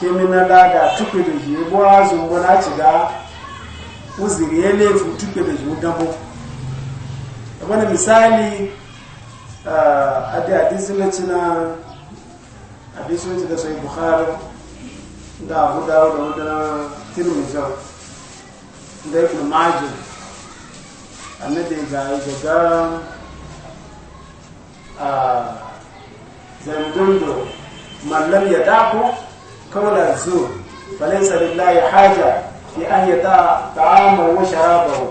kemina lada tukwe da ji buwa zungo na ci ga uziri ya lefu tukwe da ji gabo wani misali a da hadisi na hadisi na da sai bukhari da abu da da wadana tirmidhi da ibn majah annabi ga ga a zandundo mallam ya dako قول الزور فليس لله حاجة في أن يطاع طعامه وشرابه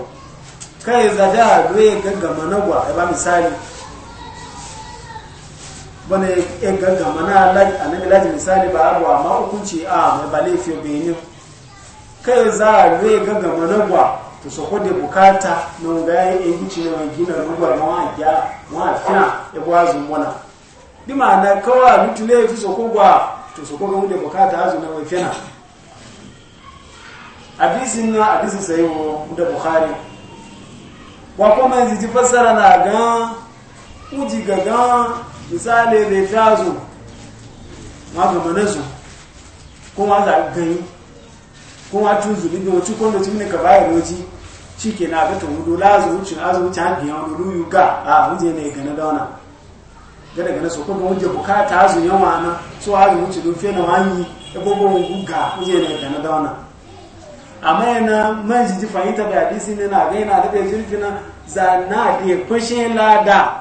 kai ga da zai gaggama na gwa ba misali wani ya gaggama na annabi laji misali ba abu amma hukunci a mai ba laifin benin kai za a ya gaggama na gwa to so ko da bukata na wanga ya yi gici na gina rugwa na wafiya ya buwa zumuna Dima ma'ana kawai mutu ne ya fi so ko gwa to su koga wuce bukata hazu na wai fena abisin na abisin sai wo da bukhari wa kuma yanzu ji fassara na ga uji ga ga misali da ta ma ga manazu kuma za a gani kuma tun zubi da wacce kwanda tun ne ka bayar roji shi ke na ga tun lazu wucin azu wucin hankali yawon ruru ga a wuje ne ga na dauna ga daga nasu kuma wuje bukata azu yawa na so azu wuce don fena wani ya gogo guga wuce ne ga na dauna amma yana man jiji fahimta da hadisi ne na ga yana da bai zurfi na za na da kwashe lada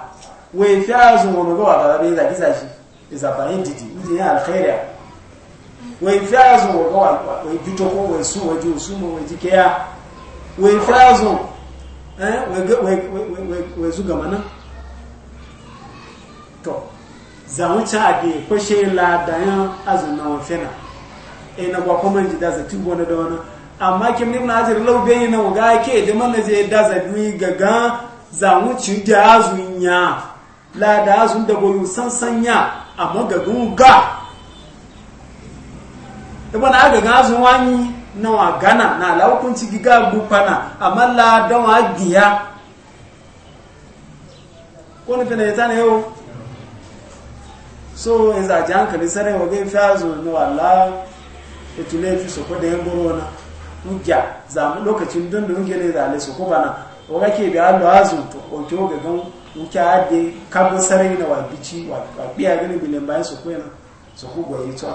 wai fi azu wani gawa da bai zaki sashi isa fahimta ti wuje ya alkhairiya wai fi azu wani gawa wai fito ko wai su waje su mu waje kiya wai fi azu eh wai wai wai wai zuga mana to za mu ci age kwashe ladayan azumin wafina ina e, ba kuma ji da zati gona da wani amma kim ibn hajar law bai na uga ke da mana je da zabi gaga za mu ci da azunya la da azun da goyu sansan sanya amma gagun ga ibn e, aga ga azun wani na wa gana na la giga gufana amma la da wa giya ko ne tana yau so in za a ji hankali sarai wa gai fiya zo na wala da tule fi soko da yan buru na mugya za mu lokacin don da muke ne za le soko bana wa kake bi an allo azu to o to ga gan muke ade kabo sarai na wa bici wa biya gani bilen bayan soko yana soko yi to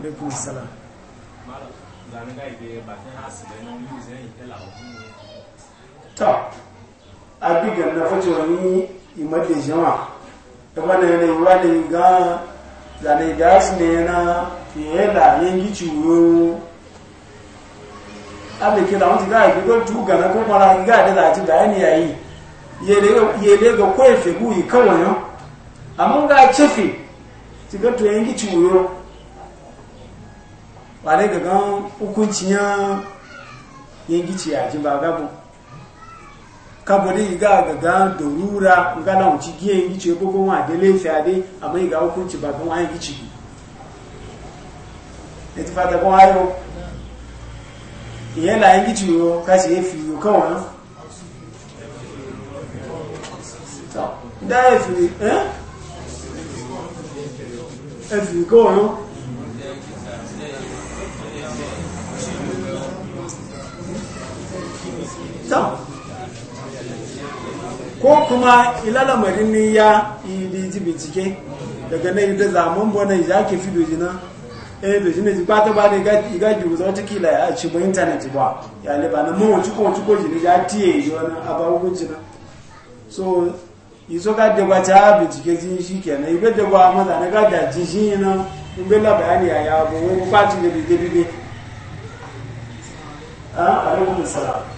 alaikum salam ta abigan na fajewani imar da jama'a bana ne ne ga zane ga su ne na fiye da yanki ciwo abin kira wani ga yi ko tuga na ko kwana ga da za ci bayani yayi yele ga ko efe bu yi kawai yau amma ga cefe ti ga to yanki ciwo ba ne ga gan hukuncin yanki ciyaji ba gabu kabode iga gaga dorura ngana unci giye ngi wa ade iga ba ngi ci e ti fata ko ayo iye la ngi ci yo ka se fi yo kan wa ta da e fi eh e fi ko yo ko kuma ilala marini ya ili ji bincike daga na yuda zaman bona ya ke fi doji na eh doji ne ba ta ba ne ga ji wuzo ta kila ya ci ba internet ba ya le ba na mu wuci ko wuci ko ji ne ya tiye yi wani abawu wuci na so izo ga da wata bincike ji shi kenan ibe da ba maza na ga da ji shi na in be la bayani ya ya go ba ti ne bi de bi ah alaikum assalam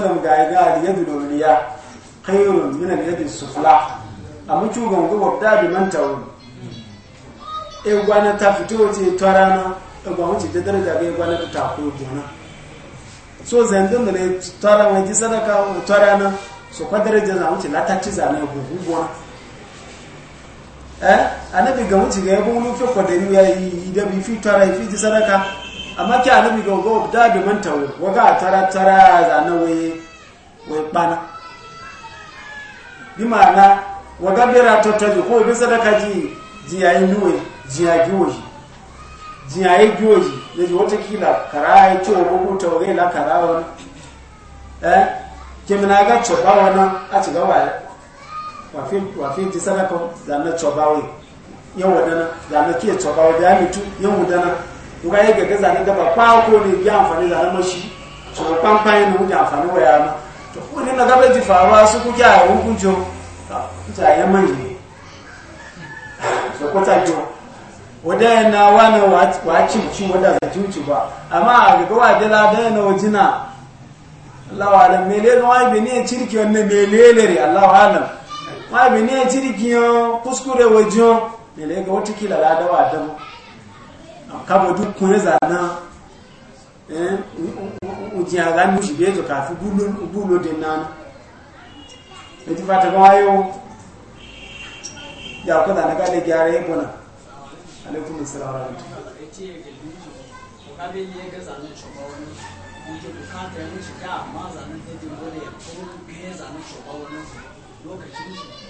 wasallam ga ga yadu dawliya khairun min al-yadi sufla amma cugan go wabda bi man tawu e gwana ta fito ce twarana e gwana ce da daraja ga e gwana ta ta ko gona so zandun da ne twarana ji sadaka twarana so kwa daraja za mu ce la ta ci zana go gona eh anabi ga mu ci ga yabo lu fe ko da ni ya yi da bi fi twara fi ji sadaka amma kí ànábì gọ̀gọ̀ dáàbì mọ́ tàwọn wọ́gá tàrátàrá àzànà wọ́n pàná bí máa ná wọ́gá bẹ́ra tọ́tọ́jù ko ibi sadaka jí jìyà inú ẹ̀ jìyà gíwòyì jìyà ẹ̀ gíwòyì lẹ́jì wọ́n ti kí là kàrá ẹ̀ tí wọ́n gbogbo tọ̀ wọ́gá ìlà kàrá wọn ẹ́ kemina ga ti sadaka zànà tọ̀bá wọn yẹn wọ̀ dáná zànà kí ẹ̀ tọ̀bá wọn da mi tu yẹn wọ̀ nga ye gaga zane daba kwa ko ne ya amfani zane mashi so pampa ne mu da amfani wa yana to ko ne na gaba ji faruwa su ku ja hu ku jo ta ya manje so ko ta jo wada na wana wa wa ci ci wada za ci ba amma ga gawa da la da na wajina Allahu alam mele no ne bene cirki onne mele re Allahu alam ma ne cirki yo kuskure wajo mele ga wata kila la da wa da kabo duk kun zana eh ujiya ga mu shi bezo ka fi bulu bulu din nan e ti fata ko yo ya ko da na ga le gyara yi bona alaikum assalam wa rahmatullahi wa barakatuh wuce bukatar shi da amma zanen da jimbo da ya kuma ne zanen shugaba wannan lokacin shi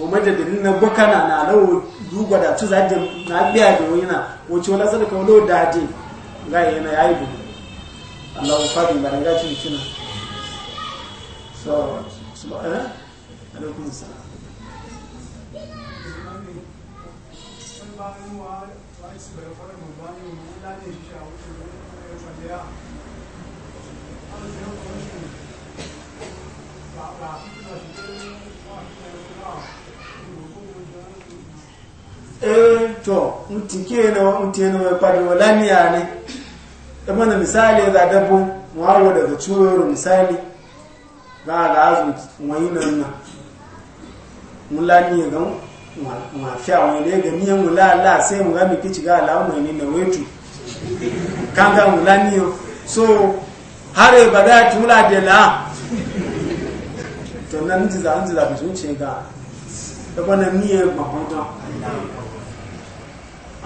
ko maje na bukana na lawo duba da tu zaje na biya da wina o ci wala sadaka wala da je ga yana yayi bu Allahu fadi baranga cin cina so subhana eh? alaikum salam Yeah. eh to mutike na wa mutike na wa kwadi wala ni ya ne da mana misali za dabo mu hawo daga curo misali ga ga azu wani nan na mulani ga ma fiya wani ne ga miyan mula Allah sai mu ga mu kici ga Allah mu ne na wetu kan ga mulani yo so har hare bada tura da la to nan ji za an ji za ku ce ga da bana miyan mahauta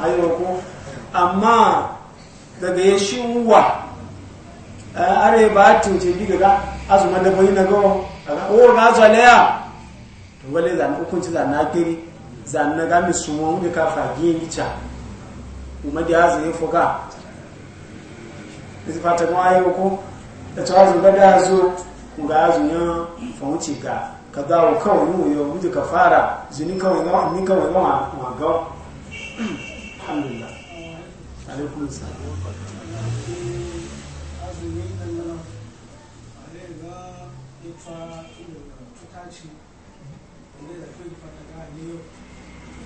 ko amma daga ya shi wa eh, are ba tuce diga oh, ga azuma da bai na ga o ga zalaya to wale zan hukunci zan na kiri zan na ga mi sumo mu ka fagi ni cha kuma da azu ya foga fata ko ayoko da tawazu ga da zo ku ga azu ya fawuci ga ka dawo kawai mu yo mu ka fara zini kawai ga ni kawai ga ma ga alhamdulillah alaikum salam azumi da nan ale ga ita ita ce ne da fi fata ga ne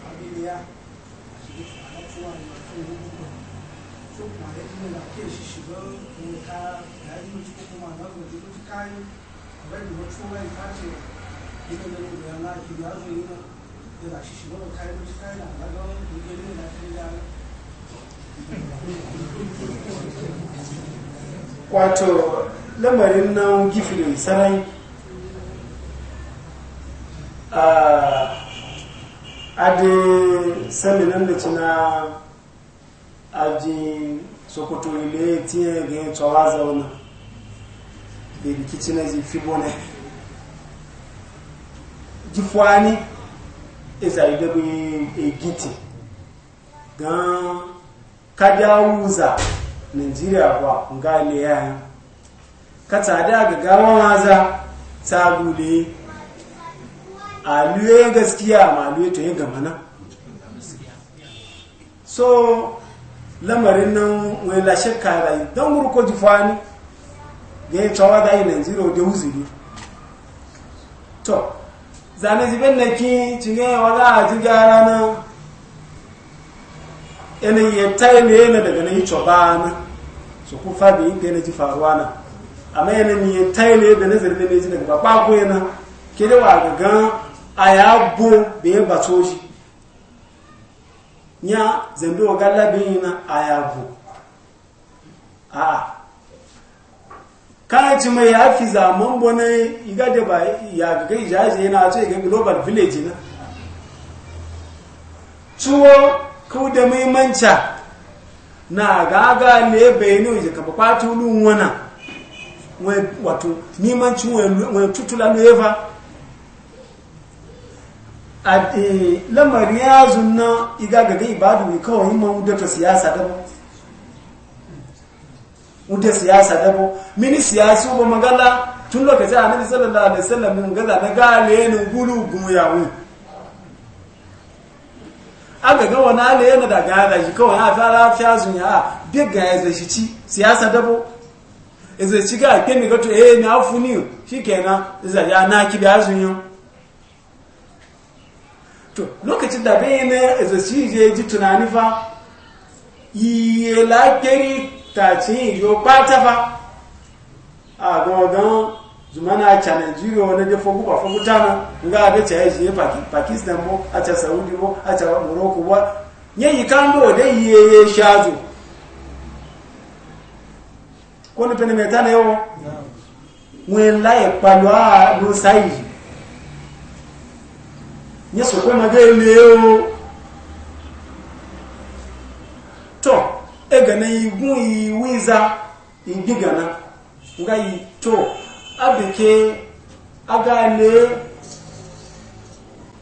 abiliya a shi ta tuwa da kan rubutu so kuma da ne da ke shi shiga ne ka da yi mutu kuma na rubutu duk kai bai da mutu bai ta ce ina da ne da na ki da azumi na wato lamarin nan gifin sarai a adi seminan da cina aji sokoto ile tiye ga tsawa zauna da rikici na ji bone ne jifuwa ne ezali de bu egiti gan kajawuza nigeria kwa ngale ya kata da ga gawa maza sabule aluye gaskiya ma aluye to ga mana so lamarin nan wani lashe kara don gurko jifani ga yi tsawa da yi nigeria da huzuri to zane zibe na ki cinye wala a ji gara na yana yi ta ne na daga na yi coba na su ku fabi inda yana ji faruwa na amma yana ni yi ta yi ne da nazari ne ji daga ba ku yana ke da wa gaga a ya bo da ya bato shi ya zambi wa galla bin yi na a ya bo a'a kana ci mai ya fi zaman bane iga da ba ya ga kai jaje yana ce ga global village na tuwo ku da muhimmanca na gaga ne bayani je ka ba tulun wana wato nimanci wani tutula leva a eh, lamari ya zunna iga ga ga ibadu kawai mun da siyasa da ba wuta siyasa dabo mini siyasa ba magana tun lokaci a nabi sallallahu alaihi wasallam mun gaza na gale ne gulu gumuyawu aga ga wani ale yana da gada shi kawai a ta ra ta ya big guy zai shi ci siyasa dabo zai ci ga kemi ga to eh mi afuni shikenan zai ya na ki da sun to lokacin da bai ne zai ci je ji tunani fa yi lakari taci yo bata fa a gogan zumana a nigeria wani da fogu ba fogu tana nga a dace pakistan a ca saudi a ca morocco shazo pene metana yo palo a no sai magele yo Ega egana igun iwiza igigana nga yi to abike agale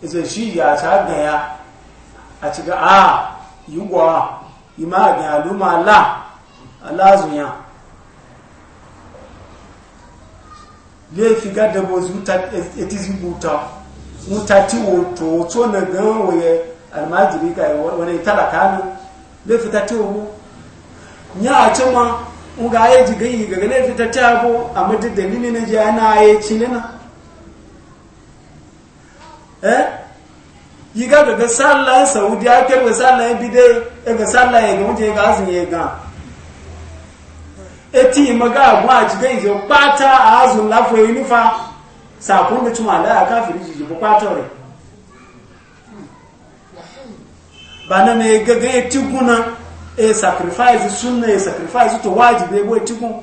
izo shi ya ta gaya a ciga a yi gwa yi ma gaya luma la alazunya laifi ga dabo etizi buta mutati woto to na ga gan waye almajiri ga wani talaka ne fi ta ti ce ya a nya ma ga ya ji gayi ga ne fita tabo a madu dalili na ji ana ya ci eh yi ga ga daga sallah saudi ake ga sallah bide ya ga sallah ya ga ya ga azin ya ga eti maga abu a ci gayi yi kwata a azun lafo yi nufa sakon da cuma da ka firi jiji bu pata re bana me gaga eti guna e sacrifice sunna e sacrifice to wajibi ebo eh, tikun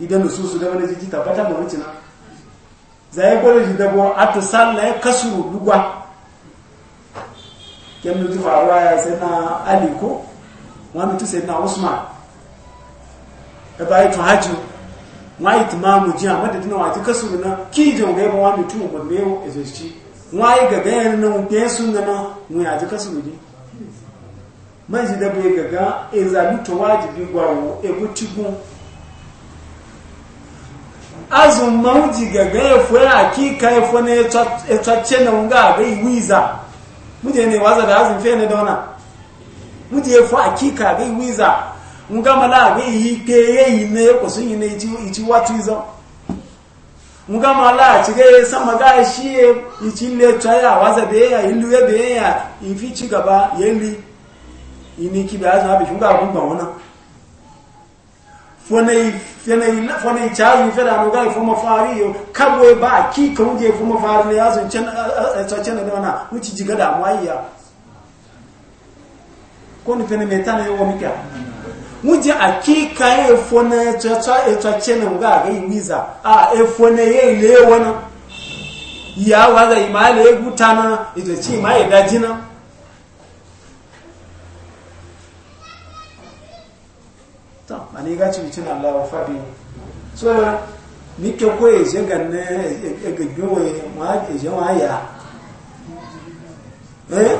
idan nususu da wani jiji tabbata mu wuce na zai gore ji dabo atu sallah ya kasu lugwa kemnu ti faruwa ya sai na ali ko wani tu sai usman e bai to haji wai tumamu ji amma da tunawa ti kasu na ki je ga ba wani tu mu ne o ezechi wai ga ga yana nan ke sunna na mu ya ji kasu ji manji da bai gaga e zabi to wajibi gwawo e buti gun azun mauji gaga e fo ya kika e fo ne e tsace e na unga ga iwiza muje ne waza da azun fe ne dona muje e fo akika ga iwiza unga mala ga ike ye ine ko sun ine ichi e ichi e watu izo unga mala chige sama ga shi ichi le tsaya waza be ya ilu be ya ifi chigaba yeli ini ki ba za bi shunga abun ban wana fonai fonai la fonai fera no gai fuma fari yo kabwe ba ki ka fuma fari ne azun chan chan ne wana uchi jiga mwaiya ko ni pene metana yo wamika muje akika ye fona chacha etwa chene nga ga imiza a e fona ye ile wana ya waza imale gutana izo chi mai dajina ani ga ci cin so ni ke ko e je e ma e, ke je wa ya eh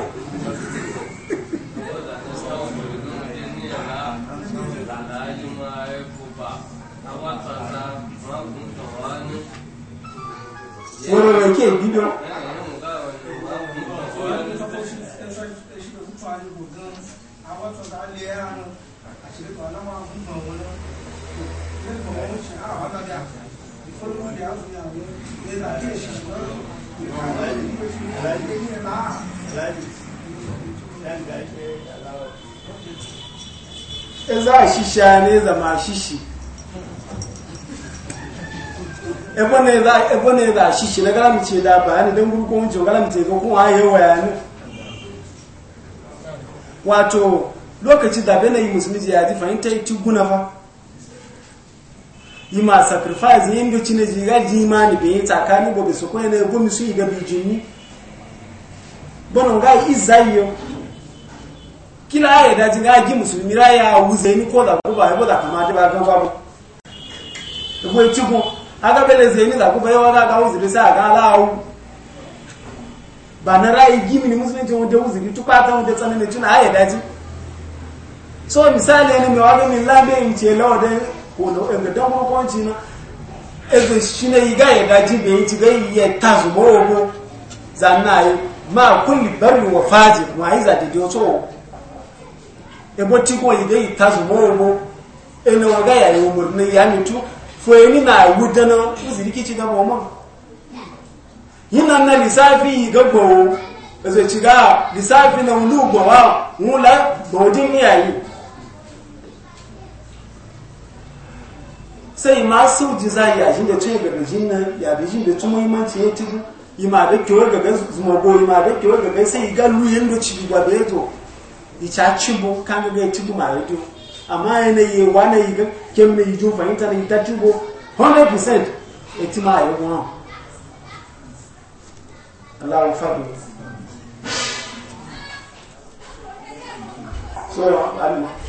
wọ́n rẹ̀ kí in za a shisha ne zama shishi ebe ne za a shishi na galamice da bayani don gurkun wucin galamice ga kuma yawa yanu wato lokaci da bena yi musulmi ya ji fahimta yi ci guna fa yi ma sacrifice yin doci na jiga ji imani bayan tsakani gobe su kwaye na gomi su yi gabi bono ngai izaiyo kila aye daji ngaji musulmi ra ya wuze ni ko da kuba yabo da kamata ba gaba ba ko chuko aga beleze ni da kuba yawa ga wuze da sa ga lawo bana ra igi mini musulmi to de wuze ni tupa ta wuze tsanane tuna aye daji so misali ne me waga min labe in ce lawo da ko no en da ko ko ci na ezo shine iga ya daji be ci ga ya tazumo go ma kulli barri wa fajir wa iza de joto ebo ti ko ide itazu mo mo ene wa ga ya yo mo ni ya ni tu fo eni na wuda na uziri kichi ga mo mo yina na yi ga gbo ezo chi ga lisafi na ulu gbo wa wula bodi ni ayi sai ma su jiza ya jinde tun ga bijin na ya bijin da tun muhimmanci ya tigu ima da kyau ga gan zumago ima da kyau ga gan sai ga lu yin do ci ga be to i cha ci bo kan ga ci bu ma do amma yana yi wani yi ga kem me yi do fa inta ni ta ci bo 100% e ti ma yi won Allah ya fadu so yo Allah